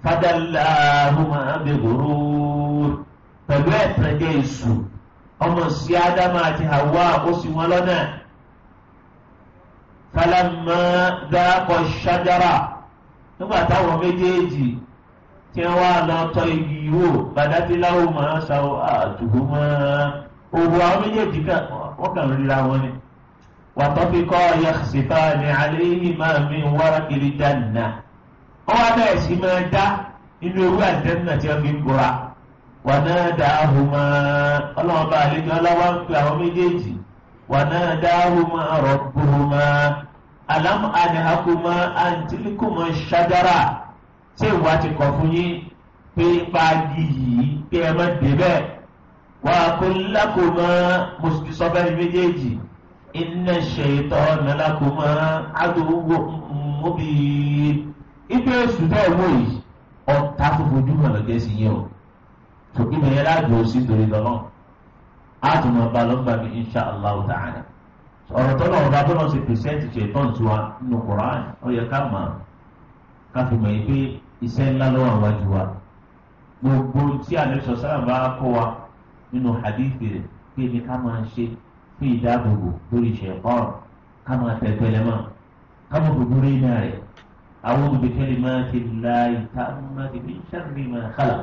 fadalahuma abegoro pẹ̀lú ẹ̀tẹ̀jẹ̀ èṣù ọmọ sí ádámù àti hawa ó sì wọn lọ́nà falama dákọ̀ ṣájára nígbà táwọn méjèèjì tí wọ́n á lọ tọ́ igi wò bàdátìláwò máa ṣàwọ́ àtùgbò máa òwò àwọn méjèèjì kan wọ́n kàn ríra wọn ni. وطفقا يخسفان عليهما من ورق الجنة هو ما سمعت إنه هو الجنة يمين قرى وناداهما الله بالك لوان لهم جيجي وناداهما ربهما ألم أنهكما عن تلكما الشجرة سوات كفني في باقي في مدبه وأقول لكما مسكي صبر مجيجي inna shaytana lakuma aduwwun mubin ife èṣù bẹ́ẹ̀ wò yìí ọ̀tá fofojú hàn lọ́jọ́ sí yẹn o tó ibẹ̀ yẹn láàbò sí torí lọ́nà á tún mi insha allah ta'ala ọ̀rọ̀ tọ́lọ̀ ọ̀rọ̀ abọ́lọ̀ ṣe pèsèntì ṣètọ́n tí wa nínú Qur'an ó yẹ ká mọ̀ ká fi iṣẹ́ ńlá lọ́wọ́ wa gbogbo tí sọ sábà bá wa nínú rẹ̀ ká fún ìdáàbòbò lórí ṣẹ̀kọ́rọ̀ ká máa tẹ̀tẹ̀ lẹ́mọ̀ ká máa gbogbo rí náà rẹ̀ àwọn olùgbèkẹ́lì máa ti la ìta máa ti fi ṣẹ́rì máa kálà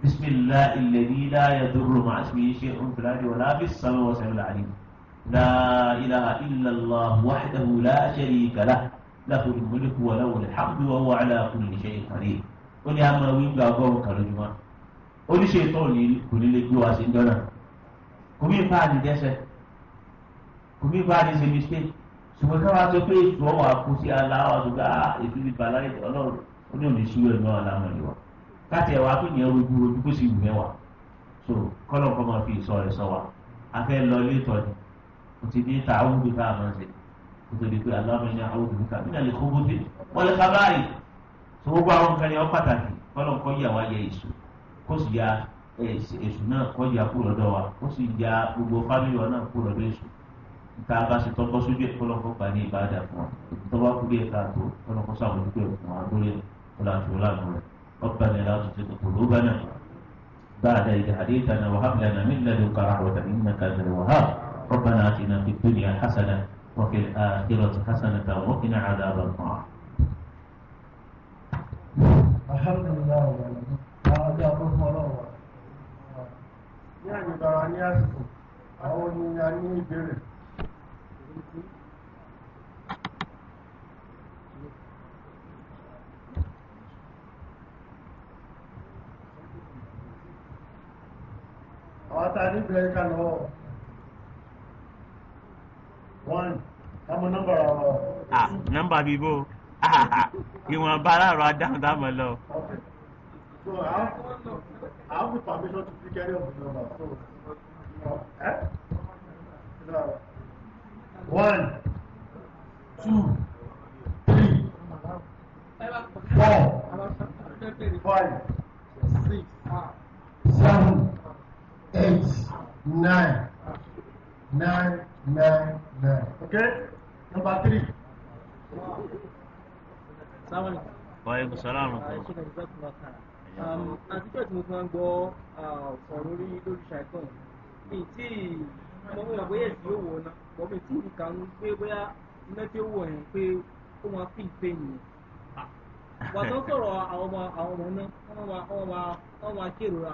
bisimilá ìlẹ̀dí láyà dúró máa ṣe é ṣe ń fi láti wọlé àbí sàmì wọ́n sẹ́yìn láàrin la ilaha illallah wàhídahu la sharika lah lahul mulku wa lahul hamdu wa huwa ala kulli shay'in qadir ó ní a máa omi bá ní ṣe mistake ṣùgbọ́n ká wá sọ pé ètò ọ̀wà kú sí aláwọ̀ àdúgbò á ètò ìbá láyé ọlọ́run ó ní òní ṣúwẹ̀ náà láwọn ìwà káti ẹ̀wà pé ìyẹn rojú rojú kó sì wù mẹ́wàá so kọ́lọ̀ kọ́ máa fi ìsọ rẹ̀ sọ wa a fẹ́ lọ ilé ìtọ́ ni o ti ní ta àwọn olùkọ́ àmọ́ ṣe o tó di pé aláwọ̀nyá àwọn olùkọ́ àmì náà lè kó bóde wọ́n lè kábàárì so gbogbo àwọn nǹkan yẹn pàtàkì kọ́lọ̀ kọ́ yà wá yẹ èṣù kó sì ya èṣù náà kọ́ yà kúrò lọ́dọ̀ wa kó sì ya gbogbo fámìlì wa náà kúrò lọ́dọ̀ èṣù nta bá ṣe tọ́kọ́ sójú ẹ̀ kọ́lọ́kọ́ gbà ní ìbáradà fún wa tọ́wọ́ akúgbé ẹ̀ka àtò kọ́lọ́kọ́ sàmójúkú ẹ̀ fún wa lórí ọ̀làjò lánàá rẹ̀ ọ̀gbà ni aláàtò ti tó kòló bá náà بعد إذ هديتنا وهب لنا من لدنك رحمة إنك أنت الوهاب ربنا آتنا في الدنيا حسنة وفي الآخرة حسنة وقنا عذاب النار الحمد لله هذا هو يعني برانياسكم أو يعني بيرس àwọn tá a ní bẹ̀rẹ̀ ká lọ one kámọ nọ́mbà rà lọ. ah nọ́mbà bíbó [laughs] ìwọ̀n bára rà dáhùn dáhùn lọ. so i have i have the permission to take care of the number so. Uh, eh? no one two three four five six seven eight nine nine nine nine okay number three. Wàhálà sàlámù. Àti pé tí mo fi máa ń gbọ́ uh, ọ̀rọ̀ lórí lórí ṣàìsàn, mi tí mo mọ̀ bóyá èsì yóò wò náà. bọ́ mi tí nǹkan ń pé bóyá mẹ́tẹ́ wọ̀ yẹn pé ó máa fi ìpè yẹn wàtò sọ̀rọ̀ àwọn ọmọ àwọn ọmọ náà wọ́n máa wọ́n máa wọ́n máa kérora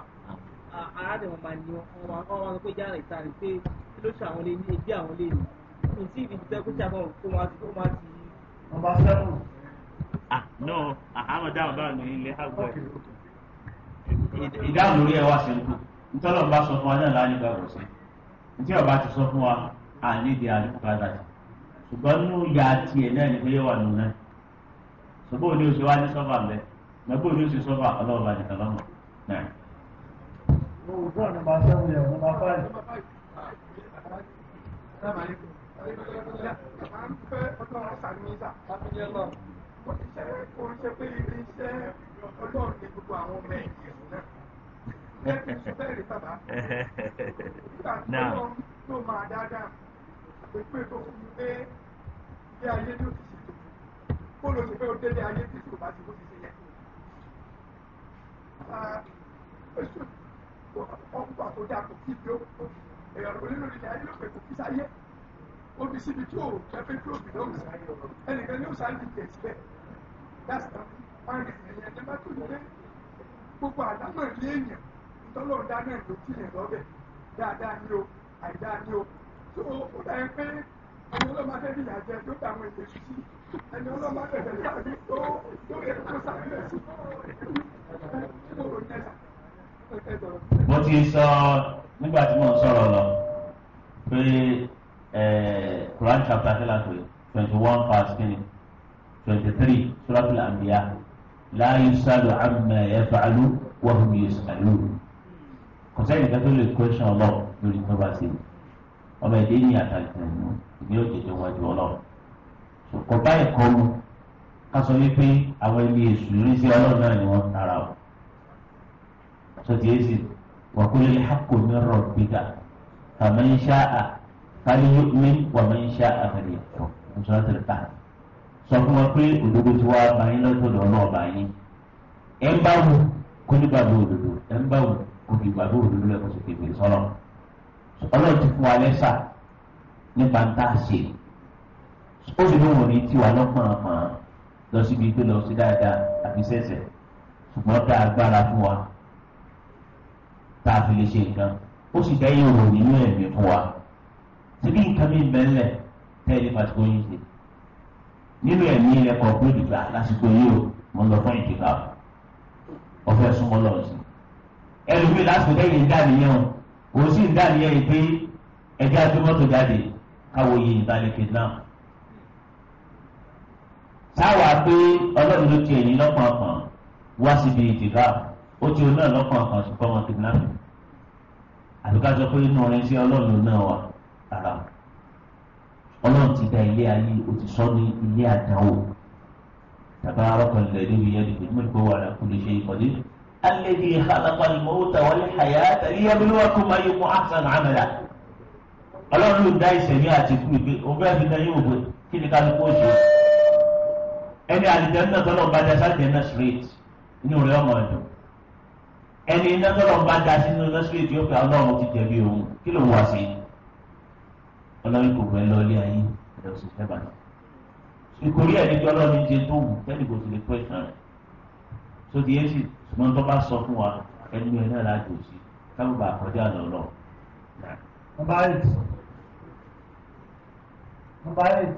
aládìmọ̀ máa ní wọ́n máa wọ́n máa pé jáde ìtàrí pé kí ló ṣe àwọn ní ẹgbẹ́ àwọn ní kó kó máa ti kó máa ti. bá sọ fún wa náà àníbi àdúgbòkàdà ṣùgbọ́n nínú ya tiẹ̀ náà ni pé yóò wà nù náà ṣùgbọ́n òní oṣù wa ní sọ́fà ń bẹ mẹ́gbọ́n òní oṣù sọ́fà ọlọ́wọ́ bá nìkan lọ́mọ náà. olùkọ́ nọ́mbà sẹ́wọ̀n yẹn nọ́mbà fáìlì. Ọlọ́run ni gbogbo àwọn ọmọ ẹ̀yìn náà náà pípé tó fún mi pé ilé ayé ni ó ti ṣètò kó ló ti fẹ́ ó délé ayé tí kò bá ti bó ti ṣe yẹ kó ọkùnkùn àkójá kò kí bí ó èèyàn olórí lórí ilé ayé ló pè kò kí sáyé ó fi síbi tí òòrùn kẹfẹ́ tí òbí ló ń sáyé ẹnìkan ni ó sáyé ti tẹ̀ síbẹ̀ that's not one reason ẹ̀yìn ẹ̀jẹ̀ bá tó lọ́lẹ́ gbogbo àdámọ̀ ilé èèyàn ìtọ́lọ́ọ̀dá náà ló tilẹ̀ lọ́bẹ̀ dáadáa ni o àìdáa ni o tó ó dà pé ẹni ọlọ́mọ akẹ́bí yà jẹ tó dà àwọn èdè sí ẹni ọlọ́mọ akẹ́bí yà jẹ tó tó yẹ kó sàbílẹ̀ sí mo ti sọ nígbà tí mo ń sọ̀rọ̀ lọ pé Quran chapter kí la pè twenty one verse kí ni twenty three suratul anbiya la yusalu amma yaf'alu wa hum yusalu kò sẹ́yìn kan lè question ọlọ́ọ̀ lórí tó bá ṣe yìí ọmọ ẹdẹ ní àtàlẹ ní òjòjò wọn ju Ọlọ́run kò báyìí kọ mu ká sọ wípé àwọn ẹbí èṣù rí sí Ọlọ́run náà ni wọn tara o sọtì èsì wàkúlẹ̀ hàkó ní ọ̀rọ̀ gbígbà fàmà ń ṣá à fàlẹ́ yóò mí wàmà ń ṣá à fàlẹ́ yàtọ̀ nítorí àtẹ̀lẹ́ sọ fún wa pé òdodo ti wá báyìí lọ́tọ̀dọ̀ ọlọ́ọ̀bá yín ẹ̀ ń bá wù kó nígbàgbọ́ òdodo ẹ̀ ń bá wù kó nígbàgbọ́ òdodo lẹ́kọ̀ọ́ sókè fèrè sọ́lọ́ọ̀ ọlọ́run ti fún wa lẹ́sà nípa ń tà ṣe ó sì lóun ò ní tiwa lọ́pọ̀nàpọ̀n lọ síbi pé lọ sí dáadáa àbí sẹ́sẹ̀ ṣùgbọ́n dá agbára fún wa tá a fi lè ṣe nǹkan ó sì dá ìrò nínú ẹ̀mí fún wa síbi nǹkan mi mẹ́lẹ̀ tẹ́lẹ̀ pàṣípò yìí ṣe nínú ẹ̀mí ẹ̀kọ́ pé ìdìgbà lásìkò yìí o mo lọ fún ìdìgbà ọ̀fẹ́ súnmọ́ lọ́wọ́ sí ẹlòmíì lásìkò tẹ́lẹ̀ ń dá nìyẹn o òun sì ń dá àníyàn yìí pé ẹjẹ́ àtúmọ̀tò jáde káwọ iye ìtàlẹ́kẹ̀ náà. sáwàá pé ọlọ́run ló ti ẹ̀yìn lọ́kànkàn wá síbi ìdìbà ó ti oná lọ́kànkàn ṣùgbọ́n wọn kìdínàpì. àbíká sọ pé inú orin sí ọlọ́run náà wà rárá ọlọ́run ti da ilé ayé o ti sọ ní ilé àdánwò tàbá arọ́kọ̀ọ́lẹ̀ lórí ẹ̀dùnkùn mẹ́rin kó wà lákùlé ṣe ìkọ́lé. الذي خلق الموت والحياة ليبلوكم أيكم أحسن عملا Ọlọ́run ló dá ìṣẹ̀mí ya ikú ìgbé òun bẹ́ẹ̀ fi dán yóò gbé kí ni kálukú ó ṣe ẹni àlìjẹ́nà tọ́lọ̀ ń bá dá sálìjẹ́nà straight inú rẹ̀ ọmọ ẹ̀dùn ẹni iná tọ́lọ̀ ń bá dá sínú iná straight yóò fi Ọlọ́run ti jẹ̀bi òun kí ló ń tó di yéésì ṣùgbọ́n tó bá sọ fún wa ẹnu ẹ̀ náà láti òsì kábùbà àkọjá lọ́lọ́. nọ́mbà eight nọ́mbà eight.